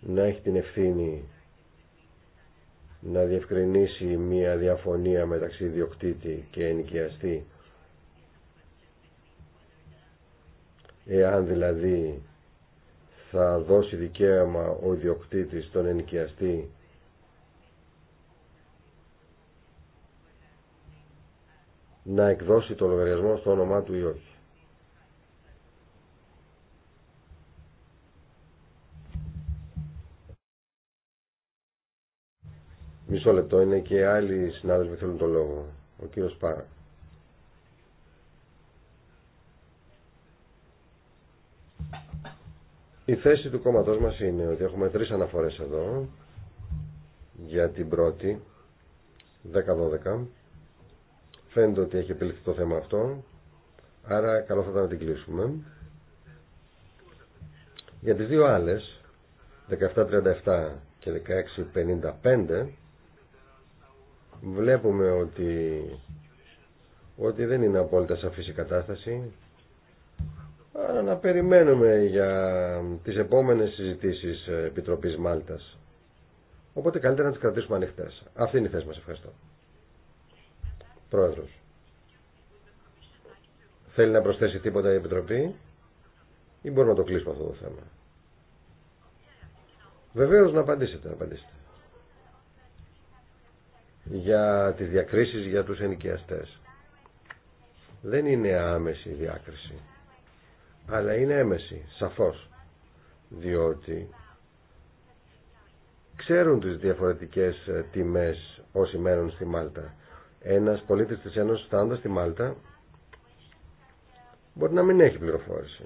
να έχει την ευθύνη να διευκρινίσει μια διαφωνία μεταξύ ιδιοκτήτη και ενοικιαστή Εάν δηλαδή θα δώσει δικαίωμα ο ιδιοκτήτης στον ενοικιαστή να εκδώσει το λογαριασμό στο όνομά του ή όχι. Μισό λεπτό, είναι και άλλοι συνάδελφοι θέλουν το λόγο. Ο κύριος Πάρα. Η θέση του κόμματός μας είναι ότι έχουμε τρεις αναφορές εδώ για την πρώτη 10-12 φαίνεται ότι έχει επιληθεί το θέμα αυτό άρα καλό θα ήταν να την κλείσουμε για τις δύο άλλες 17-37 και 16-55 βλέπουμε ότι ότι δεν είναι απόλυτα σαφής η κατάσταση Άρα να περιμένουμε για τις επόμενες συζητήσεις ε, Επιτροπής Μάλτας. Οπότε καλύτερα να τις κρατήσουμε ανοιχτές. Αυτή είναι η θέση μας. Ευχαριστώ. Πρόεδρος. Θέλει να προσθέσει τίποτα η Επιτροπή ή μπορούμε να το κλείσουμε αυτό το θέμα. Βεβαίως να απαντήσετε, να απαντήσετε. Για τις διακρίσεις για τους ενοικιαστές. Δεν είναι άμεση διάκριση αλλά είναι έμεση, σαφώς, διότι ξέρουν τις διαφορετικές ε, τιμές όσοι μένουν στη Μάλτα. Ένας πολίτης της Ένωσης φτάνοντας στη Μάλτα μπορεί να μην έχει πληροφόρηση.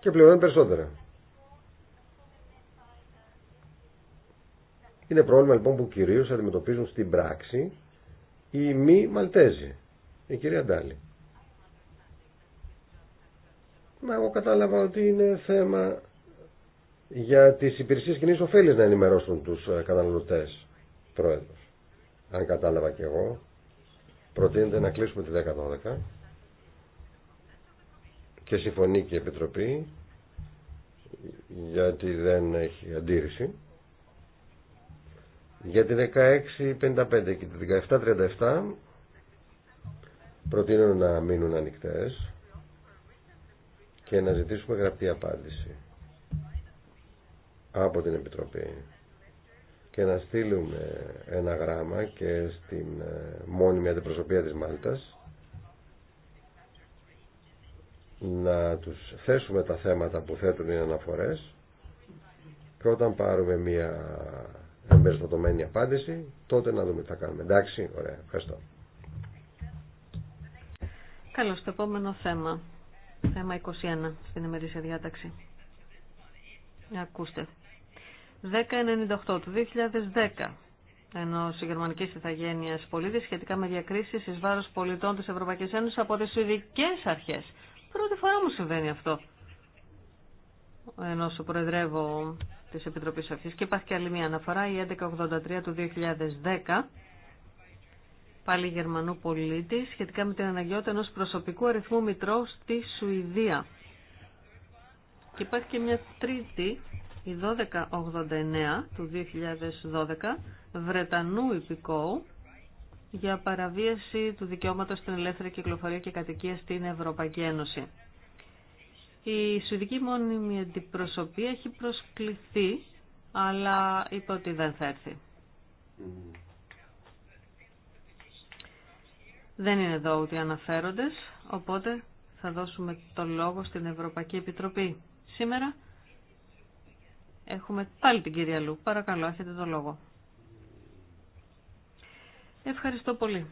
Και πληρώνει περισσότερα. Είναι πρόβλημα λοιπόν που κυρίως αντιμετωπίζουν στην πράξη οι μη Μαλτέζοι. Η ε, κυρία Ντάλη. Μα εγώ κατάλαβα ότι είναι θέμα για τις υπηρεσίες κοινής ωφέλης να ενημερώσουν τους ε, καταναλωτές πρόεδρος. Αν κατάλαβα και εγώ, προτείνεται να κλείσουμε τη 10-12 και συμφωνεί και η Επιτροπή γιατί δεν έχει αντίρρηση. Για τη 16.55 και τη 17.37 προτείνω να μείνουν ανοιχτές και να ζητήσουμε γραπτή απάντηση από την Επιτροπή και να στείλουμε ένα γράμμα και στην ε, μόνιμη αντιπροσωπεία της Μάλτας να τους θέσουμε τα θέματα που θέτουν οι αναφορές και όταν πάρουμε μια εμπεριστατωμένη απάντηση τότε να δούμε τι θα κάνουμε. Εντάξει, ωραία, ευχαριστώ. Καλώς, το επόμενο θέμα. Θέμα 21 στην ημερήσια διάταξη. Ακούστε. 1098 του 2010 ενό γερμανική ηθαγένεια πολίτη σχετικά με διακρίσει ει βάρο πολιτών τη Ευρωπαϊκή Ένωση από τι ειδικέ Αρχέ. Πρώτη φορά μου συμβαίνει αυτό. Ενώ σου προεδρεύω τη Επιτροπή Αυτή και υπάρχει και άλλη μια αναφορά, η 1183 του 2010 πάλι Γερμανού πολίτη, σχετικά με την αναγκαιότητα ενό προσωπικού αριθμού μητρώου στη Σουηδία. Και υπάρχει και μια τρίτη, η 1289 του 2012, Βρετανού υπηκόου, για παραβίαση του δικαιώματος στην ελεύθερη κυκλοφορία και κατοικία στην Ευρωπαϊκή Ένωση. Η Σουηδική Μόνιμη Αντιπροσωπεία έχει προσκληθεί, αλλά είπε ότι δεν θα έρθει. Δεν είναι εδώ ούτε αναφέροντες, οπότε θα δώσουμε το λόγο στην Ευρωπαϊκή Επιτροπή. Σήμερα έχουμε πάλι την κυρία Λου. Παρακαλώ, έχετε το λόγο. Ευχαριστώ πολύ.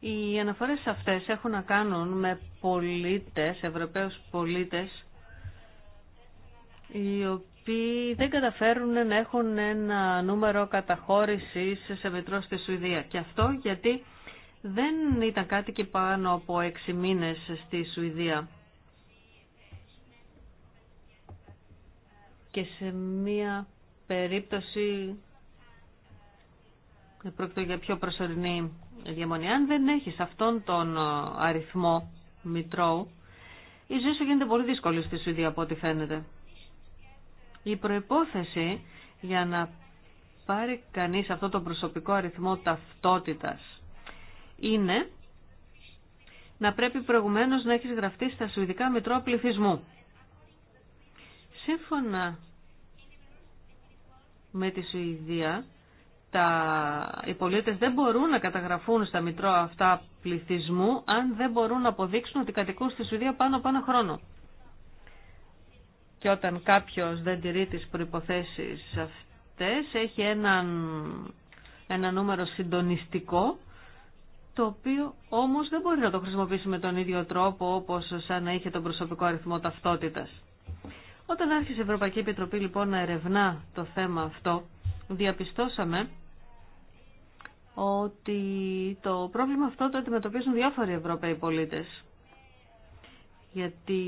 Οι αναφορές αυτές έχουν να κάνουν με πολίτες, Ευρωπαίους πολίτες, οι οποίοι δεν καταφέρουν να έχουν ένα νούμερο καταχώρησης σε μετρό στη Σουηδία. Και αυτό γιατί δεν ήταν κάτι και πάνω από έξι μήνες στη Σουηδία. Και σε μία περίπτωση πρόκειται για πιο προσωρινή διαμονή. Αν δεν έχεις αυτόν τον αριθμό μητρώου, η ζωή σου γίνεται πολύ δύσκολη στη Σουηδία από ό,τι φαίνεται. Η προϋπόθεση για να πάρει κανείς αυτό το προσωπικό αριθμό ταυτότητας είναι να πρέπει προηγουμένως να έχεις γραφτεί στα Σουηδικά Μητρώα Πληθυσμού. Σύμφωνα με τη Σουηδία, τα... οι πολίτες δεν μπορούν να καταγραφούν στα Μητρώα αυτά πληθυσμού αν δεν μπορούν να αποδείξουν ότι κατοικούν στη Σουηδία πάνω από ένα χρόνο και όταν κάποιος δεν τηρεί τις προϋποθέσεις αυτές έχει έναν, ένα νούμερο συντονιστικό το οποίο όμως δεν μπορεί να το χρησιμοποιήσει με τον ίδιο τρόπο όπως σαν να είχε τον προσωπικό αριθμό ταυτότητας. Όταν άρχισε η Ευρωπαϊκή Επιτροπή λοιπόν να ερευνά το θέμα αυτό, διαπιστώσαμε ότι το πρόβλημα αυτό το αντιμετωπίζουν διάφοροι Ευρωπαίοι πολίτες. Γιατί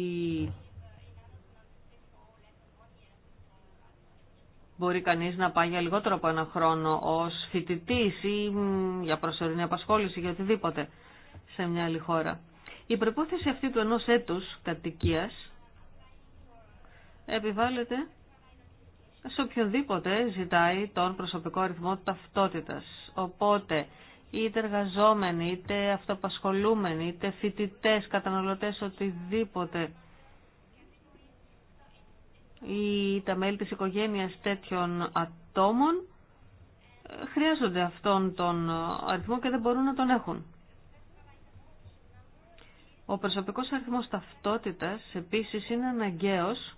μπορεί κανείς να πάει για λιγότερο από ένα χρόνο ως φοιτητή ή για προσωρινή απασχόληση για οτιδήποτε σε μια άλλη χώρα. Η προπόθεση αυτή του ενός έτους κατοικίας επιβάλλεται σε οποιονδήποτε ζητάει τον προσωπικό αριθμό ταυτότητας. Οπότε είτε εργαζόμενοι, είτε αυτοπασχολούμενοι, είτε φοιτητές, καταναλωτές, οτιδήποτε ή τα μέλη της οικογένειας τέτοιων ατόμων ε, χρειάζονται αυτόν τον ε, αριθμό και δεν μπορούν να τον έχουν. Ο προσωπικός αριθμός ταυτότητας επίσης είναι αναγκαίος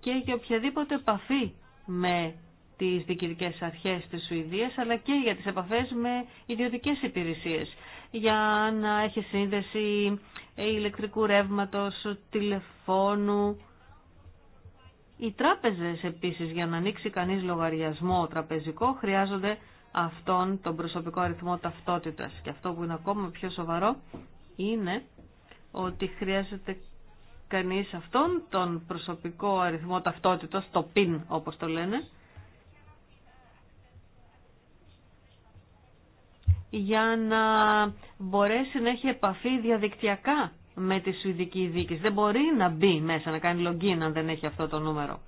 και για οποιαδήποτε επαφή με τις διοικητικές αρχές της Σουηδίας αλλά και για τις επαφές με ιδιωτικές υπηρεσίες για να έχει σύνδεση ηλεκτρικού ρεύματος, τηλεφώνου οι τράπεζες επίσης για να ανοίξει κανείς λογαριασμό τραπεζικό χρειάζονται αυτόν τον προσωπικό αριθμό ταυτότητας. Και αυτό που είναι ακόμα πιο σοβαρό είναι ότι χρειάζεται κανείς αυτόν τον προσωπικό αριθμό ταυτότητας, το PIN όπως το λένε, για να μπορέσει να έχει επαφή διαδικτυακά με τη Σουηδική δίκη. Δεν μπορεί να μπει μέσα, να κάνει login αν δεν έχει αυτό το νούμερο.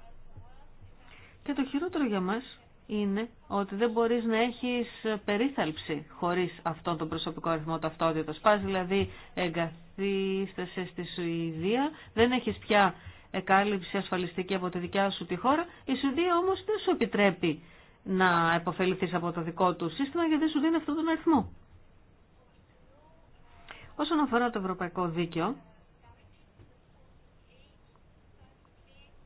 Και το χειρότερο για μας είναι ότι δεν μπορείς να έχεις περίθαλψη χωρίς αυτόν τον προσωπικό αριθμό ταυτότητας. Πας δηλαδή εγκαθίστασαι στη Σουηδία, δεν έχεις πια εκάλυψη ασφαλιστική από τη δικιά σου τη χώρα, η Σουηδία όμως δεν σου επιτρέπει να επωφεληθείς από το δικό του σύστημα γιατί σου δίνει αυτόν τον αριθμό. Όσον αφορά το ευρωπαϊκό δίκαιο,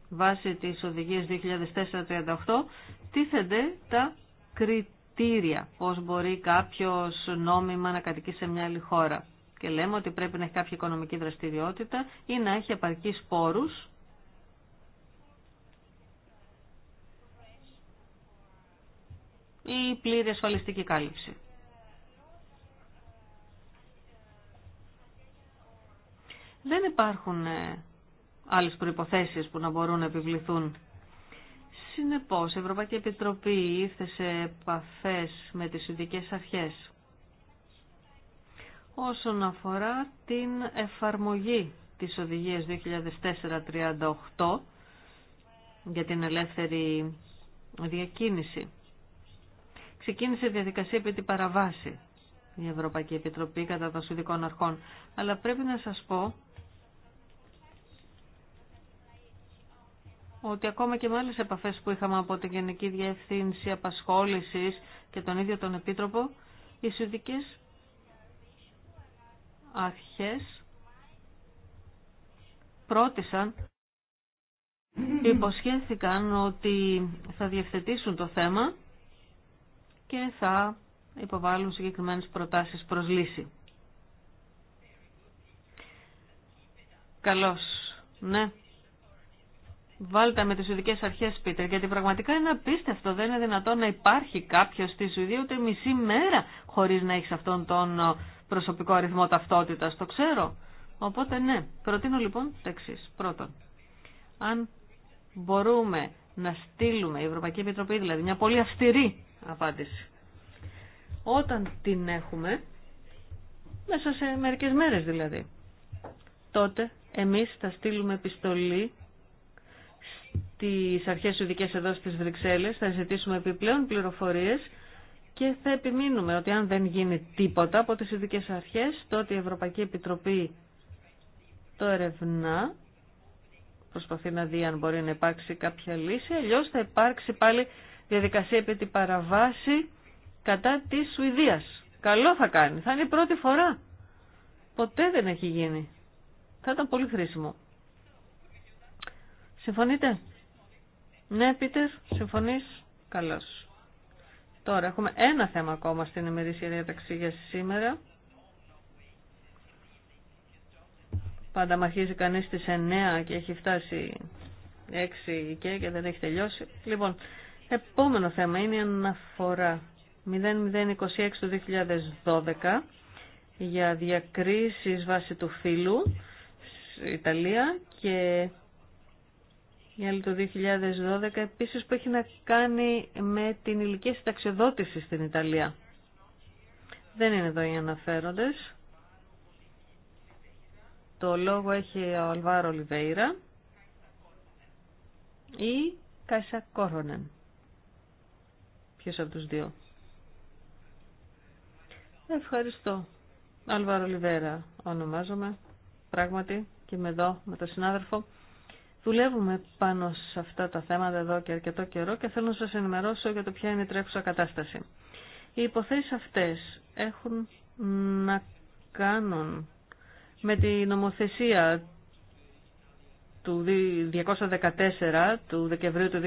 βάσει της οδηγίας 2004-38, τίθενται τα κριτήρια πώς μπορεί κάποιος νόμιμα να κατοικεί σε μια άλλη χώρα. Και λέμε ότι πρέπει να έχει κάποια οικονομική δραστηριότητα ή να έχει επαρκείς πόρους ή πλήρη ασφαλιστική κάλυψη. δεν υπάρχουν ε, άλλες προϋποθέσεις που να μπορούν να επιβληθούν. Συνεπώς, η Ευρωπαϊκή Επιτροπή ήρθε σε επαφές με τις ειδικές αρχές όσον αφορά την εφαρμογή της οδηγίας 2004-38 για την ελεύθερη διακίνηση. Ξεκίνησε η διαδικασία επί την παραβάση η Ευρωπαϊκή Επιτροπή κατά των Σουδικών Αρχών. Αλλά πρέπει να σας πω ότι ακόμα και με άλλες επαφές που είχαμε από την Γενική Διευθύνση Απασχόλησης και τον ίδιο τον Επίτροπο, οι Συνδικές αρχές πρότισαν υποσχέθηκαν ότι θα διευθετήσουν το θέμα και θα υποβάλουν συγκεκριμένες προτάσεις προς λύση. Καλώς, ναι. Βάλτε με τι ειδικέ αρχέ Πίτερ, γιατί πραγματικά είναι απίστευτο. Δεν είναι δυνατόν να υπάρχει κάποιο στη Σουηδία ούτε μισή μέρα χωρί να έχει αυτόν τον ε, προσωπικό αριθμό ταυτότητα. Το ξέρω. Οπότε ναι, προτείνω λοιπόν τα εξή. Πρώτον, αν μπορούμε να στείλουμε η Ευρωπαϊκή Επιτροπή, δηλαδή μια πολύ αυστηρή απάντηση, όταν την έχουμε, μέσα σε μερικές μέρες δηλαδή, τότε εμείς θα στείλουμε επιστολή τις αρχές ειδικέ εδώ στις Βρυξέλλες, θα ζητήσουμε επιπλέον πληροφορίες και θα επιμείνουμε ότι αν δεν γίνει τίποτα από τι ειδικέ αρχές, τότε η Ευρωπαϊκή Επιτροπή το ερευνά, προσπαθεί να δει αν μπορεί να υπάρξει κάποια λύση, αλλιώ θα υπάρξει πάλι διαδικασία επί την παραβάση κατά της Σουηδίας. Καλό θα κάνει, θα είναι η πρώτη φορά. Ποτέ δεν έχει γίνει. Θα ήταν πολύ χρήσιμο. Συμφωνείτε? Ναι, Πίτερ, Συμφωνεί. Καλώ. Τώρα έχουμε ένα θέμα ακόμα στην ημερήσια διάταξη για σήμερα. Πάντα μαχίζει κανείς στι 9 και έχει φτάσει 6 και, δεν έχει τελειώσει. Λοιπόν, επόμενο θέμα είναι η αναφορά 0026 του 2012 για διακρίσεις βάσει του φύλου Ιταλία και η άλλη το 2012, επίσης που έχει να κάνει με την ηλικία συνταξιοδότηση στην Ιταλία. Δεν είναι εδώ οι αναφέροντες. Το λόγο έχει ο Αλβάρο Λιβέιρα ή κάσα Κόρονεν. Ποιος από τους δύο. Ευχαριστώ. Αλβάρο Λιβέιρα ονομάζομαι, πράγματι, και είμαι εδώ με τον συνάδελφο. Δουλεύουμε πάνω σε αυτά τα θέματα εδώ και αρκετό καιρό και θέλω να σας ενημερώσω για το ποια είναι η τρέχουσα κατάσταση. Οι υποθέσεις αυτές έχουν να κάνουν με την νομοθεσία του 214 του Δεκεμβρίου του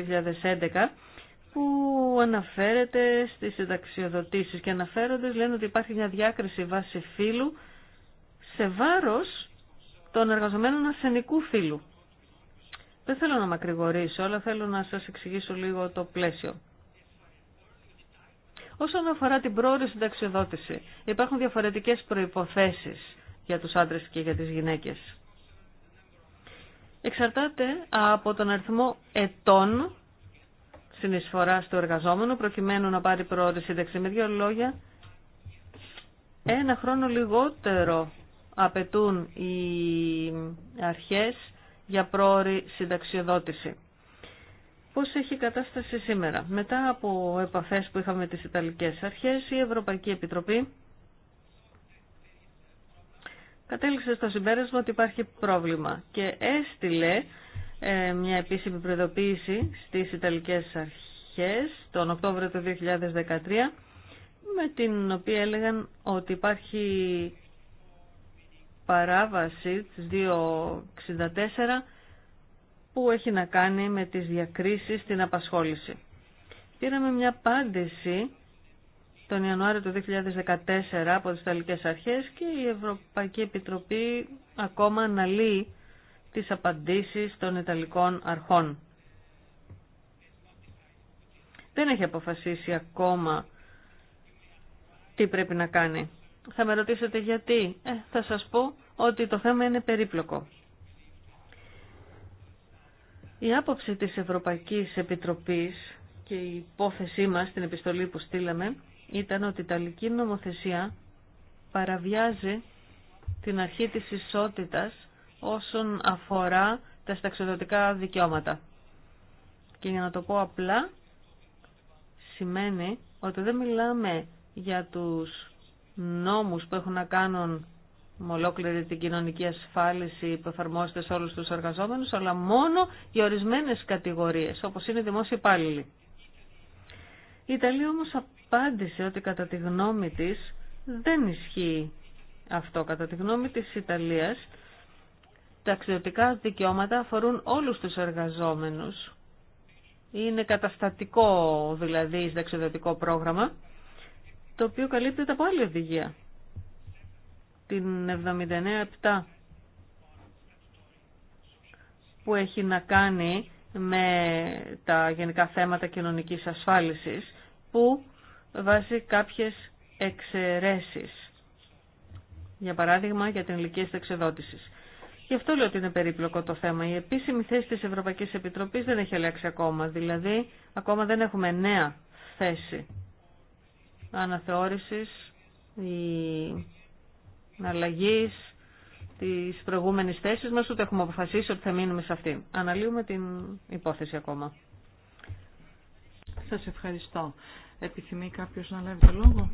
2011 που αναφέρεται στις συνταξιοδοτήσεις και αναφέρονται λένε ότι υπάρχει μια διάκριση βάση φύλου σε βάρος των εργαζομένων ασθενικού φύλου. Δεν θέλω να μακρηγορήσω, αλλά θέλω να σας εξηγήσω λίγο το πλαίσιο. Όσον αφορά την πρόορη συνταξιοδότηση, υπάρχουν διαφορετικές προϋποθέσεις για τους άντρες και για τις γυναίκες. Εξαρτάται από τον αριθμό ετών συνεισφορά του εργαζόμενου προκειμένου να πάρει πρόορη σύνταξη. Με δύο λόγια, ένα χρόνο λιγότερο απαιτούν οι αρχές για πρόορη συνταξιοδότηση. Πώς έχει η κατάσταση σήμερα. Μετά από επαφές που είχαμε με τις Ιταλικές Αρχές, η Ευρωπαϊκή Επιτροπή κατέληξε στο συμπέρασμα ότι υπάρχει πρόβλημα και έστειλε ε, μια επίσημη προειδοποίηση στις Ιταλικές Αρχές τον Οκτώβριο του 2013 με την οποία έλεγαν ότι υπάρχει παράβαση της 264 που έχει να κάνει με τις διακρίσεις στην απασχόληση. Πήραμε μια απάντηση τον Ιανουάριο του 2014 από τις Ιταλικές Αρχές και η Ευρωπαϊκή Επιτροπή ακόμα αναλύει τις απαντήσεις των Ιταλικών Αρχών. Δεν έχει αποφασίσει ακόμα τι πρέπει να κάνει. Θα με ρωτήσετε γιατί. Ε, θα σας πω ότι το θέμα είναι περίπλοκο. Η άποψη της Ευρωπαϊκής Επιτροπής και η υπόθεσή μας στην επιστολή που στείλαμε ήταν ότι η Ιταλική νομοθεσία παραβιάζει την αρχή της ισότητας όσον αφορά τα σταξιδοτικά δικαιώματα. Και για να το πω απλά, σημαίνει ότι δεν μιλάμε για τους νόμους που έχουν να κάνουν με ολόκληρη την κοινωνική ασφάλιση που εφαρμόζεται σε όλους τους εργαζόμενους, αλλά μόνο για ορισμένες κατηγορίες, όπως είναι οι δημόσιοι υπάλληλοι. Η Ιταλία όμως απάντησε ότι κατά τη γνώμη της δεν ισχύει αυτό. Κατά τη γνώμη της Ιταλίας, τα αξιωτικά δικαιώματα αφορούν όλους τους εργαζόμενους. Είναι καταστατικό δηλαδή συνταξιδοτικό πρόγραμμα το οποίο καλύπτεται από άλλη οδηγία, την 79-7, που έχει να κάνει με τα γενικά θέματα κοινωνικής ασφάλισης, που βάζει κάποιες εξαιρέσεις. Για παράδειγμα, για την ηλικία της εξεδότησης. Γι' αυτό λέω ότι είναι περίπλοκο το θέμα. Η επίσημη θέση της Ευρωπαϊκής Επιτροπής δεν έχει αλλάξει ακόμα. Δηλαδή, ακόμα δεν έχουμε νέα θέση αναθεώρησης, η αλλαγή της προηγούμενης θέσης μας, ούτε έχουμε αποφασίσει ότι θα μείνουμε σε αυτή. Αναλύουμε την υπόθεση ακόμα. Σας ευχαριστώ. Επιθυμεί κάποιος να λάβει το λόγο.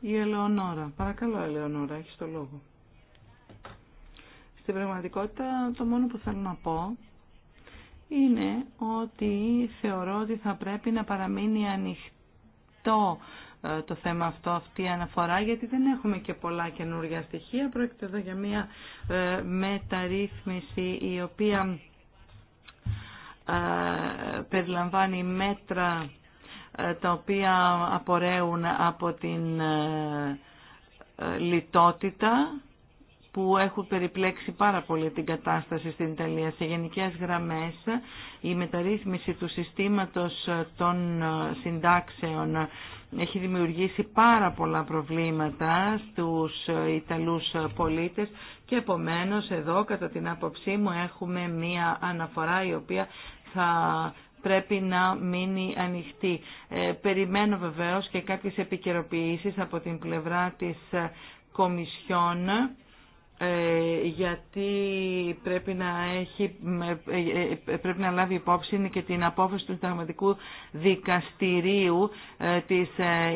Η Ελεονόρα. Παρακαλώ, Ελεονόρα, έχεις το λόγο. Στην πραγματικότητα, το μόνο που θέλω να πω είναι ότι θεωρώ ότι θα πρέπει να παραμείνει ανοιχτό ε, το θέμα αυτό, αυτή η αναφορά, γιατί δεν έχουμε και πολλά καινούργια στοιχεία. Πρόκειται εδώ για μια ε, μεταρρύθμιση η οποία ε, περιλαμβάνει μέτρα τα οποία απορρέουν από την λιτότητα που έχουν περιπλέξει πάρα πολύ την κατάσταση στην Ιταλία. Σε γενικές γραμμές η μεταρρύθμιση του συστήματος των συντάξεων έχει δημιουργήσει πάρα πολλά προβλήματα στους Ιταλούς πολίτες και επομένως εδώ κατά την άποψή μου έχουμε μία αναφορά η οποία θα πρέπει να μείνει ανοιχτή. Ε, περιμένω βεβαίως και κάποιες επικαιροποιήσεις από την πλευρά της ε, Κομισιόν ε, γιατί πρέπει να, έχει, ε, ε, πρέπει να λάβει υπόψη και την απόφαση του συνταγματικού δικαστηρίου της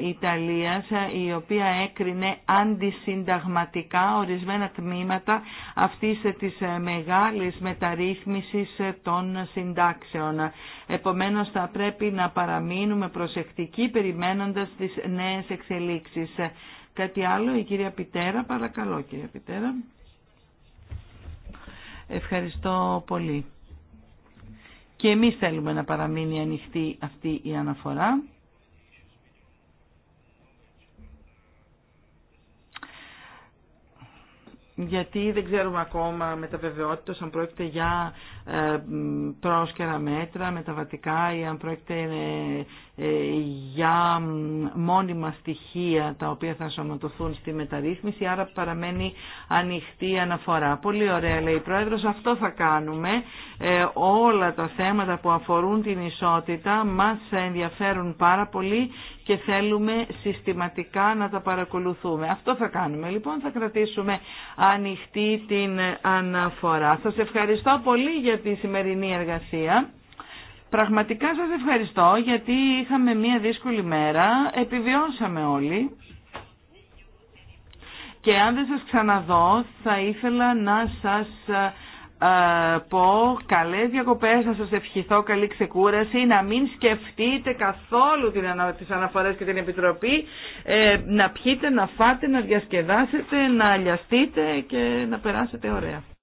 Ιταλίας η οποία έκρινε αντισυνταγματικά ορισμένα τμήματα αυτής της μεγάλης μεταρρύθμισης των συντάξεων. Επομένως θα πρέπει να παραμείνουμε προσεκτικοί περιμένοντας τις νέες εξελίξεις. Κάτι άλλο, η κυρία Πιτέρα, παρακαλώ κυρία Πιτέρα. Ευχαριστώ πολύ. Και εμείς θέλουμε να παραμείνει ανοιχτή αυτή η αναφορά. γιατί δεν ξέρουμε ακόμα με τα βεβαιότητα αν πρόκειται για ε, πρόσκαιρα μέτρα, μεταβατικά ή αν πρόκειται ε, ε, για μόνιμα στοιχεία τα οποία θα σωματωθούν στη μεταρρύθμιση, άρα παραμένει ανοιχτή η αναφορά. Πολύ ωραία λέει η Πρόεδρος, αυτό θα κάνουμε. όλα τα οποια θα σωματωθουν στη μεταρρυθμιση αρα παραμενει ανοιχτη αναφορα πολυ ωραια λεει η προεδρος αυτο θα κανουμε ολα τα θεματα που αφορούν την ισότητα μας ενδιαφέρουν πάρα πολύ και θέλουμε συστηματικά να τα παρακολουθούμε. Αυτό θα κάνουμε. Λοιπόν, θα κρατήσουμε ανοιχτή την αναφορά. Σας ευχαριστώ πολύ για τη σημερινή εργασία. Πραγματικά σας ευχαριστώ γιατί είχαμε μία δύσκολη μέρα, επιβιώσαμε όλοι. Και αν δεν σας ξαναδώ θα ήθελα να σας ε, πω καλές διακοπές, να σας ευχηθώ καλή ξεκούραση, να μην σκεφτείτε καθόλου την, τις αναφορές και την Επιτροπή, ε, να πιείτε, να φάτε, να διασκεδάσετε, να αλιαστείτε και να περάσετε ωραία.